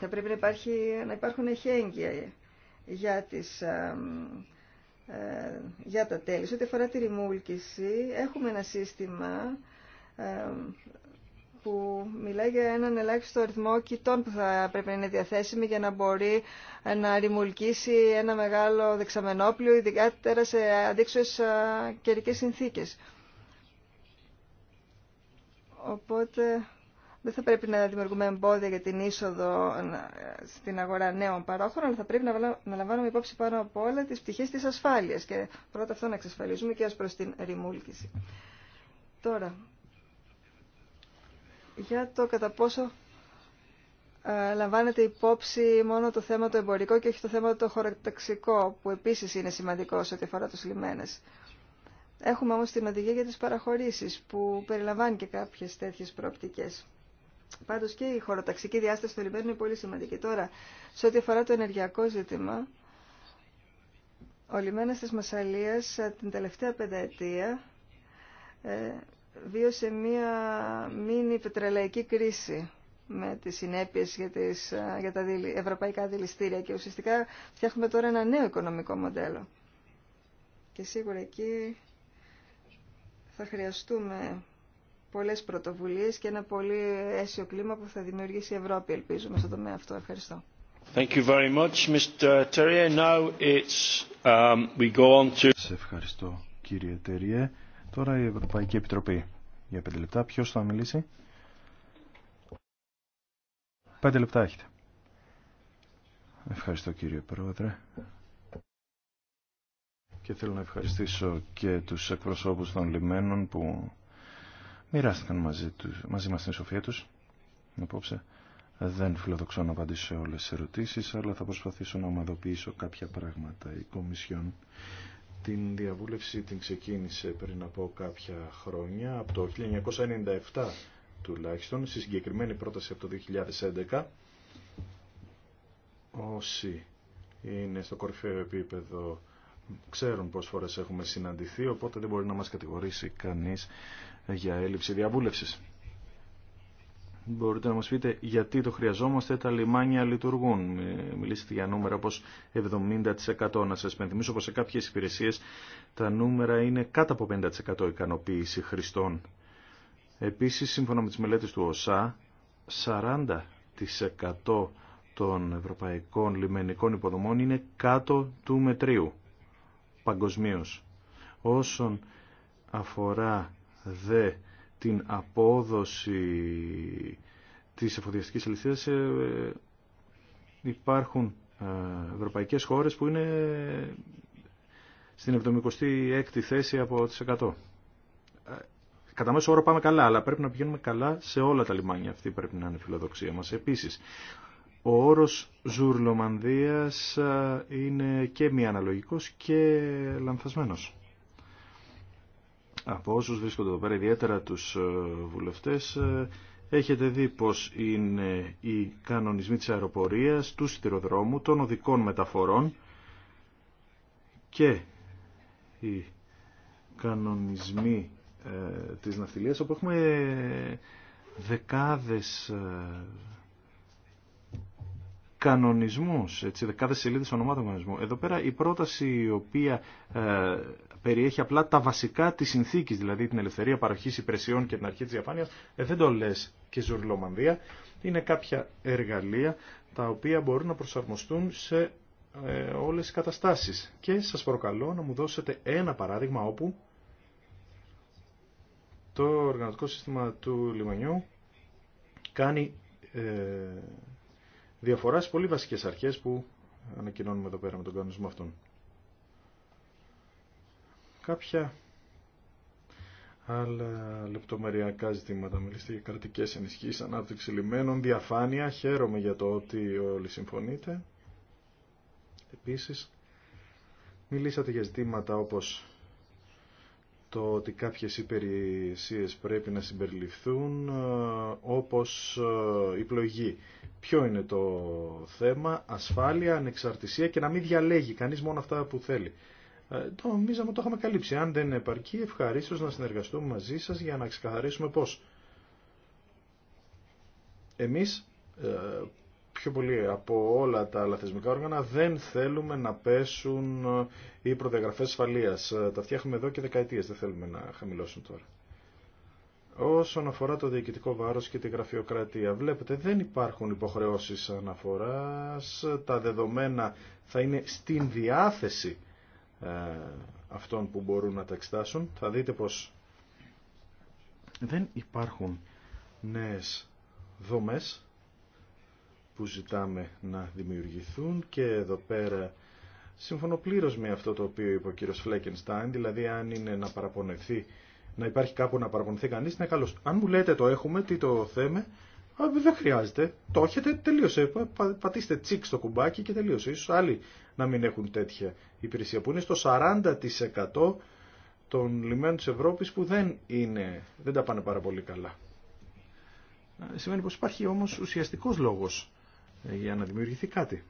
Θα πρέπει να, υπάρχει, να υπάρχουν εχέγγυα για, τις, ε, για τα τέλη. ό,τι αφορά τη ρημούλκηση, έχουμε ένα σύστημα που μιλάει για έναν ελάχιστο αριθμό κοιτών που θα πρέπει να είναι διαθέσιμοι για να μπορεί ε, να ρημουλκίσει ένα μεγάλο δεξαμενόπλιο, ειδικά σε αντίξωες καιρικές συνθήκες. Οπότε δεν θα πρέπει να δημιουργούμε εμπόδια για την είσοδο ε, στην αγορά νέων παρόχων, αλλά θα πρέπει να λαμβάνουμε υπόψη πάνω από όλα τις πτυχές της ασφάλειας και πρώτα αυτό να εξασφαλίζουμε και ως προς την ρημούλκηση. Τώρα, για το κατά πόσο ε, λαμβάνεται υπόψη μόνο το θέμα το εμπορικό και όχι το θέμα το χωροταξικό, που επίσης είναι σημαντικό σε ό,τι αφορά τους λιμένες. Έχουμε όμως την οδηγία για τις παραχωρήσεις, που περιλαμβάνει και κάποιες τέτοιες προοπτικές. Πάντως και η χωροταξική διάσταση του λιμένων είναι πολύ σημαντική. Τώρα, σε ό,τι αφορά το ενεργειακό ζήτημα, ο λιμένας της Μασαλίας ε, την τελευταία πενταετία ε, βίωσε μία μίνι πετρελαϊκή κρίση με τις συνέπειες για, τις, για τα ευρωπαϊκά δηληστήρια και ουσιαστικά φτιάχνουμε τώρα ένα νέο οικονομικό μοντέλο. Και σίγουρα εκεί θα χρειαστούμε πολλές πρωτοβουλίες και ένα πολύ αίσιο κλίμα που θα δημιουργήσει η Ευρώπη, ελπίζουμε, στο τομέα αυτό. Ευχαριστώ. Thank you very much, Mr. Now it's, um, we go on to... ευχαριστώ, κύριε Τεριέ. Τώρα η Ευρωπαϊκή Επιτροπή για πέντε λεπτά. Ποιος θα μιλήσει. Πέντε λεπτά έχετε. Ευχαριστώ κύριε Πρόεδρε. Και θέλω να ευχαριστήσω και τους εκπροσώπους των λιμένων που μοιράστηκαν μαζί, τους, μαζί μας την σοφία τους. Απόψε δεν φιλοδοξώ να απαντήσω σε όλες τις ερωτήσεις, αλλά θα προσπαθήσω να ομαδοποιήσω κάποια πράγματα. Η Κομισιόν την διαβούλευση την ξεκίνησε πριν από κάποια χρόνια, από το 1997 τουλάχιστον, στη συγκεκριμένη πρόταση από το 2011. Όσοι είναι στο κορυφαίο επίπεδο ξέρουν πόσες φορές έχουμε συναντηθεί, οπότε δεν μπορεί να μας κατηγορήσει κανείς για έλλειψη διαβούλευσης. Μπορείτε να μας πείτε γιατί το χρειαζόμαστε, τα λιμάνια λειτουργούν. Ε, Μιλήσετε για νούμερα όπως 70%. Να σας πενθυμίσω πως σε κάποιες υπηρεσίες τα νούμερα είναι κάτω από 50% ικανοποίηση χρηστών. Επίσης, σύμφωνα με τις μελέτες του ΟΣΑ, 40% των ευρωπαϊκών λιμενικών υποδομών είναι κάτω του μετρίου παγκοσμίω. Όσον αφορά δε την απόδοση της εφοδιαστικής αλυσίδας ε, υπάρχουν ε, ευρωπαϊκές χώρες που είναι στην 76η θέση από τις 100. Ε, κατά μέσο όρο πάμε καλά, αλλά πρέπει να πηγαίνουμε καλά σε όλα τα λιμάνια. Αυτή πρέπει να είναι η φιλοδοξία μας. Επίσης, ο όρος Ζουρλομανδίας είναι και μη αναλογικός και λανθασμένος από όσους βρίσκονται εδώ πέρα, ιδιαίτερα τους ε, βουλευτές, ε, έχετε δει πως είναι οι κανονισμοί της αεροπορίας, του σιτηροδρόμου, των οδικών μεταφορών και οι κανονισμοί ε, της ναυτιλίας, όπου έχουμε δεκάδες κανονισμούς, έτσι, δεκάδες σελίδες ονομάτων κανονισμού. Εδώ πέρα η πρόταση η οποία ε, περιέχει απλά τα βασικά της συνθήκης, δηλαδή την ελευθερία παροχής υπηρεσιών και την αρχή της διαφάνειας, ε, δεν το λες και ζουρλομανδία, είναι κάποια εργαλεία τα οποία μπορούν να προσαρμοστούν σε ε, όλες τις καταστάσεις. Και σας προκαλώ να μου δώσετε ένα παράδειγμα όπου το οργανωτικό σύστημα του λιμανιού κάνει ε, διαφορά στι πολύ βασικές αρχές που ανακοινώνουμε εδώ πέρα με τον κανονισμό αυτόν. Κάποια άλλα λεπτομεριακά ζητήματα. Μιλήσατε για κρατικέ ενισχύσει, ανάπτυξη λιμένων, διαφάνεια. Χαίρομαι για το ότι όλοι συμφωνείτε. Επίσης, μιλήσατε για ζητήματα όπως το ότι κάποιες υπηρεσίες πρέπει να συμπεριληφθούν ε, όπως ε, η πλογή. Ποιο είναι το θέμα, ασφάλεια, ανεξαρτησία και να μην διαλέγει κανείς μόνο αυτά που θέλει. Ε, το νομίζαμε το είχαμε καλύψει. Αν δεν επαρκεί, ευχαρίστω να συνεργαστούμε μαζί σας για να ξεκαθαρίσουμε πώς. Εμείς πιο πολύ από όλα τα άλλα όργανα δεν θέλουμε να πέσουν ε, οι προδιαγραφές ασφαλείας. Ε, τα φτιάχνουμε εδώ και δεκαετίες, δεν θέλουμε να χαμηλώσουν τώρα. Όσον αφορά το διοικητικό βάρος και τη γραφειοκρατία, βλέπετε δεν υπάρχουν υποχρεώσεις αναφοράς, τα δεδομένα θα είναι στην διάθεση ε, αυτών που μπορούν να τα εξετάσουν. Θα δείτε πως δεν υπάρχουν νέες δομές που ζητάμε να δημιουργηθούν και εδώ πέρα συμφωνώ πλήρω με αυτό το οποίο είπε ο κύριος Φλέκενστάιν, δηλαδή αν είναι να παραπονεθεί, να υπάρχει κάπου να παραπονεθεί κανείς, είναι καλό. Αν μου λέτε το έχουμε, τι το θέμε, Α, δεν χρειάζεται. Το έχετε, τελείωσε. πατήστε τσικ στο κουμπάκι και τελείωσε. Ίσως άλλοι να μην έχουν τέτοια υπηρεσία που είναι στο 40% των λιμένων της Ευρώπης που δεν, είναι, δεν τα πάνε πάρα πολύ καλά. Ε, σημαίνει πως υπάρχει όμως ουσιαστικός λόγος για να δημιουργηθεί κάτι.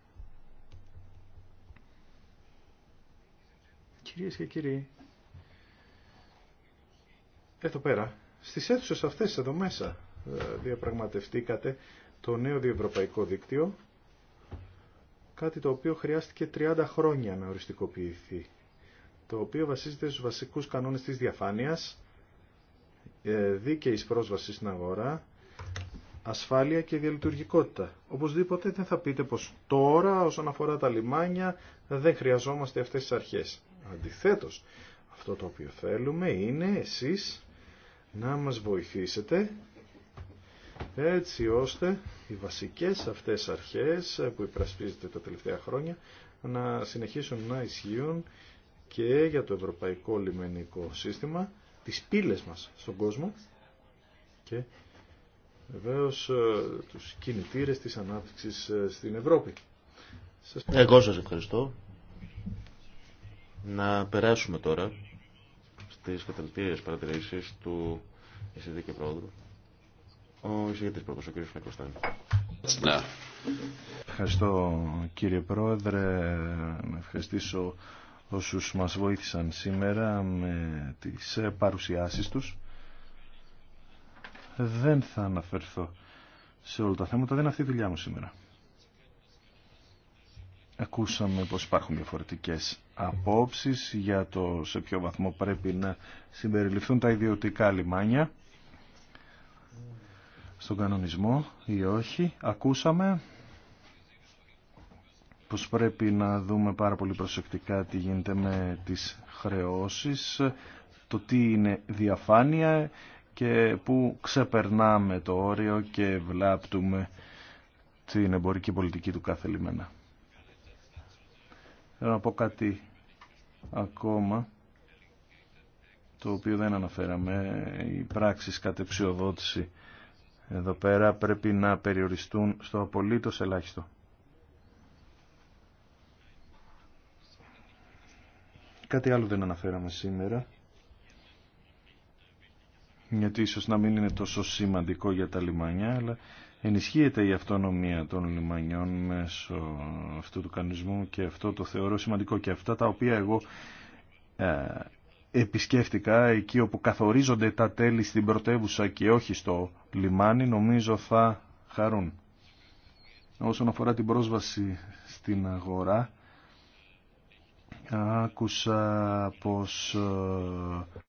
Κυρίες και κύριοι, εδώ πέρα, στις αίθουσες αυτές εδώ μέσα ε, διαπραγματευτήκατε το νέο διευρωπαϊκό δίκτυο, κάτι το οποίο χρειάστηκε 30 χρόνια να οριστικοποιηθεί, το οποίο βασίζεται στους βασικούς κανόνες της διαφάνειας, ε, δίκαιης πρόσβασης στην αγορά, ασφάλεια και διαλειτουργικότητα. Οπωσδήποτε δεν θα πείτε πως τώρα όσον αφορά τα λιμάνια δεν χρειαζόμαστε αυτές τις αρχές. Αντιθέτως, αυτό το οποίο θέλουμε είναι εσείς να μας βοηθήσετε έτσι ώστε οι βασικές αυτές αρχές που υπρασπίζετε τα τελευταία χρόνια να συνεχίσουν να ισχύουν και για το ευρωπαϊκό λιμενικό σύστημα, τις πύλες μας στον κόσμο και Βεβαίω ε, τους κινητήρες της ανάπτυξης ε, στην Ευρώπη. Εγώ σας ευχαριστώ. Να περάσουμε τώρα στις καταληκτήριες παρατηρήσεις του εισηγητή και Πρόεδρου. Ο εισηγητής πρόεδρος ο κ. Φλακοστάνη. Ναι. Ευχαριστώ κύριε Πρόεδρε. Να ευχαριστήσω όσους μας βοήθησαν σήμερα με τις παρουσιάσεις τους δεν θα αναφερθώ σε όλα τα θέματα, δεν είναι αυτή η δουλειά μου σήμερα. Ακούσαμε πως υπάρχουν διαφορετικές απόψεις για το σε ποιο βαθμό πρέπει να συμπεριληφθούν τα ιδιωτικά λιμάνια στον κανονισμό ή όχι. Ακούσαμε πως πρέπει να δούμε πάρα πολύ προσεκτικά τι γίνεται με τις χρεώσεις, το τι είναι διαφάνεια και που ξεπερνάμε το όριο και βλάπτουμε την εμπορική πολιτική του κάθε λιμένα. Θέλω να πω κάτι ακόμα το οποίο δεν αναφέραμε. Οι πράξεις κατεψιοδότηση εδώ πέρα πρέπει να περιοριστούν στο απολύτως ελάχιστο. Κάτι άλλο δεν αναφέραμε σήμερα γιατί ίσως να μην είναι τόσο σημαντικό για τα λιμάνια, αλλά ενισχύεται η αυτονομία των λιμανιών μέσω αυτού του κανονισμού και αυτό το θεωρώ σημαντικό και αυτά τα οποία εγώ ε, επισκέφτηκα εκεί όπου καθορίζονται τα τέλη στην πρωτεύουσα και όχι στο λιμάνι νομίζω θα χαρούν. Όσον αφορά την πρόσβαση στην αγορά, άκουσα πως ε,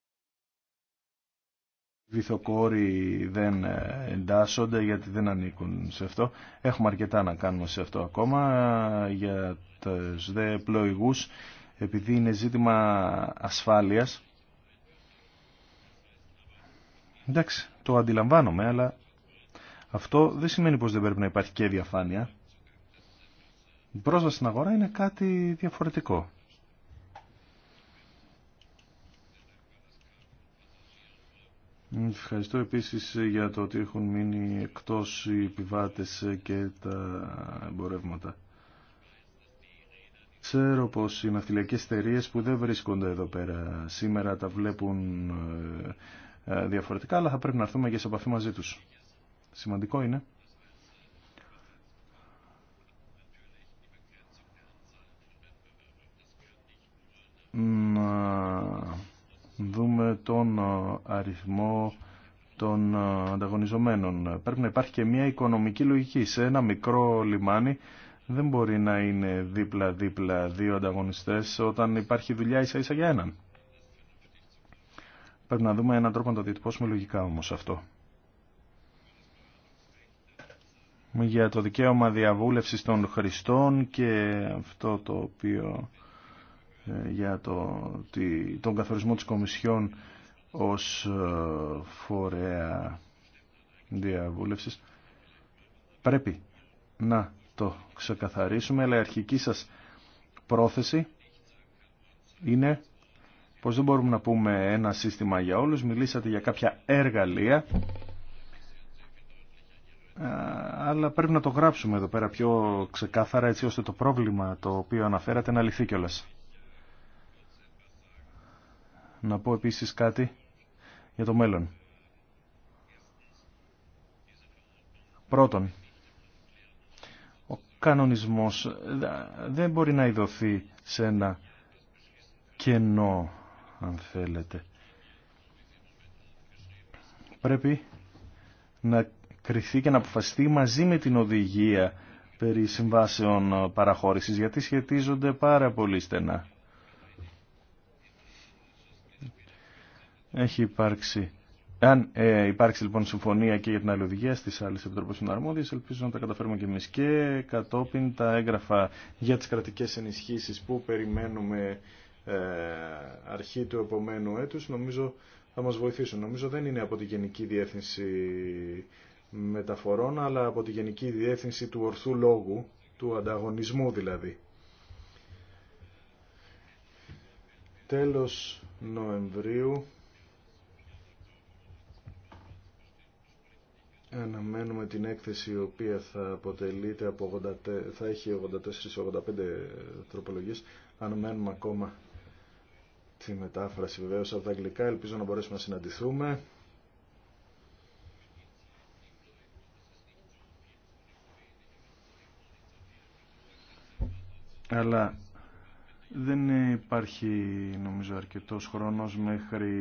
βυθοκόροι δεν ε, εντάσσονται γιατί δεν ανήκουν σε αυτό. Έχουμε αρκετά να κάνουμε σε αυτό ακόμα. Ε, για τους δε πλοηγούς, επειδή είναι ζήτημα ασφάλειας, εντάξει, το αντιλαμβάνομαι, αλλά αυτό δεν σημαίνει πως δεν πρέπει να υπάρχει και διαφάνεια. Η πρόσβαση στην αγορά είναι κάτι διαφορετικό. Ευχαριστώ επίσης για το ότι έχουν μείνει εκτός οι επιβάτες και τα εμπορεύματα. Ξέρω πως οι ναυτιλιακές εταιρείε που δεν βρίσκονται εδώ πέρα σήμερα τα βλέπουν ε, ε, διαφορετικά, αλλά θα πρέπει να έρθουμε και σε επαφή μαζί τους. Σημαντικό είναι δούμε τον ε, αριθμό των ε, ανταγωνιζομένων. Πρέπει να υπάρχει και μια οικονομική λογική. Σε ένα μικρό λιμάνι δεν μπορεί να είναι δίπλα-δίπλα δύο ανταγωνιστές όταν υπάρχει δουλειά ίσα-ίσα για έναν. Πρέπει να δούμε έναν τρόπο να το διατυπώσουμε λογικά όμως αυτό. Για το δικαίωμα διαβούλευσης των χρηστών και αυτό το οποίο ε, για το, τη, τον καθορισμό της Κομισιόν ως ε, φορέα διαβούλευσης. Πρέπει να το ξεκαθαρίσουμε, αλλά η αρχική σας πρόθεση είναι πως δεν μπορούμε να πούμε ένα σύστημα για όλους. Μιλήσατε για κάποια εργαλεία, ε, αλλά πρέπει να το γράψουμε εδώ πέρα πιο ξεκάθαρα, έτσι ώστε το πρόβλημα το οποίο αναφέρατε να λυθεί κιόλας να πω επίσης κάτι για το μέλλον. Πρώτον, ο κανονισμός δεν μπορεί να ειδωθεί σε ένα κενό, αν θέλετε. Πρέπει να κριθεί και να αποφασιστεί μαζί με την οδηγία περί συμβάσεων παραχώρησης, γιατί σχετίζονται πάρα πολύ στενά. Έχει υπάρξει. Αν ε, υπάρξει λοιπόν συμφωνία και για την αλληλοδηγία στις άλλες επιτροπές των αρμόδιες, ελπίζω να τα καταφέρουμε και εμείς. Και κατόπιν τα έγγραφα για τις κρατικές ενισχύσεις που περιμένουμε ε, αρχή του επομένου έτους, νομίζω θα μας βοηθήσουν. Νομίζω δεν είναι από τη Γενική Διεύθυνση Μεταφορών, αλλά από τη Γενική Διεύθυνση του Ορθού Λόγου, του ανταγωνισμού δηλαδή. Τέλος Νοεμβρίου Αναμένουμε την έκθεση η οποία θα, αποτελείται από θα έχει 84-85 τροπολογίες. Αναμένουμε ακόμα τη μετάφραση βεβαίως από τα αγγλικά. Ελπίζω να μπορέσουμε να συναντηθούμε. Αλλά δεν υπάρχει νομίζω αρκετός χρόνος μέχρι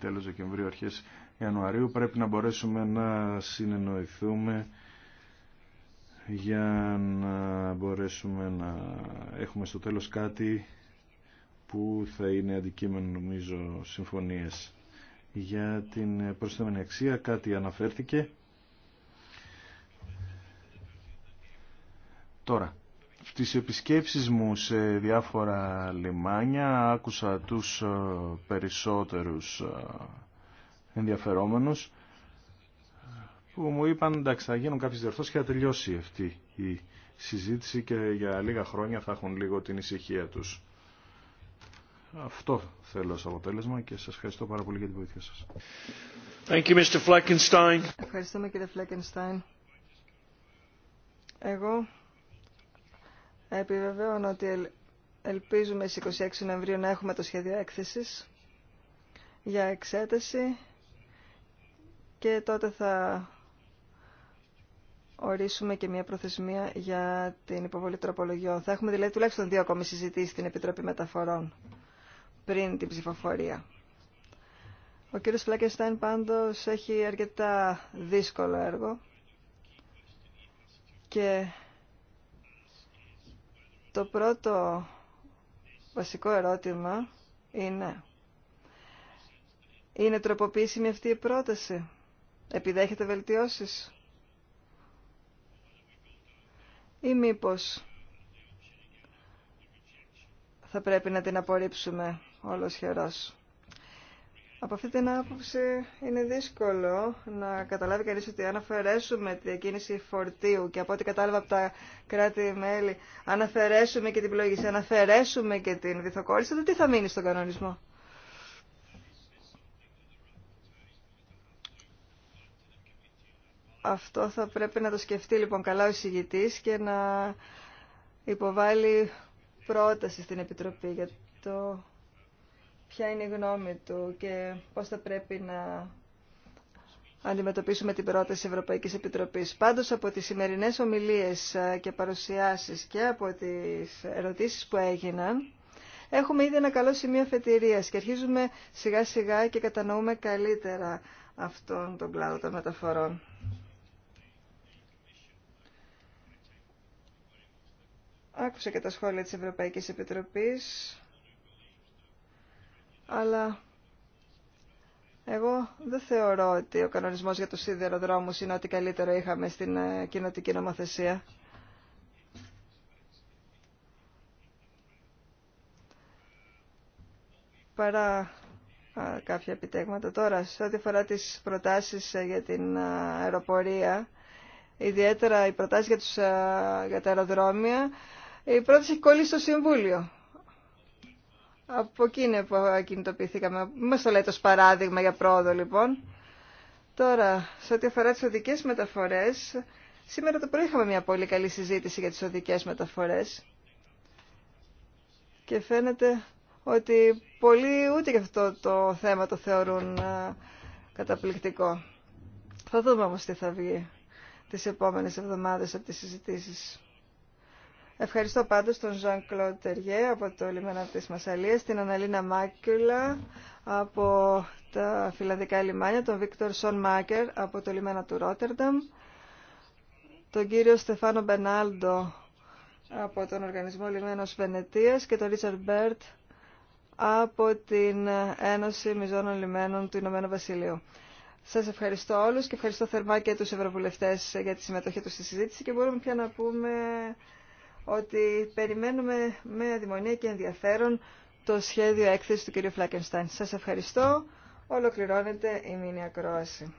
τέλος Δεκεμβρίου αρχές Ιανουαρίου πρέπει να μπορέσουμε να συνεννοηθούμε για να μπορέσουμε να έχουμε στο τέλος κάτι που θα είναι αντικείμενο νομίζω συμφωνίες για την προσθέμενη αξία κάτι αναφέρθηκε τώρα στις επισκέψεις μου σε διάφορα λιμάνια άκουσα τους ε, περισσότερους ε, ενδιαφερόμενους που μου είπαν εντάξει θα γίνουν κάποιες διορθώσεις και θα τελειώσει αυτή η συζήτηση και για λίγα χρόνια θα έχουν λίγο την ησυχία τους. Αυτό θέλω ως αποτέλεσμα και σας ευχαριστώ πάρα πολύ για την βοήθεια σας. Thank you, Mr. Fleckenstein. Ευχαριστούμε κύριε Φλέκενστάιν. Εγώ επιβεβαίωνω ότι ελπίζουμε στις 26 Νοεμβρίου να έχουμε το σχέδιο έκθεσης για εξέταση και τότε θα ορίσουμε και μια προθεσμία για την υποβολή τροπολογιών. Θα έχουμε δηλαδή τουλάχιστον δύο ακόμη συζητήσει στην Επιτροπή Μεταφορών πριν την ψηφοφορία. Ο κύριος Φλακεστάιν πάντως έχει αρκετά δύσκολο έργο και το πρώτο βασικό ερώτημα είναι είναι τροποποιήσιμη αυτή η πρόταση έχετε βελτιώσεις. Ή μήπως θα πρέπει να την απορρίψουμε όλος χερός. Από αυτή την άποψη είναι δύσκολο να καταλάβει κανείς ότι αν αφαιρέσουμε τη διακίνηση φορτίου και από ό,τι κατάλαβα από τα κράτη-μέλη, αν αφαιρέσουμε και την πλόγηση, αν αφαιρέσουμε και την βυθοκόρηση, τότε τι θα μείνει στον κανονισμό. Αυτό θα πρέπει να το σκεφτεί λοιπόν καλά ο εισηγητής και να υποβάλει πρόταση στην Επιτροπή για το ποια είναι η γνώμη του και πώς θα πρέπει να αντιμετωπίσουμε την πρόταση Ευρωπαϊκής Επιτροπής. Πάντως από τις σημερινές ομιλίες και παρουσιάσεις και από τις ερωτήσεις που έγιναν, έχουμε ήδη ένα καλό σημείο αφετηρίας και αρχίζουμε σιγά σιγά και κατανοούμε καλύτερα αυτόν τον κλάδο των μεταφορών. Άκουσα και τα σχόλια της Ευρωπαϊκής Επιτροπής, αλλά εγώ δεν θεωρώ ότι ο κανονισμός για τους σιδηροδρόμους είναι ότι καλύτερο είχαμε στην ε, κοινοτική νομοθεσία. Παρά κάποια επιτέγματα τώρα, σε ό,τι αφορά τις προτάσεις ε, για την ε, αεροπορία, ιδιαίτερα οι προτάσεις για, τους, για τα αεροδρόμια η πρόταση έχει κολλήσει στο Συμβούλιο. Από εκεί είναι που κινητοποιηθήκαμε. Μας το λέτε ως παράδειγμα για πρόοδο λοιπόν. Τώρα, σε ό,τι αφορά τις οδικές μεταφορές, σήμερα το πρωί είχαμε μια πολύ καλή συζήτηση για τις οδικές μεταφορές. Και φαίνεται ότι πολλοί ούτε και αυτό το θέμα το θεωρούν καταπληκτικό. Θα δούμε όμως τι θα βγει τις επόμενες εβδομάδες από τις συζητήσεις. Ευχαριστώ πάντω τον Ζαν Κλοντ Τεριέ από το λιμένα τη Μασαλία, την Αναλίνα Μάκουλα από τα Φιλανδικά λιμάνια, τον Βίκτορ Σον Μάκερ από το λιμένα του Ρότερνταμ, τον κύριο Στεφάνο Μπενάλντο από τον Οργανισμό Λιμένος Βενετίας και τον Ρίτσαρντ Μπέρτ από την Ένωση Μιζώνων Λιμένων του Ηνωμένου Βασιλείου. Σας ευχαριστώ όλους και ευχαριστώ θερμά και τους ευρωβουλευτές για τη συμμετοχή τους στη συζήτηση και μπορούμε πια να πούμε ότι περιμένουμε με αδημονία και ενδιαφέρον το σχέδιο έκθεση του κ. Φλάκενστάιν. Σας ευχαριστώ. Ολοκληρώνεται η μήνυα κρόαση.